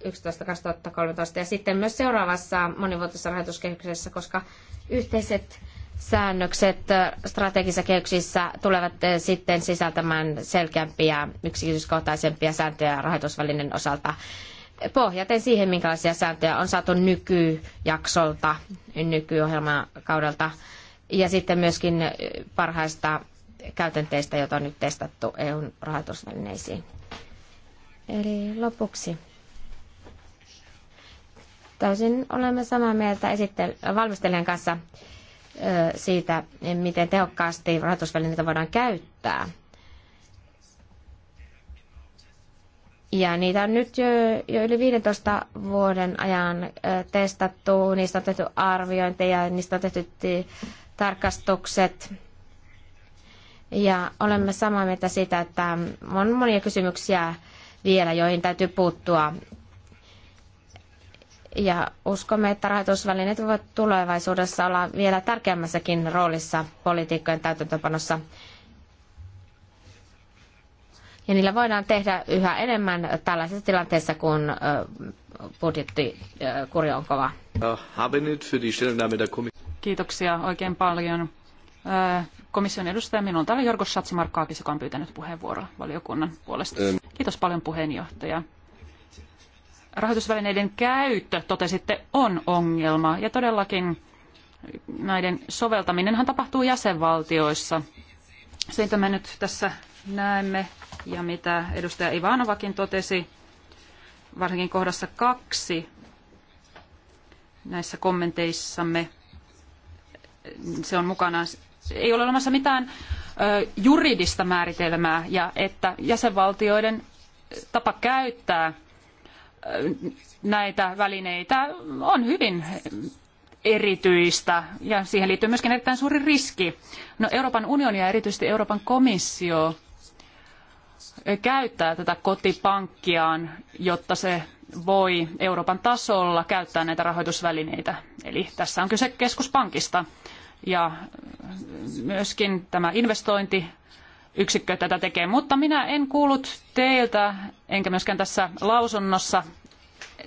2011-2013 ja sitten myös seuraavassa monivuotisessa rahoituskehyksessä, koska yhteiset säännökset strategisissa kehyksissä tulevat sitten sisältämään selkeämpiä yksityiskohtaisempia sääntöjä rahoitusvälinen osalta pohjaten siihen, minkälaisia sääntöjä on saatu nykyjaksolta, nykyohjelmakaudelta ja sitten myöskin parhaista käytänteistä, joita on nyt testattu EUn rahoitusvälineisiin. Eli lopuksi. Täysin olemme samaa mieltä esittel- valmistelijan kanssa siitä, miten tehokkaasti rahoitusvälineitä voidaan käyttää – Ja niitä on nyt jo, jo yli 15 vuoden ajan testattu, niistä on tehty arviointeja, niistä on tehty tarkastukset. Ja olemme samaa mieltä siitä, että on monia kysymyksiä vielä, joihin täytyy puuttua. Ja uskomme, että rahoitusvälineet voivat tulevaisuudessa olla vielä tärkeämmässäkin roolissa politiikkojen täytäntöpanossa. Ja niillä voidaan tehdä yhä enemmän tällaisessa tilanteessa, kun budjettikuri on kova. Kiitoksia oikein paljon. Komission edustaja, minulla on täällä Jorgos Schatzimarkkaakis, joka on pyytänyt puheenvuoroa valiokunnan puolesta. Kiitos paljon puheenjohtaja. Rahoitusvälineiden käyttö, totesitte, on ongelma. Ja todellakin näiden soveltaminenhan tapahtuu jäsenvaltioissa. Siitä me nyt tässä näemme ja mitä edustaja Ivanovakin totesi, varsinkin kohdassa kaksi näissä kommenteissamme, se on mukana, ei ole olemassa mitään juridista määritelmää ja että jäsenvaltioiden tapa käyttää näitä välineitä on hyvin erityistä ja siihen liittyy myöskin erittäin suuri riski. No Euroopan unioni ja erityisesti Euroopan komissio käyttää tätä kotipankkiaan, jotta se voi Euroopan tasolla käyttää näitä rahoitusvälineitä. Eli tässä on kyse keskuspankista. Ja myöskin tämä investointi yksikkö tätä tekee, mutta minä en kuullut teiltä, enkä myöskään tässä lausunnossa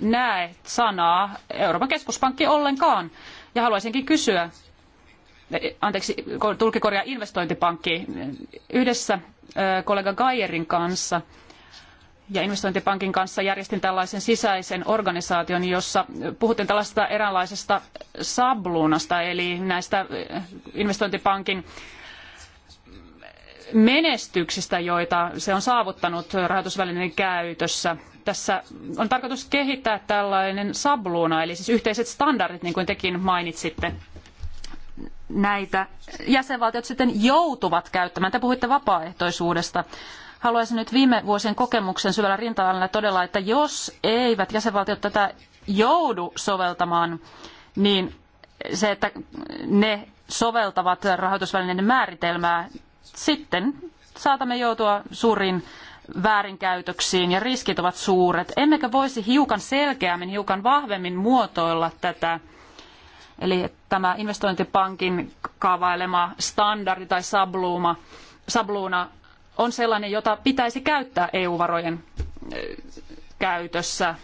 näe sanaa Euroopan keskuspankki ollenkaan. Ja haluaisinkin kysyä, anteeksi, tulkikorjaa investointipankki yhdessä kollega Gaierin kanssa ja investointipankin kanssa järjestin tällaisen sisäisen organisaation, jossa puhuttiin tällaisesta eräänlaisesta sabluunasta, eli näistä investointipankin menestyksistä, joita se on saavuttanut rahoitusvälineiden käytössä. Tässä on tarkoitus kehittää tällainen sabluuna, eli siis yhteiset standardit, niin kuin tekin mainitsitte näitä jäsenvaltiot sitten joutuvat käyttämään. Te puhuitte vapaaehtoisuudesta. Haluaisin nyt viime vuosien kokemuksen syvällä rinta todella, että jos eivät jäsenvaltiot tätä joudu soveltamaan, niin se, että ne soveltavat rahoitusvälineiden määritelmää, sitten saatamme joutua suuriin väärinkäytöksiin ja riskit ovat suuret. Emmekö voisi hiukan selkeämmin, hiukan vahvemmin muotoilla tätä Eli tämä investointipankin kaavailema standardi tai sabluuma, sabluuna on sellainen, jota pitäisi käyttää EU-varojen eh, käytössä.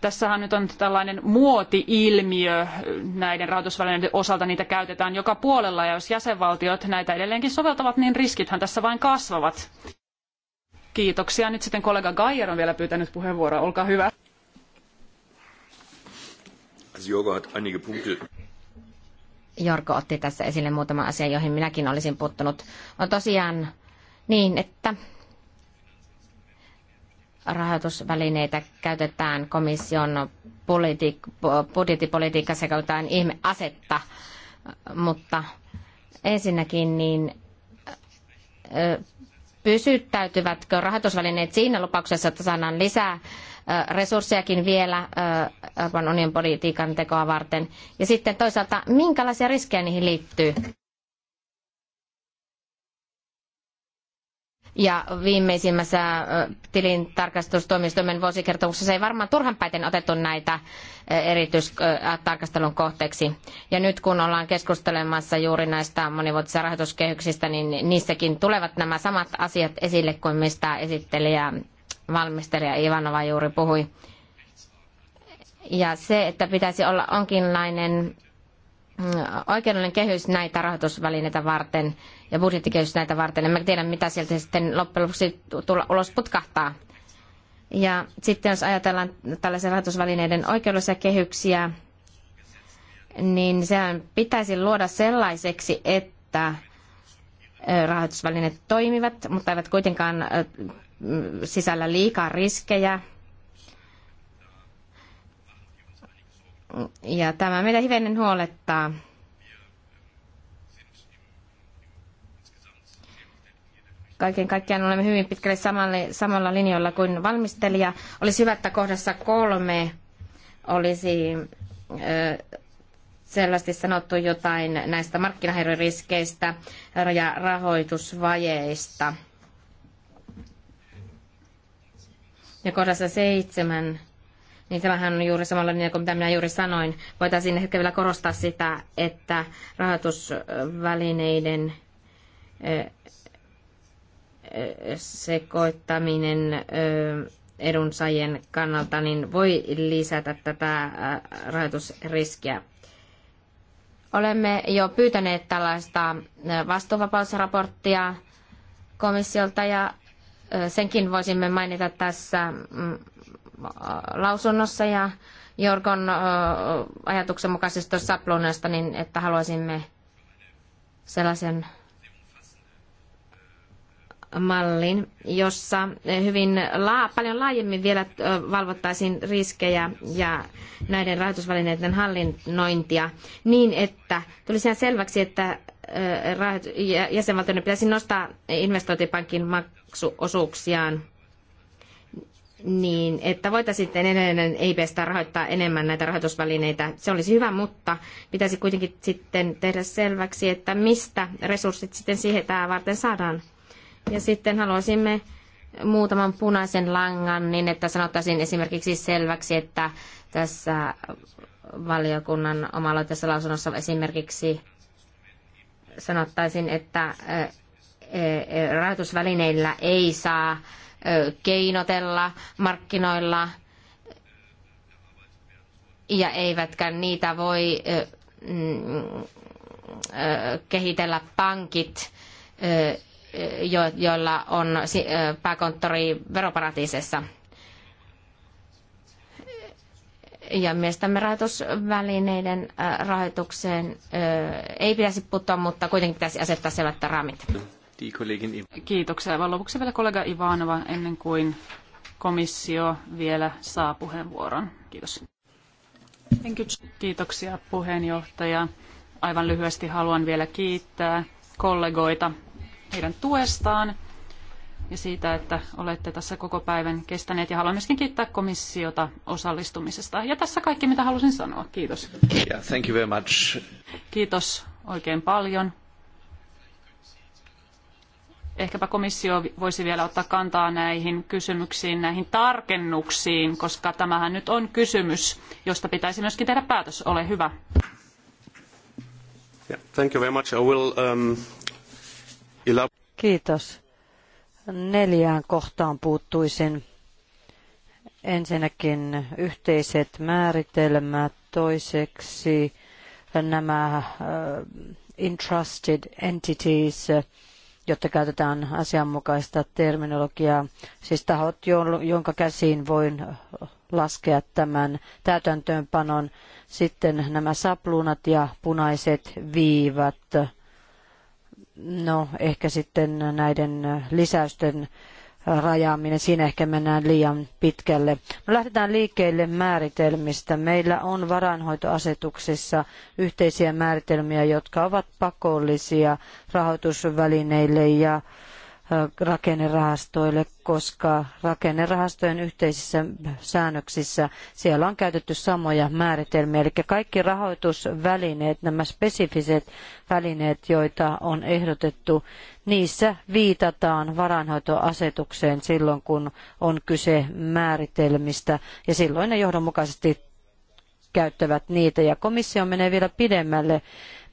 Tässähän nyt on tällainen muoti-ilmiö näiden rahoitusvälineiden osalta, niitä käytetään joka puolella, ja jos jäsenvaltiot näitä edelleenkin soveltavat, niin riskithän tässä vain kasvavat. Kiitoksia. Nyt sitten kollega Gaier on vielä pyytänyt puheenvuoroa. Olkaa hyvä. Jorgo hat einige Punkte. otti tässä esille muutama asia, joihin minäkin olisin puuttunut. On tosiaan niin, että rahoitusvälineitä käytetään komission politiik- budjettipolitiikassa käytetään ihmeasetta, mutta ensinnäkin niin pysyttäytyvätkö rahoitusvälineet siinä lupauksessa, että saadaan lisää resurssejakin vielä Euroopan unionin politiikan tekoa varten? Ja sitten toisaalta, minkälaisia riskejä niihin liittyy? Ja viimeisimmässä tilintarkastustuomioistuimen vuosikertomuksessa ei varmaan turhanpäiten otettu näitä erityistarkastelun kohteeksi. Ja nyt kun ollaan keskustelemassa juuri näistä monivuotisista rahoituskehyksistä, niin niissäkin tulevat nämä samat asiat esille kuin mistä esittelijä valmistelija Ivanova juuri puhui. Ja se, että pitäisi olla onkinlainen mm, oikeudellinen kehys näitä rahoitusvälineitä varten ja budjettikehys näitä varten. Emme tiedä, mitä sieltä sitten loppujen lopuksi tulla, ulos putkahtaa. Ja sitten jos ajatellaan tällaisen rahoitusvälineiden oikeudellisia kehyksiä, niin sehän pitäisi luoda sellaiseksi, että rahoitusvälineet toimivat, mutta eivät kuitenkaan sisällä liikaa riskejä. Ja tämä meitä hivenen huolettaa. kaiken kaikkiaan olemme hyvin pitkälle samalle, samalla linjoilla kuin valmistelija. Olisi hyvä, että kohdassa kolme olisi ö, selvästi sanottu jotain näistä markkinahäiriöriskeistä ja rahoitusvajeista. Ja kohdassa seitsemän, niin tämähän on juuri samalla niin kuin mitä minä juuri sanoin. Voitaisiin ehkä vielä korostaa sitä, että rahoitusvälineiden sekoittaminen edunsaajien kannalta niin voi lisätä tätä rahoitusriskiä. Olemme jo pyytäneet tällaista vastuuvapausraporttia komissiolta ja senkin voisimme mainita tässä mm, lausunnossa ja Jorgon ajatuksen mukaisesti tuossa sapluunasta, niin että haluaisimme sellaisen mallin, jossa hyvin laa, paljon laajemmin vielä valvottaisiin riskejä ja näiden rahoitusvälineiden hallinnointia niin, että tulisi ihan selväksi, että jäsenvaltioiden pitäisi nostaa investointipankin maksuosuuksiaan niin että voitaisiin sitten edelleen EIBstä rahoittaa enemmän näitä rahoitusvälineitä. Se olisi hyvä, mutta pitäisi kuitenkin sitten tehdä selväksi, että mistä resurssit sitten siihen tämä varten saadaan. Ja sitten haluaisimme muutaman punaisen langan, niin että sanottaisiin esimerkiksi selväksi, että tässä valiokunnan tässä lausunnossa esimerkiksi sanottaisiin, että Eh, eh, rahoitusvälineillä ei saa eh, keinotella markkinoilla ja eivätkä niitä voi mm, kehitellä pankit, joilla on pääkonttori veroparatiisessa. Ja mielestämme rahoitusvälineiden rahoitukseen ei pitäisi puuttua, mutta kuitenkin pitäisi asettaa selvät raamit. Kiitoksia. Aivan lopuksi vielä kollega Ivanova ennen kuin komissio vielä saa puheenvuoron. Kiitos. Kiitoksia puheenjohtaja. Aivan lyhyesti haluan vielä kiittää kollegoita heidän tuestaan ja siitä, että olette tässä koko päivän kestäneet. Ja haluan myöskin kiittää komissiota osallistumisesta. Ja tässä kaikki, mitä halusin sanoa. Kiitos. Yeah, thank you very much. Kiitos oikein paljon ehkäpä komissio voisi vielä ottaa kantaa näihin kysymyksiin, näihin tarkennuksiin, koska tämähän nyt on kysymys, josta pitäisi myöskin tehdä päätös. Ole hyvä. thank you very much. I will, um, Kiitos. Neljään kohtaan puuttuisin. Ensinnäkin yhteiset määritelmät, toiseksi nämä uh, entrusted entities, uh, jotta käytetään asianmukaista terminologiaa. Siis tahot, jonka käsiin voin laskea tämän täytäntöönpanon. Sitten nämä sapluunat ja punaiset viivat. No, ehkä sitten näiden lisäysten rajaaminen. Siinä ehkä mennään liian pitkälle. No, lähdetään liikkeelle määritelmistä. Meillä on varainhoitoasetuksessa yhteisiä määritelmiä, jotka ovat pakollisia rahoitusvälineille ja rakennerahastoille, koska rakennerahastojen yhteisissä säännöksissä siellä on käytetty samoja määritelmiä. Eli kaikki rahoitusvälineet, nämä spesifiset välineet, joita on ehdotettu, niissä viitataan varainhoitoasetukseen silloin, kun on kyse määritelmistä ja silloin ne johdonmukaisesti käyttävät niitä. Ja komissio menee vielä pidemmälle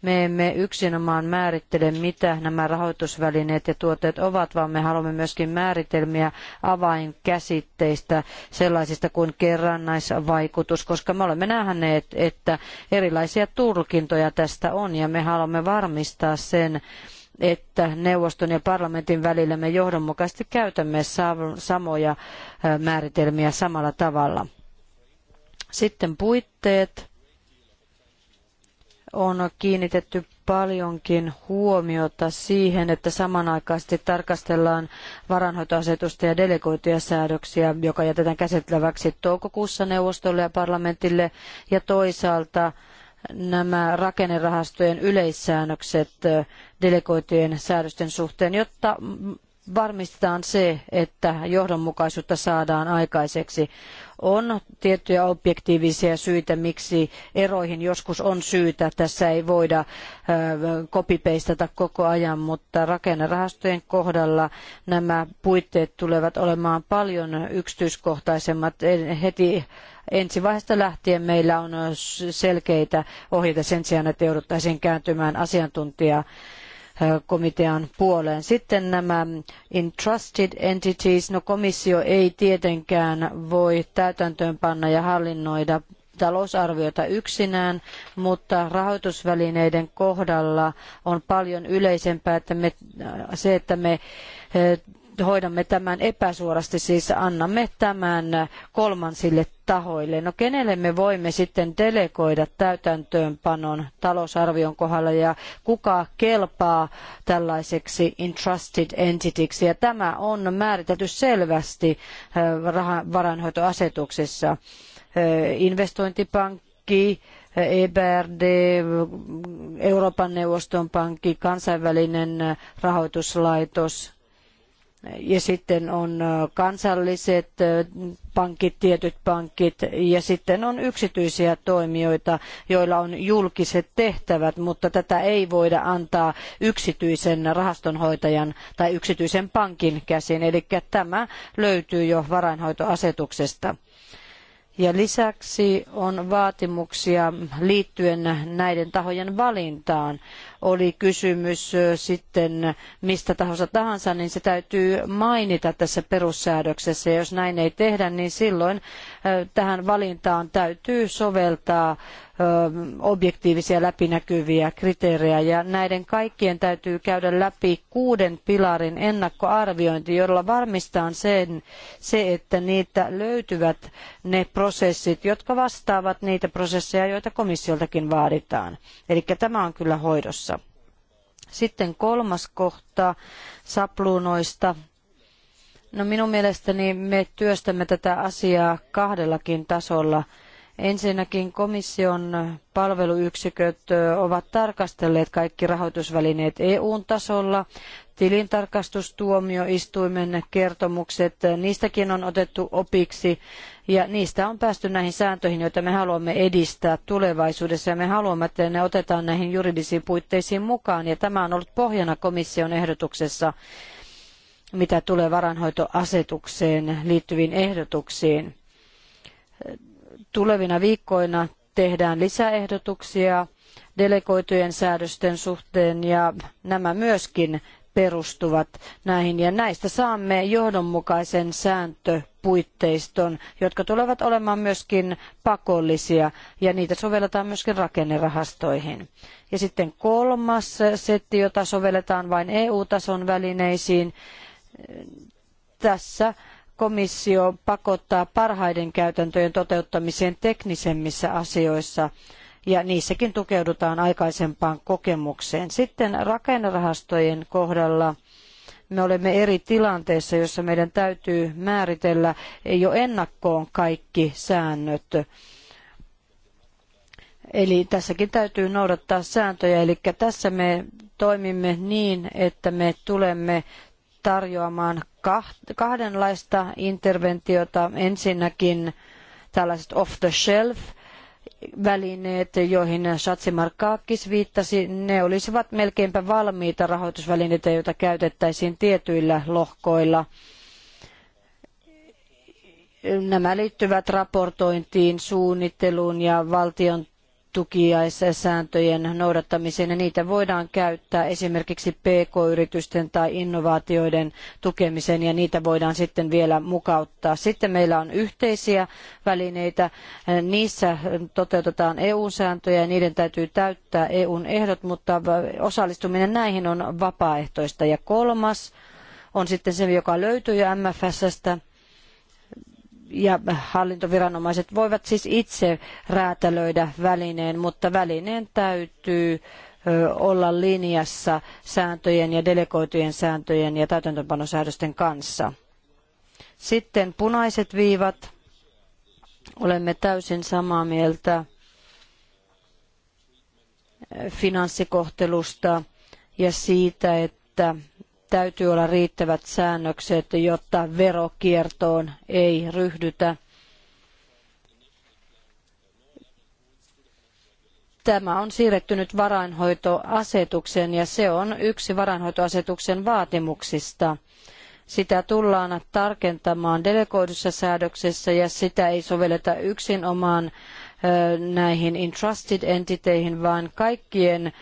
me emme yksinomaan määrittele, mitä nämä rahoitusvälineet ja tuotteet ovat, vaan me haluamme myöskin määritelmiä avainkäsitteistä, sellaisista kuin kerrannaisvaikutus, koska me olemme nähneet, että erilaisia tulkintoja tästä on ja me haluamme varmistaa sen, että neuvoston ja parlamentin välillä me johdonmukaisesti käytämme samoja määritelmiä samalla tavalla. Sitten puitteet on kiinnitetty paljonkin huomiota siihen, että samanaikaisesti tarkastellaan varanhoitoasetusta ja delegoituja säädöksiä, joka jätetään käsiteltäväksi toukokuussa neuvostolle ja parlamentille, ja toisaalta nämä rakennerahastojen yleissäännökset delegoitujen säädösten suhteen, jotta varmistetaan se, että johdonmukaisuutta saadaan aikaiseksi. On tiettyjä objektiivisia syitä, miksi eroihin joskus on syytä. Tässä ei voida kopipeistata koko ajan, mutta rakennerahastojen kohdalla nämä puitteet tulevat olemaan paljon yksityiskohtaisemmat heti ensi vaiheesta lähtien meillä on selkeitä ohjeita sen sijaan, että jouduttaisiin kääntymään asiantuntijaa komitean puoleen. Sitten nämä entrusted entities, no komissio ei tietenkään voi täytäntöönpanna ja hallinnoida talousarviota yksinään, mutta rahoitusvälineiden kohdalla on paljon yleisempää että me, se, että me hoidamme tämän epäsuorasti, siis annamme tämän kolmansille tahoille. No kenelle me voimme sitten delegoida täytäntöönpanon talousarvion kohdalla ja kuka kelpaa tällaiseksi entrusted entityksi. Ja tämä on määritelty selvästi äh, varainhoitoasetuksessa. Äh, investointipankki, äh, EBRD, Euroopan neuvoston pankki, kansainvälinen rahoituslaitos, ja sitten on kansalliset pankit, tietyt pankit ja sitten on yksityisiä toimijoita, joilla on julkiset tehtävät, mutta tätä ei voida antaa yksityisen rahastonhoitajan tai yksityisen pankin käsiin. Eli tämä löytyy jo varainhoitoasetuksesta. Ja lisäksi on vaatimuksia liittyen näiden tahojen valintaan oli kysymys sitten mistä tahansa tahansa, niin se täytyy mainita tässä perussäädöksessä. Ja jos näin ei tehdä, niin silloin tähän valintaan täytyy soveltaa objektiivisia läpinäkyviä kriteerejä ja näiden kaikkien täytyy käydä läpi kuuden pilarin ennakkoarviointi, jolla varmistetaan se, että niitä löytyvät ne prosessit, jotka vastaavat niitä prosesseja, joita komissioltakin vaaditaan. Eli tämä on kyllä hoidossa. Sitten kolmas kohta sapluunoista. No minun mielestäni me työstämme tätä asiaa kahdellakin tasolla. Ensinnäkin komission palveluyksiköt ovat tarkastelleet kaikki rahoitusvälineet EUn tasolla. Tilintarkastustuomioistuimen kertomukset, niistäkin on otettu opiksi ja niistä on päästy näihin sääntöihin, joita me haluamme edistää tulevaisuudessa ja me haluamme, että ne otetaan näihin juridisiin puitteisiin mukaan ja tämä on ollut pohjana komission ehdotuksessa mitä tulee varainhoitoasetukseen liittyviin ehdotuksiin Tulevina viikkoina tehdään lisäehdotuksia delegoitujen säädösten suhteen ja nämä myöskin perustuvat näihin ja näistä saamme johdonmukaisen sääntöpuitteiston, jotka tulevat olemaan myöskin pakollisia ja niitä sovelletaan myöskin rakennerahastoihin. Ja sitten kolmas setti, jota sovelletaan vain EU-tason välineisiin. Tässä komissio pakottaa parhaiden käytäntöjen toteuttamiseen teknisemmissä asioissa ja niissäkin tukeudutaan aikaisempaan kokemukseen. Sitten rakennerahastojen kohdalla me olemme eri tilanteessa, jossa meidän täytyy määritellä jo ennakkoon kaikki säännöt. Eli tässäkin täytyy noudattaa sääntöjä, eli tässä me toimimme niin, että me tulemme tarjoamaan kahdenlaista interventiota. Ensinnäkin tällaiset off-the-shelf välineet, joihin Satsi Markakis viittasi, ne olisivat melkeinpä valmiita rahoitusvälineitä, joita käytettäisiin tietyillä lohkoilla. Nämä liittyvät raportointiin, suunnitteluun ja valtion tukiaissääntöjen noudattamiseen ja niitä voidaan käyttää esimerkiksi PK-yritysten tai innovaatioiden tukemiseen ja niitä voidaan sitten vielä mukauttaa. Sitten meillä on yhteisiä välineitä. Niissä toteutetaan EU-sääntöjä ja niiden täytyy täyttää EUn ehdot, mutta osallistuminen näihin on vapaaehtoista. Ja kolmas on sitten se, joka löytyy jo MFSstä ja hallintoviranomaiset voivat siis itse räätälöidä välineen, mutta välineen täytyy olla linjassa sääntöjen ja delegoitujen sääntöjen ja täytäntöpanosäädösten kanssa. Sitten punaiset viivat. Olemme täysin samaa mieltä finanssikohtelusta ja siitä, että täytyy olla riittävät säännökset, jotta verokiertoon ei ryhdytä. Tämä on siirretty nyt varainhoitoasetukseen ja se on yksi varainhoitoasetuksen vaatimuksista. Sitä tullaan tarkentamaan delegoidussa säädöksessä ja sitä ei sovelleta yksinomaan omaan näihin entrusted entiteihin, vaan kaikkien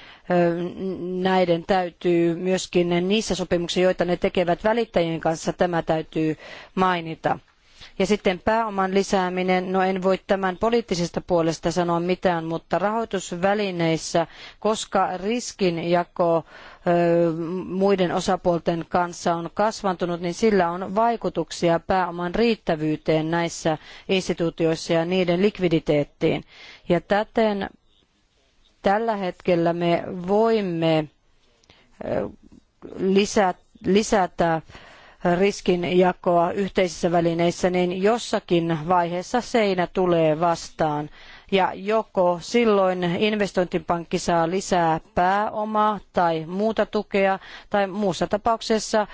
näiden täytyy myöskin niissä sopimuksissa, joita ne tekevät välittäjien kanssa, tämä täytyy mainita ja sitten pääoman lisääminen, no en voi tämän poliittisesta puolesta sanoa mitään, mutta rahoitusvälineissä, koska riskinjako muiden osapuolten kanssa on kasvantunut, niin sillä on vaikutuksia pääoman riittävyyteen näissä instituutioissa ja niiden likviditeettiin. Ja täten tällä hetkellä me voimme lisätä riskinjakoa yhteisissä välineissä, niin jossakin vaiheessa seinä tulee vastaan ja joko silloin investointipankki saa lisää pääomaa tai muuta tukea tai muussa tapauksessa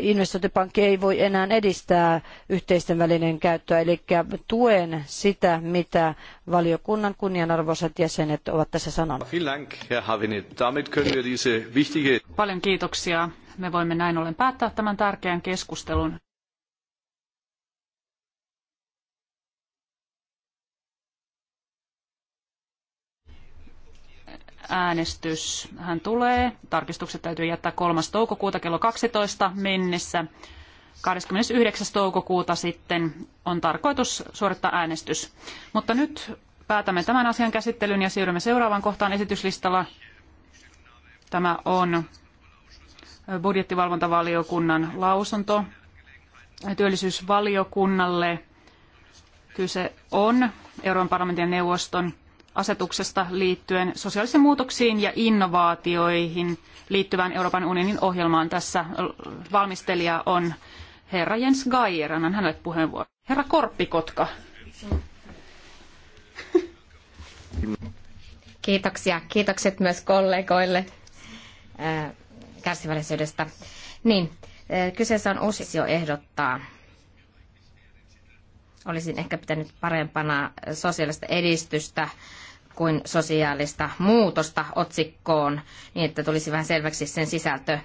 investointipankki ei voi enää edistää yhteisten välinen käyttöä. Eli tuen sitä, mitä valiokunnan kunnianarvoiset jäsenet ovat tässä sanoneet. Paljon kiitoksia. Me voimme näin ollen päättää tämän tärkeän keskustelun. äänestys hän tulee. Tarkistukset täytyy jättää 3. toukokuuta kello 12 mennessä. 29. toukokuuta sitten on tarkoitus suorittaa äänestys. Mutta nyt päätämme tämän asian käsittelyn ja siirrymme seuraavaan kohtaan esityslistalla. Tämä on budjettivalvontavaliokunnan lausunto työllisyysvaliokunnalle. Kyse on Euroopan parlamentin ja neuvoston asetuksesta liittyen sosiaalisiin muutoksiin ja innovaatioihin liittyvään Euroopan unionin ohjelmaan. Tässä valmistelija on herra Jens Geier, annan hänelle puheenvuoron. Herra Korppikotka. Kiitoksia. Kiitokset myös kollegoille äh, kärsivällisyydestä. Niin, äh, kyseessä on uusi jo ehdottaa. Olisin ehkä pitänyt parempana sosiaalista edistystä kuin sosiaalista muutosta otsikkoon, niin että tulisi vähän selväksi sen sisältö.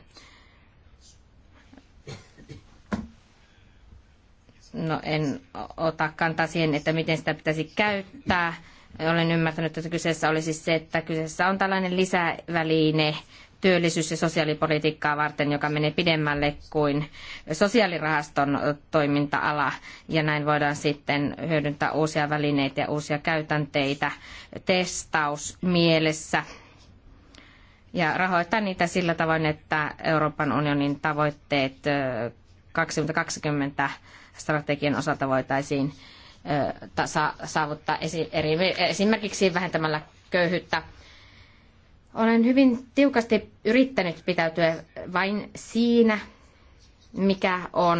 No en ota kantaa siihen, että miten sitä pitäisi käyttää. Olen ymmärtänyt, että kyseessä olisi siis se, että kyseessä on tällainen lisäväline työllisyys- ja sosiaalipolitiikkaa varten, joka menee pidemmälle kuin sosiaalirahaston toiminta-ala. Ja näin voidaan sitten hyödyntää uusia välineitä ja uusia käytänteitä testaus mielessä ja rahoittaa niitä sillä tavoin, että Euroopan unionin tavoitteet 2020 strategian osalta voitaisiin saavuttaa esimerkiksi vähentämällä köyhyyttä olen hyvin tiukasti yrittänyt pitäytyä vain siinä, mikä on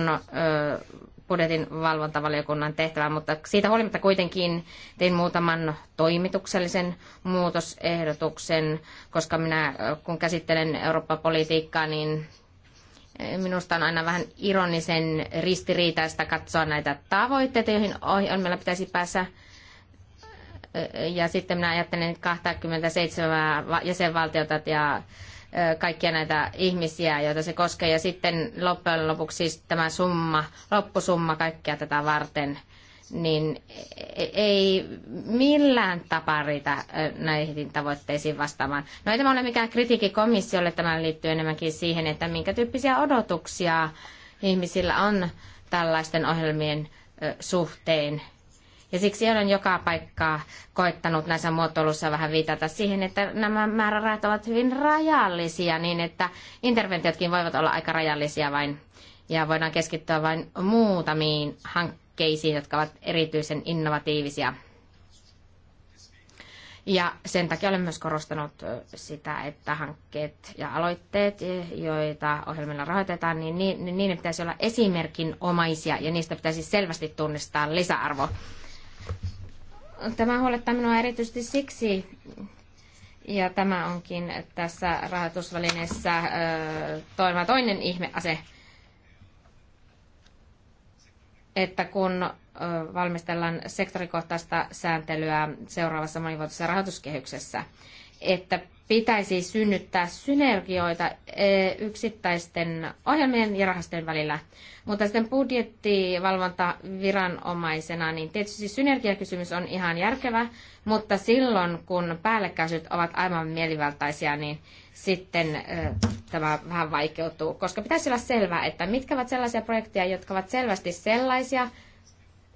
budjetin valvontavaliokunnan tehtävä, mutta siitä huolimatta kuitenkin tein muutaman toimituksellisen muutosehdotuksen, koska minä kun käsittelen Eurooppa-politiikkaa, niin minusta on aina vähän ironisen ristiriitaista katsoa näitä tavoitteita, joihin ohjelmilla pitäisi päästä ja sitten minä ajattelen 27 jäsenvaltiota ja kaikkia näitä ihmisiä, joita se koskee. Ja sitten loppujen lopuksi siis tämä summa, loppusumma kaikkia tätä varten, niin e- e- ei millään tapaa riitä näihin tavoitteisiin vastaamaan. No ei tämä ole mikään kritiikki komissiolle, tämä liittyy enemmänkin siihen, että minkä tyyppisiä odotuksia ihmisillä on tällaisten ohjelmien suhteen ja siksi olen joka paikkaa koittanut näissä muotoiluissa vähän viitata siihen, että nämä määrärahat ovat hyvin rajallisia niin, että interventiotkin voivat olla aika rajallisia vain ja voidaan keskittyä vain muutamiin hankkeisiin, jotka ovat erityisen innovatiivisia. Ja sen takia olen myös korostanut sitä, että hankkeet ja aloitteet, e, joita ohjelmilla rahoitetaan, niin, niin niiden pitäisi olla esimerkinomaisia ja niistä pitäisi selvästi tunnistaa lisäarvo. Tämä huolettaa minua erityisesti siksi, ja tämä onkin tässä rahoitusvälineessä toima toinen ihmease, että kun valmistellaan sektorikohtaista sääntelyä seuraavassa monivuotisessa rahoituskehyksessä, että pitäisi synnyttää synergioita e, yksittäisten ohjelmien ja rahastojen välillä. Mutta sitten budjettivalvontaviranomaisena, niin tietysti synergiakysymys on ihan järkevä, mutta silloin kun päällekkäisyyt ovat aivan mielivaltaisia, niin sitten e, tämä vähän vaikeutuu, koska pitäisi olla selvää, että mitkä ovat sellaisia projekteja, jotka ovat selvästi sellaisia,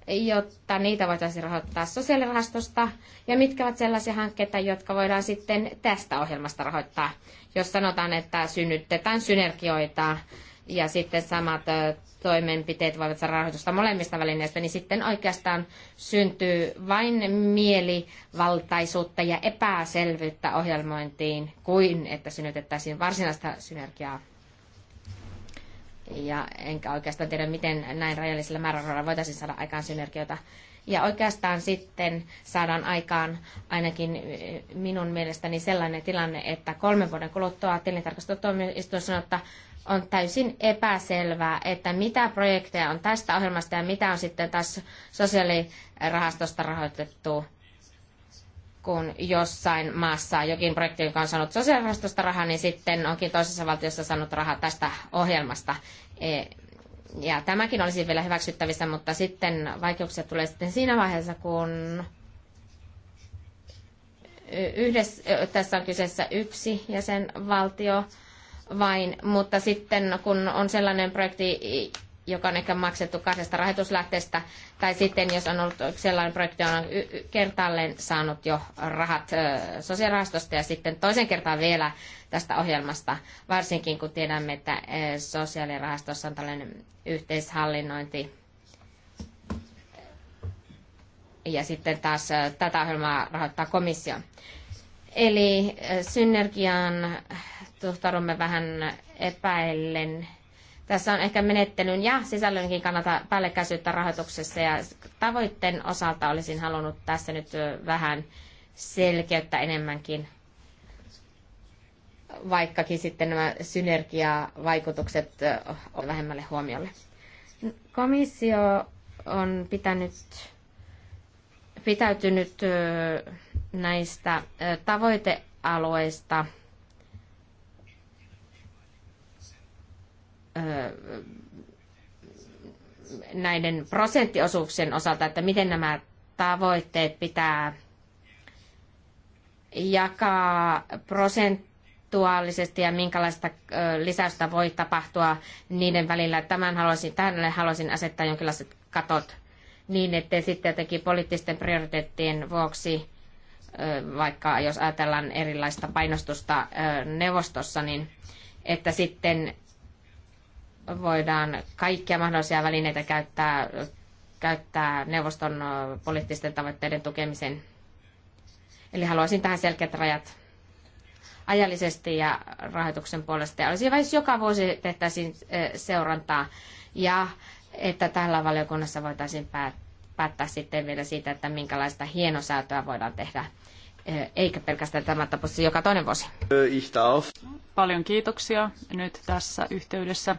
jotta niitä voitaisiin rahoittaa sosiaalirahastosta, ja mitkä ovat sellaisia hankkeita, jotka voidaan sitten tästä ohjelmasta rahoittaa, jos sanotaan, että synnytetään synergioita, ja sitten samat toimenpiteet voivat saada rahoitusta molemmista välineistä, niin sitten oikeastaan syntyy vain mielivaltaisuutta ja epäselvyyttä ohjelmointiin, kuin että synnytettäisiin varsinaista synergiaa ja enkä oikeastaan tiedä, miten näin rajallisella määrärahoilla voitaisiin saada aikaan synergioita. Ja oikeastaan sitten saadaan aikaan ainakin eh, minun mielestäni sellainen tilanne, että kolmen vuoden kuluttua tilintarkastustuomioistuin sanoo, että on täysin epäselvää, että mitä projekteja on tästä ohjelmasta ja mitä on sitten taas sosiaalirahastosta rahoitettu kun jossain maassa jokin projekti, joka on saanut sosiaalirahastosta rahaa, niin sitten onkin toisessa valtiossa saanut rahaa tästä ohjelmasta. E, ja tämäkin olisi vielä hyväksyttävissä, mutta sitten vaikeuksia tulee sitten siinä vaiheessa, kun yhdessä, tässä on kyseessä yksi jäsenvaltio vain, mutta sitten kun on sellainen projekti, joka on ehkä maksettu kahdesta rahoituslähteestä, tai sitten jos on ollut sellainen projekti, joka on kertaalleen saanut jo rahat sosiaalirahastosta ja sitten toisen kertaan vielä tästä ohjelmasta, varsinkin kun tiedämme, että sosiaalirahastossa on tällainen yhteishallinnointi. Ja sitten taas tätä ohjelmaa rahoittaa komissio. Eli synergiaan suhtaudumme vähän epäillen tässä on ehkä menettelyn ja sisällönkin kannalta päällekkäisyyttä rahoituksessa ja tavoitteen osalta olisin halunnut tässä nyt vähän selkeyttä enemmänkin, vaikkakin sitten nämä synergiavaikutukset on vähemmälle huomiolle. Komissio on pitänyt, pitäytynyt näistä tavoitealueista – näiden prosenttiosuuksien osalta, että miten nämä tavoitteet pitää jakaa prosentuaalisesti ja minkälaista lisäystä voi tapahtua niiden välillä. Tämän haluaisin, tähän haluaisin asettaa jonkinlaiset katot niin, ettei sitten jotenkin poliittisten prioriteettien vuoksi, vaikka jos ajatellaan erilaista painostusta neuvostossa, niin että sitten voidaan kaikkia mahdollisia välineitä käyttää, käyttää neuvoston poliittisten tavoitteiden tukemisen. Eli haluaisin tähän selkeät rajat ajallisesti ja rahoituksen puolesta. Ja olisi vain joka vuosi tehtäisiin seurantaa ja että tällä valiokunnassa voitaisiin päättää sitten vielä siitä, että minkälaista hienosäätöä voidaan tehdä eikä pelkästään tämän tapaisessa joka toinen vuosi. Paljon kiitoksia nyt tässä yhteydessä.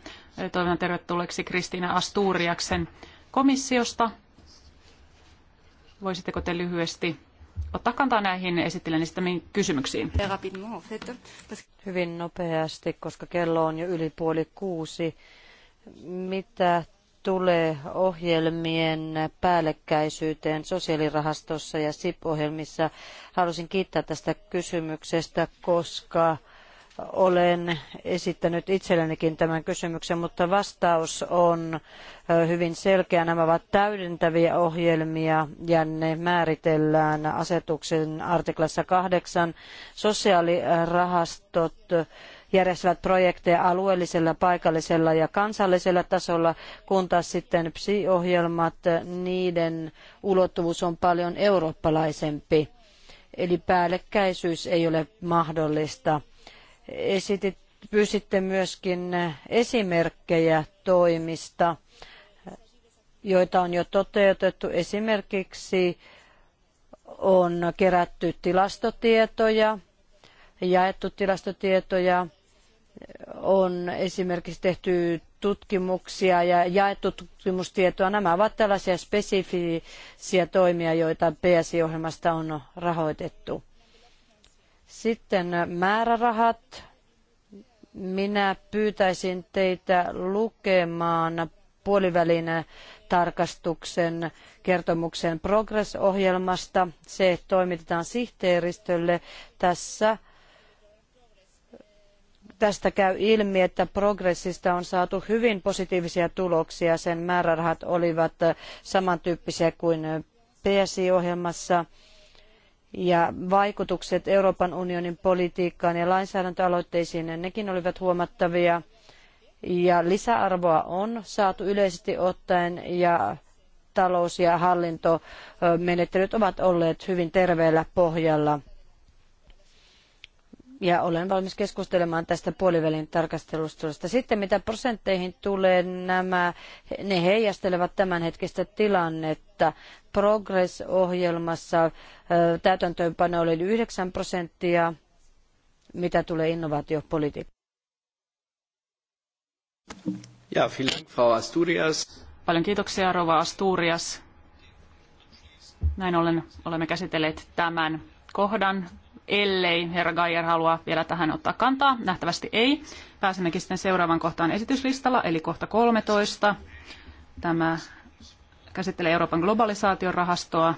Toivon tervetulleeksi Kristiina Asturiaksen komissiosta. Voisitteko te lyhyesti ottaa kantaa näihin esittelen esittämiin kysymyksiin? Hyvin nopeasti, koska kello on jo yli puoli kuusi. Mitä tulee ohjelmien päällekkäisyyteen sosiaalirahastossa ja SIP-ohjelmissa. Halusin kiittää tästä kysymyksestä, koska olen esittänyt itsellenikin tämän kysymyksen, mutta vastaus on hyvin selkeä. Nämä ovat täydentäviä ohjelmia ja ne määritellään asetuksen artiklassa 8. Sosiaalirahastot järjestävät projekteja alueellisella, paikallisella ja kansallisella tasolla, kun taas sitten PSI-ohjelmat, niiden ulottuvuus on paljon eurooppalaisempi. Eli päällekkäisyys ei ole mahdollista. Esitit, pyysitte myöskin esimerkkejä toimista, joita on jo toteutettu. Esimerkiksi on kerätty tilastotietoja, jaettu tilastotietoja on esimerkiksi tehty tutkimuksia ja jaettu tutkimustietoa. Nämä ovat tällaisia spesifisiä toimia, joita PSI-ohjelmasta on rahoitettu. Sitten määrärahat. Minä pyytäisin teitä lukemaan puolivälin tarkastuksen kertomuksen progress-ohjelmasta. Se toimitetaan sihteeristölle. Tässä Tästä käy ilmi, että progressista on saatu hyvin positiivisia tuloksia. Sen määrärahat olivat samantyyppisiä kuin PSI-ohjelmassa ja vaikutukset Euroopan unionin politiikkaan ja lainsäädäntöaloitteisiin, nekin olivat huomattavia. Ja lisäarvoa on saatu yleisesti ottaen ja talous- ja hallintomenettelyt ovat olleet hyvin terveellä pohjalla ja olen valmis keskustelemaan tästä puolivälin tarkastelusta. Sitten mitä prosentteihin tulee, nämä, ne heijastelevat tämänhetkistä tilannetta. Progress-ohjelmassa täytäntöönpano oli 9 prosenttia, mitä tulee innovaatiopolitiikkaan. Ja, Frau Asturias. Paljon kiitoksia, Rova Asturias. Näin ollen olemme käsitelleet tämän kohdan ellei herra Geier halua vielä tähän ottaa kantaa. Nähtävästi ei. Pääsemmekin sitten seuraavan kohtaan esityslistalla, eli kohta 13. Tämä käsittelee Euroopan globalisaation rahastoa.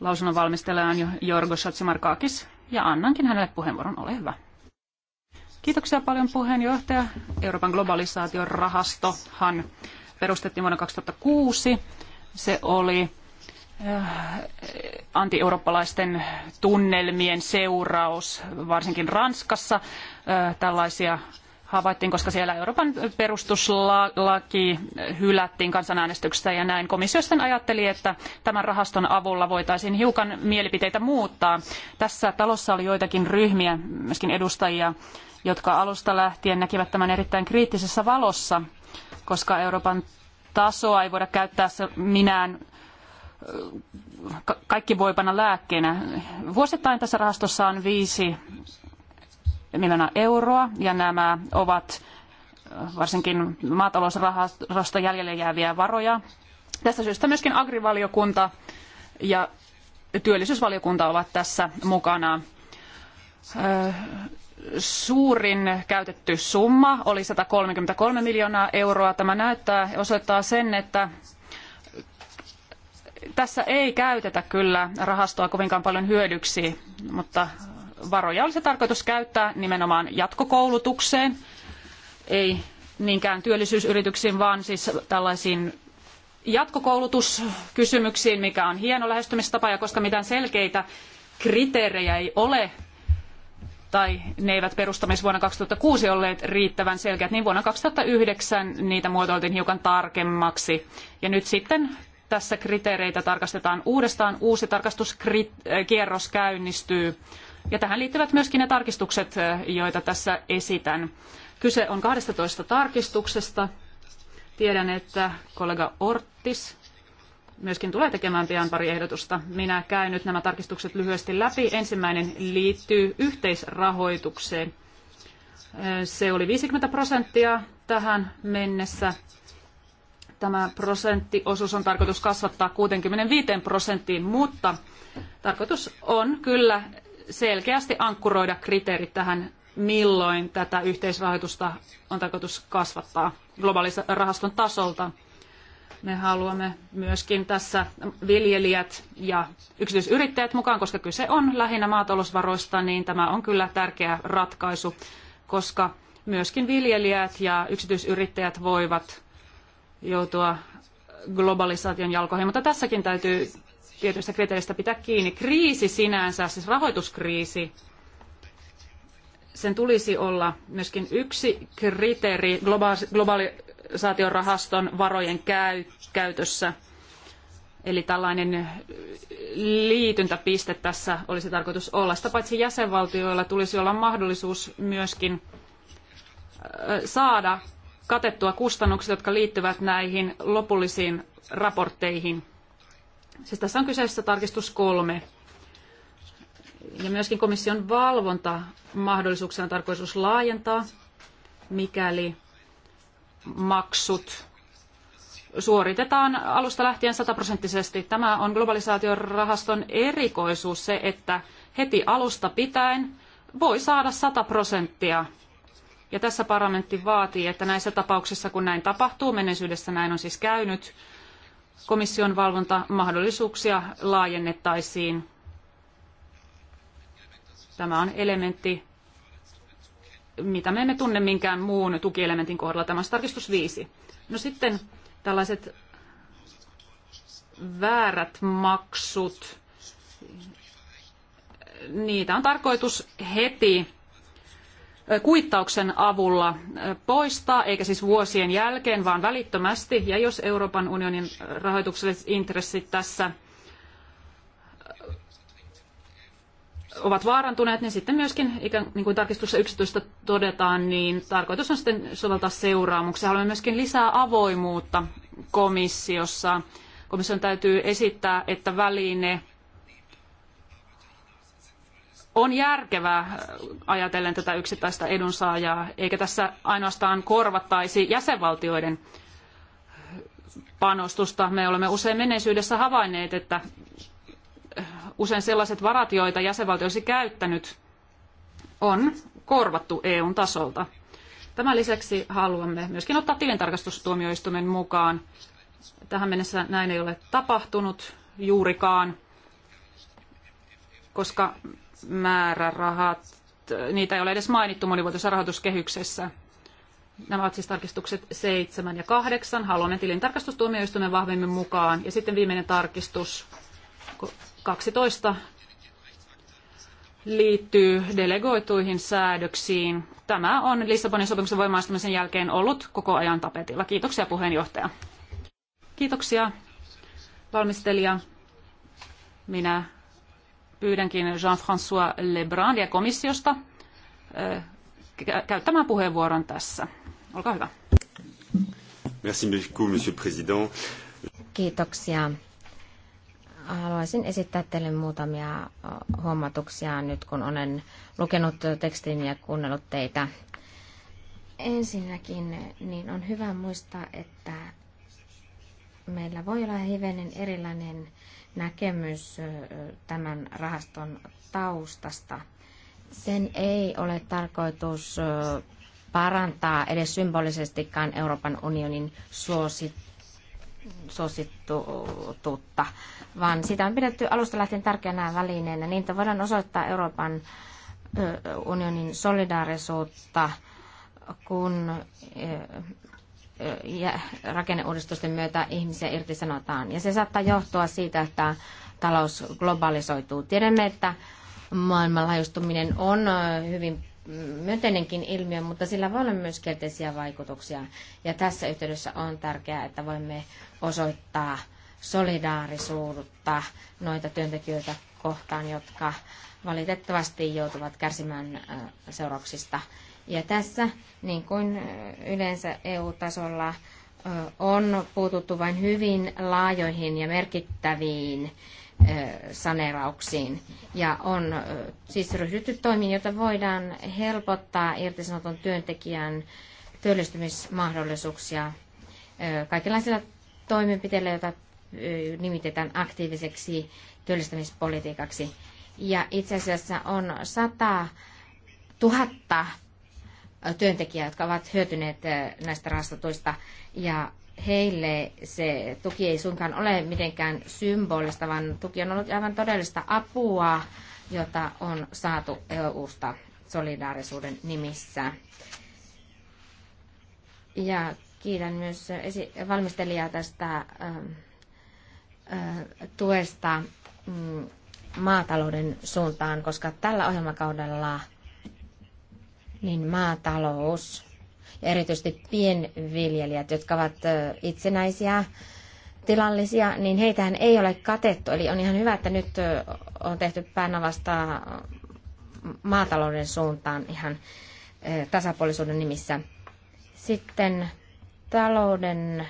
Lausunnon valmistelija on Jorgo Shatsimarkakis ja annankin hänelle puheenvuoron. Ole hyvä. Kiitoksia paljon puheenjohtaja. Euroopan globalisaation rahastohan perustettiin vuonna 2006. Se oli Äh, antieurooppalaisten tunnelmien seuraus, varsinkin Ranskassa äh, tällaisia havaittiin, koska siellä Euroopan perustuslaki hylättiin kansanäänestyksessä ja näin. Komissio sitten ajatteli, että tämän rahaston avulla voitaisiin hiukan mielipiteitä muuttaa. Tässä talossa oli joitakin ryhmiä, myöskin edustajia, jotka alusta lähtien näkivät tämän erittäin kriittisessä valossa, koska Euroopan tasoa ei voida käyttää minään kaikki voipana lääkkeenä. Vuosittain tässä rahastossa on viisi miljoonaa euroa ja nämä ovat äh, varsinkin maatalousrahastosta jäljelle jääviä varoja. Tästä syystä myöskin agrivaliokunta ja työllisyysvaliokunta ovat tässä mukana. Äh, suurin käytetty summa oli 133 miljoonaa euroa. Tämä näyttää, osoittaa sen, että tässä ei käytetä kyllä rahastoa kovinkaan paljon hyödyksi, mutta varoja olisi tarkoitus käyttää nimenomaan jatkokoulutukseen, ei niinkään työllisyysyrityksiin, vaan siis tällaisiin jatkokoulutuskysymyksiin, mikä on hieno lähestymistapa, ja koska mitään selkeitä kriteerejä ei ole, tai ne eivät perustamisvuonna 2006 olleet riittävän selkeät, niin vuonna 2009 niitä muotoiltiin hiukan tarkemmaksi. Ja nyt sitten tässä kriteereitä tarkastetaan uudestaan. Uusi tarkastuskierros äh, käynnistyy. Ja tähän liittyvät myöskin ne tarkistukset, äh, joita tässä esitän. Kyse on 12 tarkistuksesta. Tiedän, että kollega Orttis myöskin tulee tekemään pian pari ehdotusta. Minä käyn nyt nämä tarkistukset lyhyesti läpi. Ensimmäinen liittyy yhteisrahoitukseen. Äh, se oli 50 prosenttia tähän mennessä tämä prosenttiosuus on tarkoitus kasvattaa 65 prosenttiin, mutta tarkoitus on kyllä selkeästi ankkuroida kriteerit tähän, milloin tätä yhteisrahoitusta on tarkoitus kasvattaa rahaston tasolta. Me haluamme myöskin tässä viljelijät ja yksityisyrittäjät mukaan, koska kyse on lähinnä maatalousvaroista, niin tämä on kyllä tärkeä ratkaisu, koska myöskin viljelijät ja yksityisyrittäjät voivat joutua globalisaation jalkoihin, mutta tässäkin täytyy tietyistä kriteereistä pitää kiinni. Kriisi sinänsä, siis rahoituskriisi, sen tulisi olla myöskin yksi kriteeri globalisaatiorahaston varojen käytössä. Eli tällainen liityntäpiste tässä olisi tarkoitus olla. Sitä paitsi jäsenvaltioilla tulisi olla mahdollisuus myöskin saada katettua kustannukset, jotka liittyvät näihin lopullisiin raportteihin. Siis tässä on kyseessä tarkistus kolme. Ja myöskin komission valvontamahdollisuuksia on tarkoitus laajentaa, mikäli maksut suoritetaan alusta lähtien sataprosenttisesti. Tämä on globalisaatiorahaston rahaston erikoisuus se, että heti alusta pitäen voi saada 100 prosenttia ja tässä parlamentti vaatii, että näissä tapauksissa, kun näin tapahtuu, menneisyydessä näin on siis käynyt, komission valvontamahdollisuuksia laajennettaisiin. Tämä on elementti, mitä me emme tunne minkään muun tukielementin kohdalla. Tämä on siis tarkistus 5. No sitten tällaiset väärät maksut, niitä on tarkoitus heti kuittauksen avulla poistaa, eikä siis vuosien jälkeen, vaan välittömästi. Ja jos Euroopan unionin rahoitukselliset intressit tässä ovat vaarantuneet, niin sitten myöskin, ikään niin kuin tarkistuksessa 11 todetaan, niin tarkoitus on sitten soveltaa seuraamuksia. Haluamme myöskin lisää avoimuutta komissiossa. Komission täytyy esittää, että väline on järkevää äh, ajatellen tätä yksittäistä edunsaajaa, eikä tässä ainoastaan korvattaisi jäsenvaltioiden panostusta. Me olemme usein menneisyydessä havainneet, että äh, usein sellaiset varat, joita jäsenvaltio olisi käyttänyt, on korvattu EUn tasolta. Tämän lisäksi haluamme myöskin ottaa tilintarkastustuomioistuimen mukaan. Tähän mennessä näin ei ole tapahtunut juurikaan, koska määrärahat, niitä ei ole edes mainittu monivuotisessa rahoituskehyksessä. Nämä ovat siis tarkistukset 7 ja 8. Haluan tilintarkastustuomioistuimen vahvemmin mukaan. Ja sitten viimeinen tarkistus 12 liittyy delegoituihin säädöksiin. Tämä on Lissabonin sopimuksen voimaistumisen jälkeen ollut koko ajan tapetilla. Kiitoksia puheenjohtaja. Kiitoksia valmistelija. Minä pyydänkin Jean-François Lebrandia komissiosta käyttämään puheenvuoron tässä. Olkaa hyvä. Merci beaucoup, monsieur président. Kiitoksia. Haluaisin esittää teille muutamia huomautuksia nyt, kun olen lukenut tekstin ja kuunnellut teitä. Ensinnäkin niin on hyvä muistaa, että meillä voi olla hivenen erilainen näkemys tämän rahaston taustasta. Sen ei ole tarkoitus parantaa edes symbolisestikaan Euroopan unionin suosittua suosittuutta, vaan sitä on pidetty alusta lähtien tärkeänä välineenä. Niitä voidaan osoittaa Euroopan unionin solidaarisuutta, kun ja rakenneuudistusten myötä ihmisiä irtisanotaan. Ja se saattaa johtua siitä, että talous globalisoituu. Tiedämme, että maailmanlaajuistuminen on hyvin myönteinenkin ilmiö, mutta sillä voi olla myös kielteisiä vaikutuksia. Ja tässä yhteydessä on tärkeää, että voimme osoittaa solidaarisuutta noita työntekijöitä kohtaan, jotka valitettavasti joutuvat kärsimään seurauksista ja tässä, niin kuin yleensä EU-tasolla, on puututtu vain hyvin laajoihin ja merkittäviin saneerauksiin. Ja on siis ryhdytty toimiin, joita voidaan helpottaa irtisanotun työntekijän työllistymismahdollisuuksia kaikenlaisilla toimenpiteillä, joita nimitetään aktiiviseksi työllistämispolitiikaksi. Ja itse asiassa on sata tuhatta työntekijää, jotka ovat hyötyneet näistä rahastotuista. Ja heille se tuki ei suinkaan ole mitenkään symbolista, vaan tuki on ollut aivan todellista apua, jota on saatu EU-sta solidaarisuuden nimissä. Ja kiitän myös valmistelijaa tästä tuesta mm, maatalouden suuntaan, koska tällä ohjelmakaudella – niin maatalous ja erityisesti pienviljelijät, jotka ovat itsenäisiä tilallisia, niin heitähän ei ole katettu. Eli on ihan hyvä, että nyt on tehty päänavasta maatalouden suuntaan ihan tasapuolisuuden nimissä. Sitten talouden,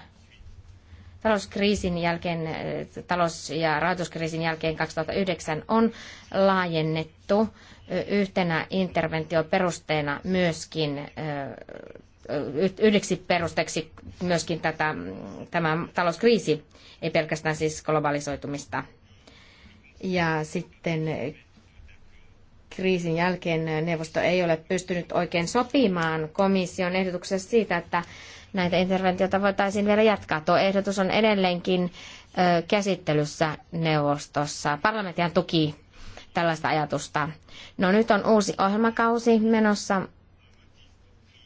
talouskriisin jälkeen, talous- ja rahoituskriisin jälkeen 2009 on laajennettu yhtenä interventioperusteena myöskin yhdeksi perusteeksi myöskin tätä, tämä talouskriisi, ei pelkästään siis globalisoitumista. Ja sitten kriisin jälkeen neuvosto ei ole pystynyt oikein sopimaan komission ehdotuksessa siitä, että näitä interventioita voitaisiin vielä jatkaa. Tuo ehdotus on edelleenkin käsittelyssä neuvostossa. Parlamenttihan tuki tällaista ajatusta. No nyt on uusi ohjelmakausi menossa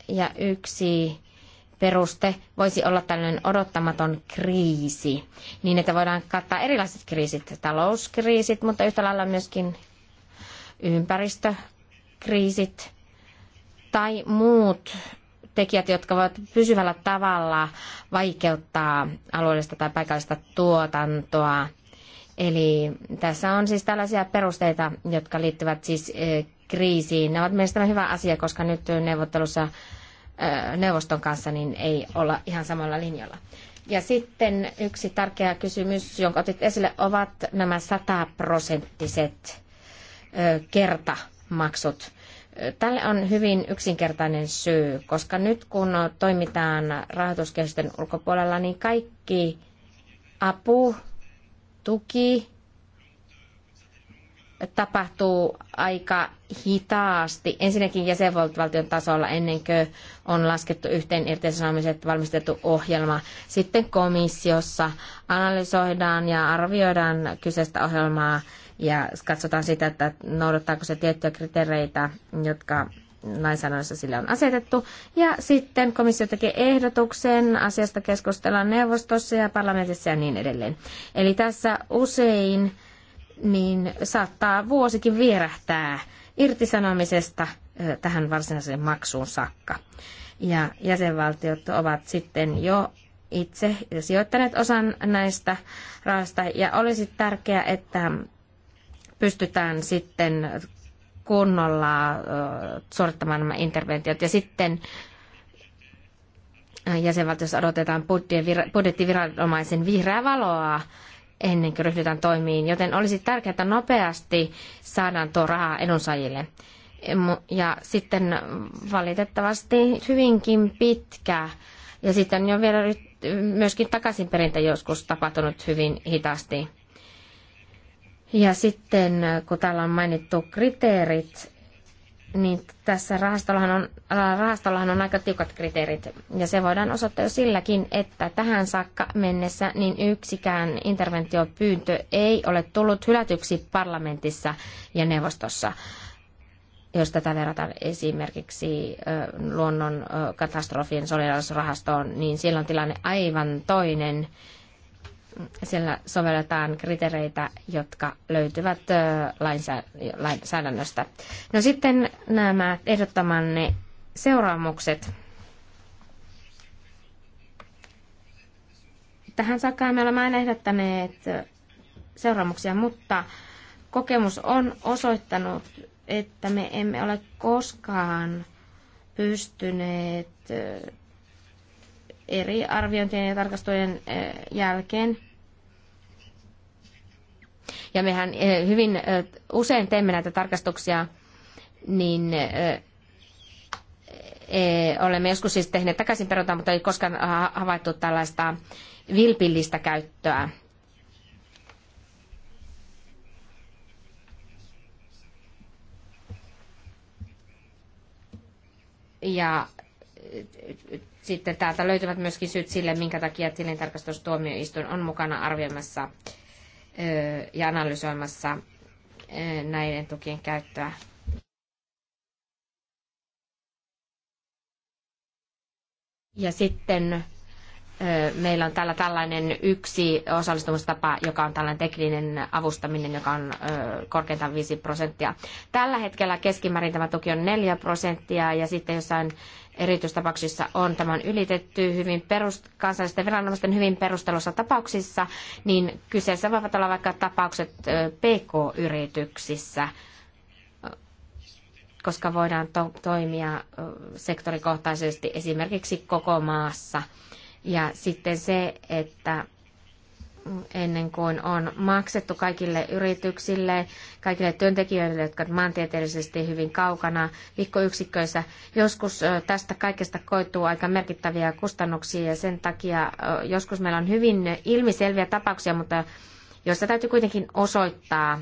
ja yksi peruste voisi olla tällainen odottamaton kriisi, niin että voidaan kattaa erilaiset kriisit, talouskriisit, mutta yhtä lailla myöskin ympäristökriisit tai muut tekijät, jotka voivat pysyvällä tavalla vaikeuttaa alueellista tai paikallista tuotantoa Eli tässä on siis tällaisia perusteita, jotka liittyvät siis kriisiin. Ne ovat mielestäni hyvä asia, koska nyt neuvottelussa neuvoston kanssa niin ei olla ihan samalla linjalla. Ja sitten yksi tärkeä kysymys, jonka otit esille, ovat nämä sataprosenttiset kertamaksut. Tälle on hyvin yksinkertainen syy, koska nyt kun toimitaan rahoituskehysten ulkopuolella, niin kaikki apu tuki tapahtuu aika hitaasti. Ensinnäkin jäsenvaltion tasolla ennen kuin on laskettu yhteen irtisanomiset valmistettu ohjelma. Sitten komissiossa analysoidaan ja arvioidaan kyseistä ohjelmaa ja katsotaan sitä, että noudattaako se tiettyjä kriteereitä, jotka lainsäädännössä sille on asetettu. Ja sitten komissio tekee ehdotuksen, asiasta keskustellaan neuvostossa ja parlamentissa ja niin edelleen. Eli tässä usein niin saattaa vuosikin vierähtää irtisanomisesta tähän varsinaiseen maksuun saakka. Ja jäsenvaltiot ovat sitten jo itse sijoittaneet osan näistä rahoista ja olisi tärkeää, että pystytään sitten kunnolla suorittamaan nämä interventiot. Ja sitten jäsenvaltiossa odotetaan budjettiviranomaisen vihreää valoa ennen kuin ryhdytään toimiin, joten olisi tärkeää, että nopeasti saadaan tuo raha edunsaajille. E, ja sitten valitettavasti hyvinkin pitkä ja sitten on vielä myöskin takaisinperintä joskus tapahtunut hyvin hitaasti. Ja sitten kun täällä on mainittu kriteerit, niin tässä rahastollahan on, äh, rahastollahan on aika tiukat kriteerit. Ja se voidaan osoittaa jo silläkin, että tähän saakka mennessä niin yksikään interventiopyyntö ei ole tullut hylätyksi parlamentissa ja neuvostossa jos tätä verrataan esimerkiksi äh, luonnon äh, katastrofien solidaarisuusrahastoon, niin siellä on tilanne aivan toinen siellä sovelletaan kriteereitä, jotka löytyvät lainsäädännöstä. No sitten nämä ehdottamanne seuraamukset. Tähän saakka me olemme aina ehdottaneet seuraamuksia, mutta kokemus on osoittanut, että me emme ole koskaan pystyneet eri arviointien ja tarkastojen eh, jälkeen. Ja mehän eh, hyvin eh, usein teemme näitä tarkastuksia, niin olemme joskus siis tehneet takaisin perutaan, mutta ei koskaan havaittu tällaista vilpillistä käyttöä. Ja sitten täältä löytyvät myöskin syyt sille, minkä takia tilintarkastustuomioistuin on mukana arvioimassa ja analysoimassa näiden tukien käyttöä. Ja sitten meillä on täällä tällainen yksi osallistumistapa, joka on tällainen tekninen avustaminen, joka on korkeintaan 5 prosenttia. Tällä hetkellä keskimäärin tämä tuki on 4 prosenttia ja sitten jossain erityistapauksissa on. tämän ylitetty hyvin perust- kansallisten viranomaisten hyvin perustelussa tapauksissa, niin kyseessä voivat olla vaikka tapaukset PK-yrityksissä, koska voidaan to toimia sektorikohtaisesti esimerkiksi koko maassa. Ja sitten se, että ennen kuin on maksettu kaikille yrityksille, kaikille työntekijöille, jotka ovat maantieteellisesti hyvin kaukana viikkoyksikköissä. Joskus tästä kaikesta koituu aika merkittäviä kustannuksia ja sen takia joskus meillä on hyvin ilmiselviä tapauksia, mutta joissa täytyy kuitenkin osoittaa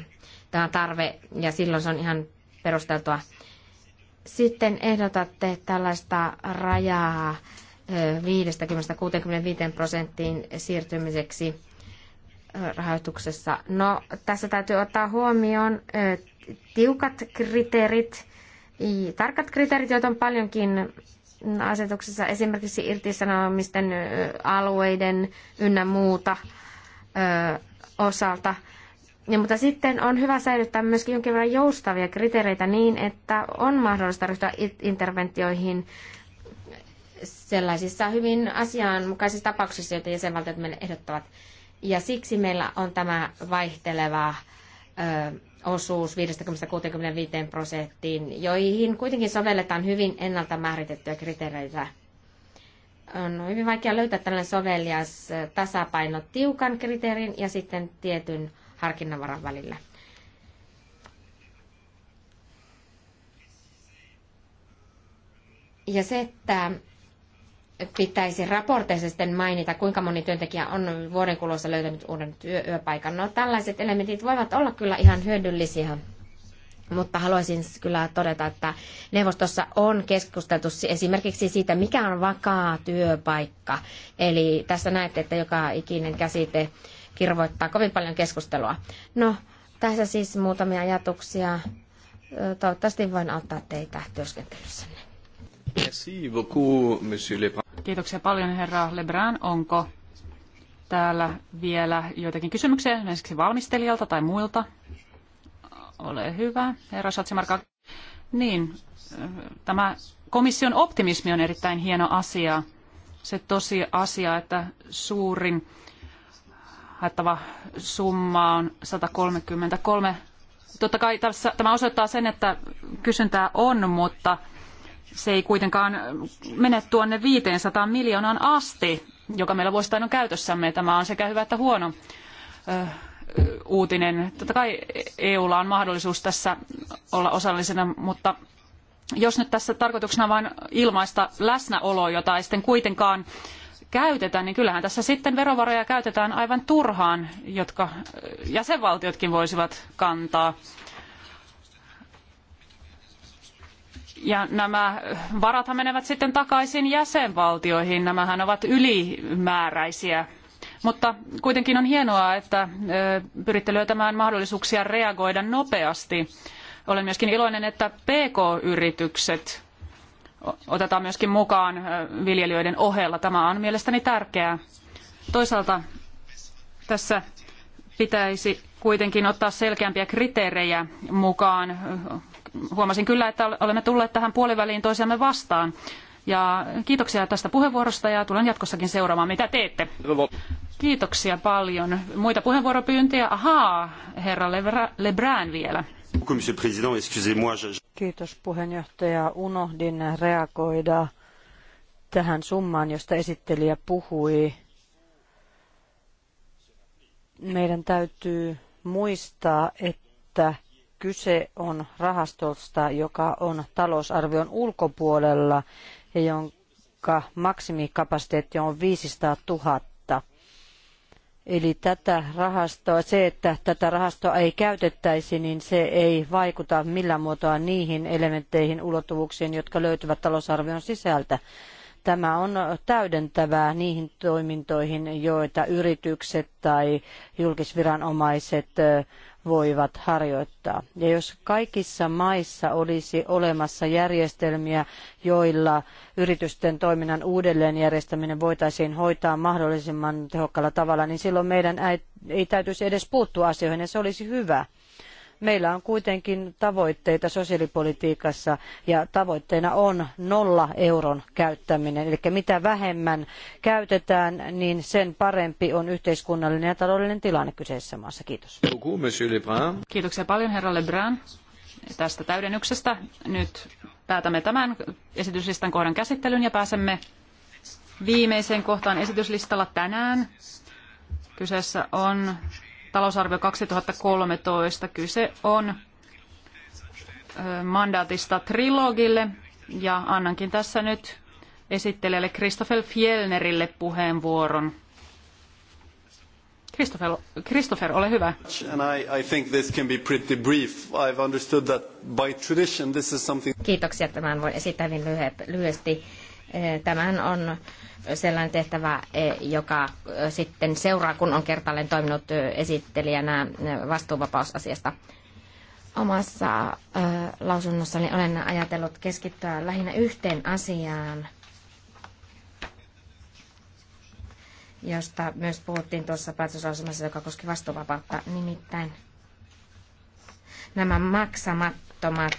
tämä tarve ja silloin se on ihan perusteltua. Sitten ehdotatte tällaista rajaa 50-65 prosenttiin siirtymiseksi rahoituksessa. No, tässä täytyy ottaa huomioon tiukat kriteerit, tarkat kriteerit, joita on paljonkin asetuksessa, esimerkiksi irtisanomisten alueiden ynnä muuta osalta. Ja, mutta sitten on hyvä säilyttää myöskin jonkin verran joustavia kriteereitä niin, että on mahdollista ryhtyä interventioihin sellaisissa hyvin asianmukaisissa tapauksissa, joita jäsenvaltiot meille ehdottavat. Ja siksi meillä on tämä vaihteleva ö, osuus 50-65 prosenttiin, joihin kuitenkin sovelletaan hyvin ennalta määritettyjä kriteereitä. On hyvin vaikea löytää tällainen sovellias tasapaino tiukan kriteerin ja sitten tietyn harkinnanvaran välillä. Ja se, että pitäisi raporteissa sitten mainita, kuinka moni työntekijä on vuoden kuluessa löytänyt uuden työpaikan. No tällaiset elementit voivat olla kyllä ihan hyödyllisiä, mutta haluaisin kyllä todeta, että neuvostossa on keskusteltu esimerkiksi siitä, mikä on vakaa työpaikka. Eli tässä näette, että joka ikinen käsite kirvoittaa kovin paljon keskustelua. No, tässä siis muutamia ajatuksia. Toivottavasti voin auttaa teitä työskentelyssänne. Kiitoksia paljon, herra Lebrun. Onko täällä vielä joitakin kysymyksiä esimerkiksi valmistelijalta tai muilta? Ole hyvä, herra Satsimarka. Niin, tämä komission optimismi on erittäin hieno asia. Se tosi asia, että suurin haettava summa on 133. Totta kai tässä, tämä osoittaa sen, että kysyntää on, mutta se ei kuitenkaan mene tuonne 500 miljoonaan asti, joka meillä vuosittain on käytössämme. Tämä on sekä hyvä että huono uutinen. Totta kai EUlla on mahdollisuus tässä olla osallisena, mutta jos nyt tässä tarkoituksena on vain ilmaista läsnäoloa, jota ei sitten kuitenkaan käytetä, niin kyllähän tässä sitten verovaroja käytetään aivan turhaan, jotka jäsenvaltiotkin voisivat kantaa. ja nämä varathan menevät sitten takaisin jäsenvaltioihin. Nämähän ovat ylimääräisiä. Mutta kuitenkin on hienoa, että pyritte löytämään mahdollisuuksia reagoida nopeasti. Olen myöskin iloinen, että PK-yritykset otetaan myöskin mukaan viljelijöiden ohella. Tämä on mielestäni tärkeää. Toisaalta tässä pitäisi kuitenkin ottaa selkeämpiä kriteerejä mukaan huomasin kyllä, että olemme tulleet tähän puoliväliin toisiamme vastaan. Ja kiitoksia tästä puheenvuorosta ja tulen jatkossakin seuraamaan, mitä teette. Kiitoksia paljon. Muita puheenvuoropyyntöjä? Ahaa, herra Lebrun vielä. Kiitos puheenjohtaja. Unohdin reagoida tähän summaan, josta esittelijä puhui. Meidän täytyy muistaa, että kyse on rahastosta, joka on talousarvion ulkopuolella ja jonka maksimikapasiteetti on 500 000. Eli tätä rahastoa, se, että tätä rahastoa ei käytettäisi, niin se ei vaikuta millään muotoa niihin elementteihin, ulottuvuuksiin, jotka löytyvät talousarvion sisältä. Tämä on täydentävää niihin toimintoihin, joita yritykset tai julkisviranomaiset voivat harjoittaa. Ja jos kaikissa maissa olisi olemassa järjestelmiä, joilla yritysten toiminnan uudelleenjärjestäminen voitaisiin hoitaa mahdollisimman tehokkaalla tavalla, niin silloin meidän ei täytyisi edes puuttua asioihin ja se olisi hyvä. Meillä on kuitenkin tavoitteita sosiaalipolitiikassa ja tavoitteena on nolla euron käyttäminen. Eli mitä vähemmän käytetään, niin sen parempi on yhteiskunnallinen ja taloudellinen tilanne kyseisessä maassa. Kiitos. Kiitoksia paljon herra Lebrun tästä täydennyksestä. Nyt päätämme tämän esityslistan kohdan käsittelyn ja pääsemme viimeiseen kohtaan esityslistalla tänään. Kyseessä on talousarvio 2013. Kyse on mandaatista trilogille ja annankin tässä nyt esittelijälle Christopher Fjellnerille puheenvuoron. Christopher, Christopher, ole hyvä. Kiitoksia, tämän voin esittää hyvin niin lyhyesti. Eh, Tämähän on sellainen tehtävä, eh, joka eh, sitten seuraa, kun on kertaalleen toiminut esittelijänä vastuuvapausasiasta. Omassa lausunnossani olen ajatellut keskittyä lähinnä yhteen asiaan, josta myös puhuttiin tuossa päätöslausumassa, joka koski vastuuvapautta, nimittäin nämä maksamattomat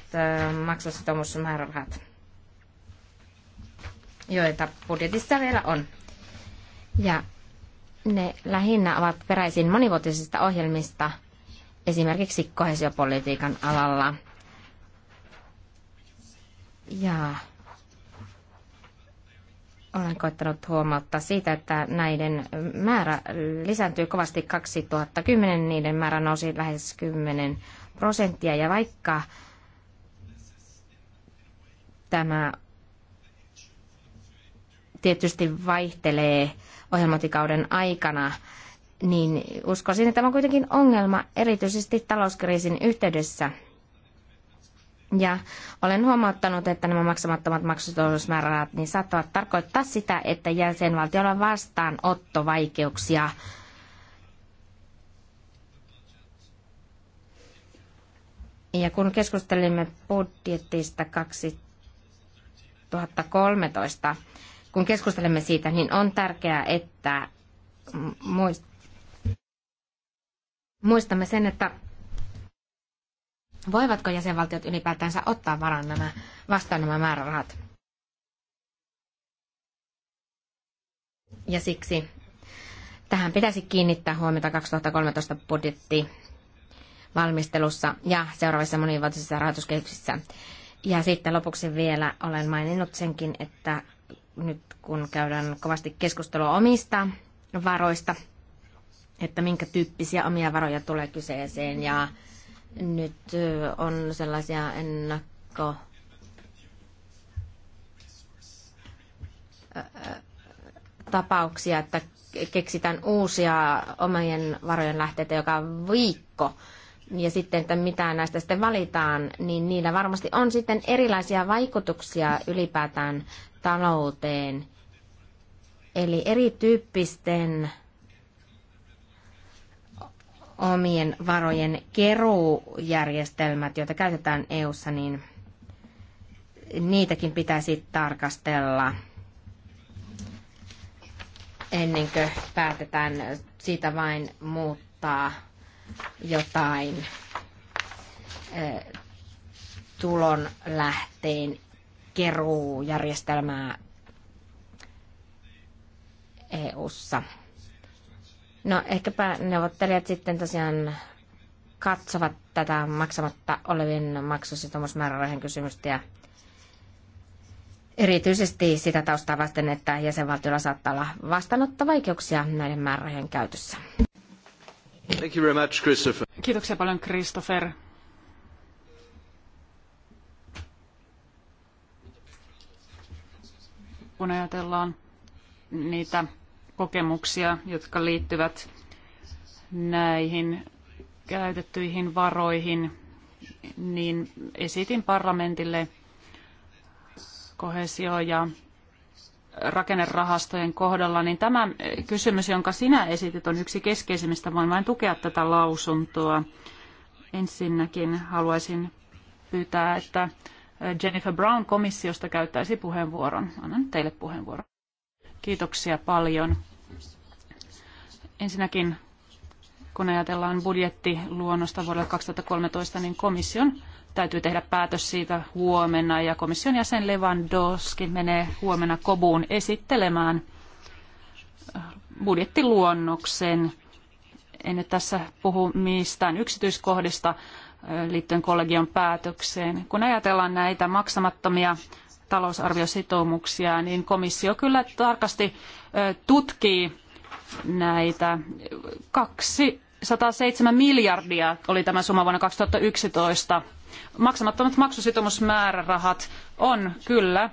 maksusitoumusmäärärahat joita budjetissa vielä on. Ja ne lähinnä ovat peräisin monivuotisista ohjelmista, esimerkiksi kohesiopolitiikan alalla. Ja olen koittanut huomauttaa siitä, että näiden määrä lisääntyy kovasti 2010, niiden määrä nousi lähes 10 prosenttia ja vaikka tämä tietysti vaihtelee ohjelmointikauden aikana, niin uskoisin, että tämä on kuitenkin ongelma erityisesti talouskriisin yhteydessä. Ja olen huomauttanut, että nämä maksamattomat maksutoisuusmäärärahat niin saattavat tarkoittaa sitä, että jäsenvaltiolla on vastaanottovaikeuksia. Ja kun keskustelimme budjetista 2013, kun keskustelemme siitä, niin on tärkeää, että muistamme sen, että voivatko jäsenvaltiot ylipäätänsä ottaa varan nämä, vastaan nämä määrärahat. Ja siksi tähän pitäisi kiinnittää huomiota 2013 budjetti valmistelussa ja seuraavissa monivuotisissa rahoituskehyksissä. Ja sitten lopuksi vielä olen maininnut senkin, että nyt kun käydään kovasti keskustelua omista varoista, että minkä tyyppisiä omia varoja tulee kyseeseen. Ja nyt on sellaisia ennakko tapauksia, että keksitään uusia omien varojen lähteitä joka viikko ja sitten, että mitä näistä sitten valitaan, niin niillä varmasti on sitten erilaisia vaikutuksia ylipäätään talouteen. Eli erityyppisten omien varojen keruujärjestelmät, joita käytetään EU:ssa, niin niitäkin pitäisi tarkastella ennen kuin päätetään siitä vain muuttaa jotain tulon lähteen keruujärjestelmää EU-ssa. No ehkäpä neuvottelijat sitten tosiaan katsovat tätä maksamatta olevien maksusitomusmäärärahojen kysymystä ja erityisesti sitä taustaa vasten, että jäsenvaltiolla saattaa olla vastaanottovaikeuksia näiden määrärahojen käytössä. Kiitoksia paljon, Christopher. Kun ajatellaan niitä kokemuksia, jotka liittyvät näihin käytettyihin varoihin, niin esitin parlamentille kohesio- ja rakennerahastojen kohdalla, niin tämä kysymys, jonka sinä esitit, on yksi keskeisimmistä. Voin vain tukea tätä lausuntoa. Ensinnäkin haluaisin pyytää, että Jennifer Brown komissiosta käyttäisi puheenvuoron. Annan teille puheenvuoron. Kiitoksia paljon. Ensinnäkin kun ajatellaan budjettiluonnosta vuodelle 2013, niin komission täytyy tehdä päätös siitä huomenna ja komission jäsen Lewandowski menee huomenna Kobuun esittelemään äh, budjettiluonnoksen. En nyt tässä puhu mistään yksityiskohdista äh, liittyen kollegion päätökseen. Kun ajatellaan näitä maksamattomia talousarviositoumuksia, niin komissio kyllä tarkasti äh, tutkii näitä. 207 miljardia oli tämä summa vuonna 2011. Maksamattomat maksusitoumusmäärärahat on kyllä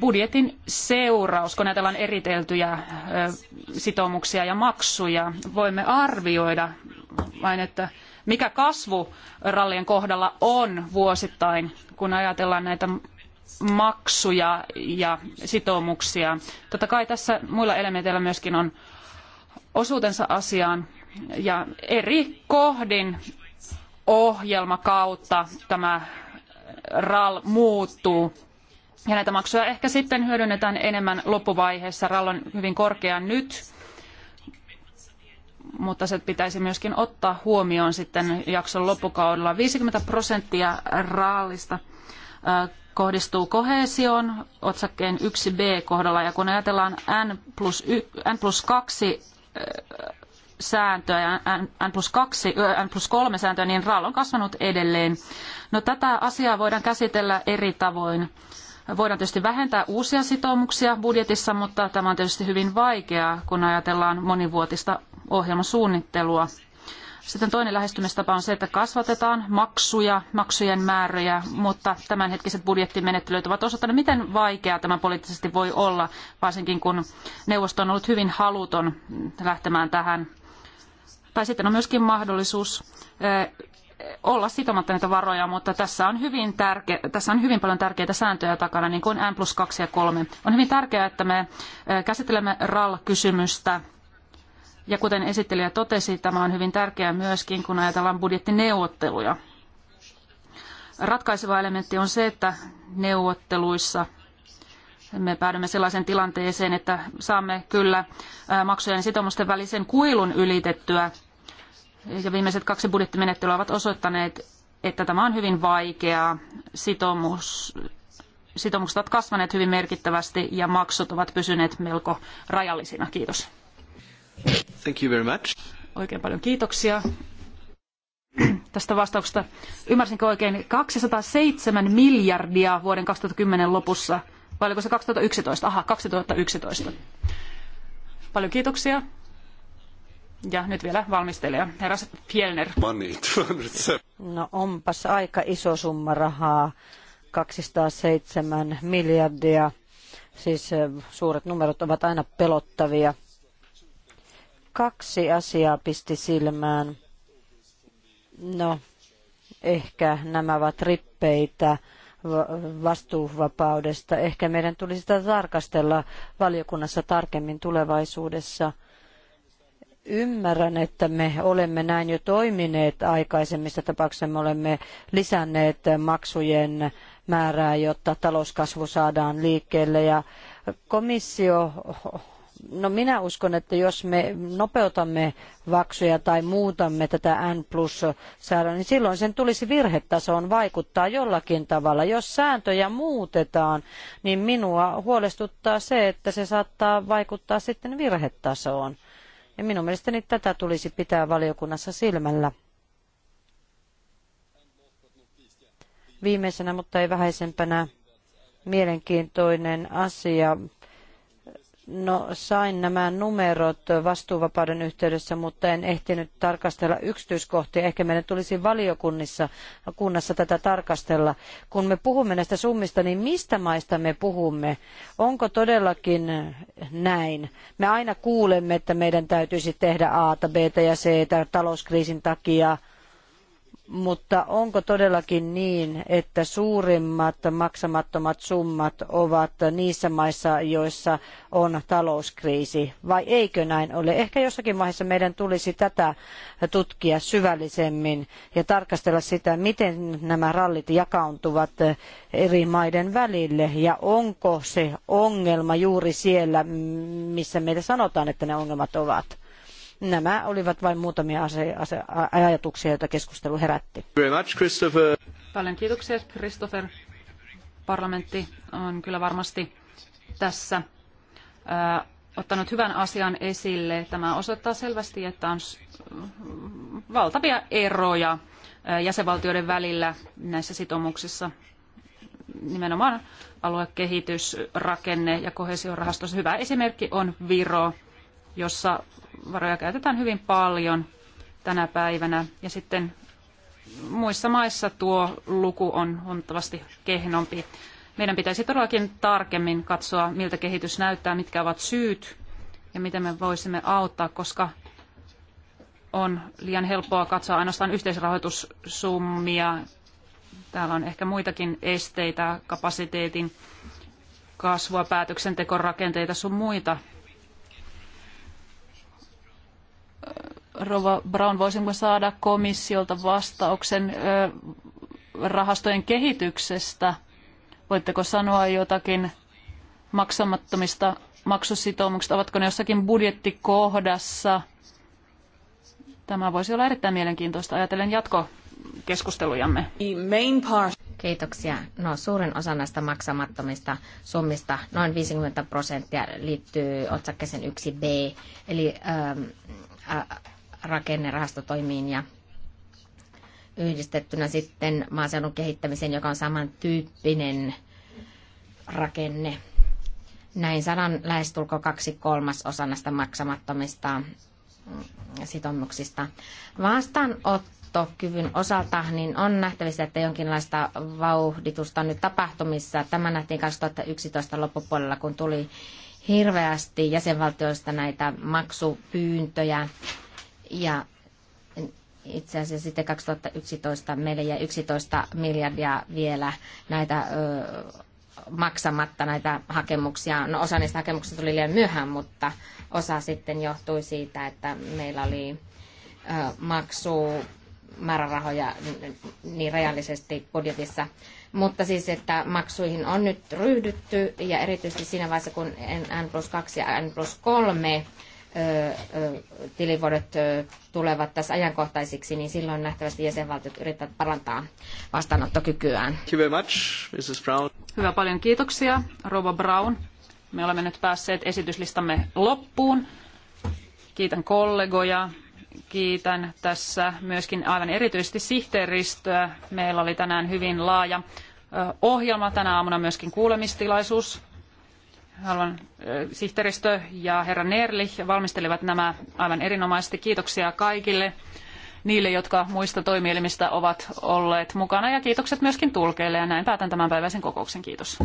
budjetin seuraus, kun ajatellaan eriteltyjä sitoumuksia ja maksuja. Voimme arvioida vain, että mikä kasvu rallien kohdalla on vuosittain, kun ajatellaan näitä maksuja ja sitoumuksia. Totta kai tässä muilla elementeillä myöskin on osuutensa asiaan ja eri kohdin ohjelmakautta tämä äh, RAL muuttuu. Ja näitä maksuja ehkä sitten hyödynnetään enemmän loppuvaiheessa. RAL on hyvin korkea nyt, mutta se pitäisi myöskin ottaa huomioon sitten jakson loppukaudella. 50 prosenttia RALista äh, kohdistuu kohesioon otsakkeen 1b kohdalla. Ja kun ajatellaan N plus, y, N plus 2 sääntöä ja N plus, 2, N plus 3 sääntöä, niin RAL on kasvanut edelleen. No tätä asiaa voidaan käsitellä eri tavoin. Voidaan tietysti vähentää uusia sitoumuksia budjetissa, mutta tämä on tietysti hyvin vaikeaa, kun ajatellaan monivuotista ohjelmasuunnittelua. Sitten toinen lähestymistapa on se, että kasvatetaan maksuja, maksujen määriä, mutta tämänhetkiset budjettimenettelyt ovat osoittaneet, miten vaikeaa tämä poliittisesti voi olla, varsinkin kun neuvosto on ollut hyvin haluton lähtemään tähän. Tai sitten on myöskin mahdollisuus eh, olla sitomatta näitä varoja, mutta tässä on hyvin, tärke, tässä on hyvin paljon tärkeitä sääntöjä takana, niin kuin N plus 2 ja 3. On hyvin tärkeää, että me eh, käsittelemme RAL-kysymystä. Ja kuten esittelijä totesi, tämä on hyvin tärkeää myöskin, kun ajatellaan budjettineuvotteluja. Ratkaiseva elementti on se, että neuvotteluissa me päädymme sellaiseen tilanteeseen, että saamme kyllä eh, maksujen ja sitoumusten välisen kuilun ylitettyä, ja viimeiset kaksi budjettimenettelyä ovat osoittaneet, että tämä on hyvin vaikeaa. Sitoumus, sitoumukset ovat kasvaneet hyvin merkittävästi ja maksut ovat pysyneet melko rajallisina. Kiitos. Thank you very much. Oikein paljon kiitoksia tästä vastauksesta. Ymmärsinkö oikein? 207 niin miljardia vuoden 2010 lopussa. Vai oliko se 2011? Aha, 2011. Paljon kiitoksia. Ja nyt vielä valmistelija, herra Fjellner. No onpas aika iso summa rahaa, 207 miljardia. Siis suuret numerot ovat aina pelottavia. Kaksi asiaa pisti silmään. No, ehkä nämä ovat rippeitä vastuuvapaudesta. Ehkä meidän tulisi sitä tarkastella valiokunnassa tarkemmin tulevaisuudessa – Ymmärrän, että me olemme näin jo toimineet aikaisemmissa tapauksissa. Me olemme lisänneet maksujen määrää, jotta talouskasvu saadaan liikkeelle. Ja komissio No minä uskon, että jos me nopeutamme vaksuja tai muutamme tätä N plus niin silloin sen tulisi virhetasoon vaikuttaa jollakin tavalla. Jos sääntöjä muutetaan, niin minua huolestuttaa se, että se saattaa vaikuttaa sitten virhetasoon. Ja minun mielestäni tätä tulisi pitää valiokunnassa silmällä. Viimeisenä, mutta ei vähäisempänä, mielenkiintoinen asia No sain nämä numerot vastuuvapauden yhteydessä, mutta en ehtinyt tarkastella yksityiskohtia. Ehkä meidän tulisi valiokunnissa kunnassa tätä tarkastella. Kun me puhumme näistä summista, niin mistä maista me puhumme? Onko todellakin näin? Me aina kuulemme, että meidän täytyisi tehdä A, B ja C talouskriisin takia – mutta onko todellakin niin, että suurimmat maksamattomat summat ovat niissä maissa, joissa on talouskriisi, vai eikö näin ole? Ehkä jossakin vaiheessa meidän tulisi tätä tutkia syvällisemmin ja tarkastella sitä, miten nämä rallit jakaantuvat eri maiden välille, ja onko se ongelma juuri siellä, missä meille sanotaan, että ne ongelmat ovat. Nämä olivat vain muutamia ase- ase- ajatuksia, joita keskustelu herätti. Paljon kiitoksia, Christopher. Parlamentti on kyllä varmasti tässä ottanut hyvän asian esille. Tämä osoittaa selvästi, että on valtavia eroja jäsenvaltioiden välillä näissä sitoumuksissa nimenomaan aluekehitys, rakenne ja kohesiorahastossa. Hyvä esimerkki on Viro, jossa varoja käytetään hyvin paljon tänä päivänä. Ja sitten muissa maissa tuo luku on huomattavasti kehnompi. Meidän pitäisi todellakin tarkemmin katsoa, miltä kehitys näyttää, mitkä ovat syyt ja miten me voisimme auttaa, koska on liian helppoa katsoa ainoastaan yhteisrahoitussummia. Täällä on ehkä muitakin esteitä, kapasiteetin kasvua, päätöksentekorakenteita sun muita. Rova Brown, voisimme saada komissiolta vastauksen rahastojen kehityksestä? Voitteko sanoa jotakin maksamattomista maksusitoumuksista? Ovatko ne jossakin budjettikohdassa? Tämä voisi olla erittäin mielenkiintoista. Ajatellen jatkokeskustelujamme. Kiitoksia. No, suurin osa näistä maksamattomista summista, noin 50 prosenttia, liittyy otsakkeeseen 1b, eli ähm, rakennerahastotoimiin ja yhdistettynä sitten maaseudun kehittämiseen, joka on samantyyppinen rakenne. Näin sadan lähestulko kaksi kolmasosa näistä maksamattomista mm, sitoumuksista. Vastaanottokyvyn osalta niin on nähtävissä, että jonkinlaista vauhditusta on nyt tapahtumissa. Tämä nähtiin 2011 loppupuolella, kun tuli hirveästi jäsenvaltioista näitä maksupyyntöjä ja itse asiassa sitten 2011 meille jäi 11 miljardia vielä näitä ö, maksamatta näitä hakemuksia. No osa niistä hakemuksista tuli liian myöhään, mutta osa sitten johtui siitä, että meillä oli ö, maksu määrärahoja niin rajallisesti budjetissa mutta siis, että maksuihin on nyt ryhdytty ja erityisesti siinä vaiheessa, kun N plus 2 ja N plus 3 tilivuodet tulevat tässä ajankohtaisiksi, niin silloin nähtävästi jäsenvaltiot yrittävät parantaa vastaanottokykyään. Thank you very much, Mrs. Brown. Hyvä, paljon kiitoksia, Rova Brown. Me olemme nyt päässeet esityslistamme loppuun. Kiitän kollegoja, kiitän tässä myöskin aivan erityisesti sihteeristöä. Meillä oli tänään hyvin laaja ohjelma, tänä aamuna myöskin kuulemistilaisuus. Haluan sihteeristö ja herra Nerli valmistelivat nämä aivan erinomaisesti. Kiitoksia kaikille niille, jotka muista toimielimistä ovat olleet mukana ja kiitokset myöskin tulkeille ja näin päätän tämänpäiväisen kokouksen. Kiitos.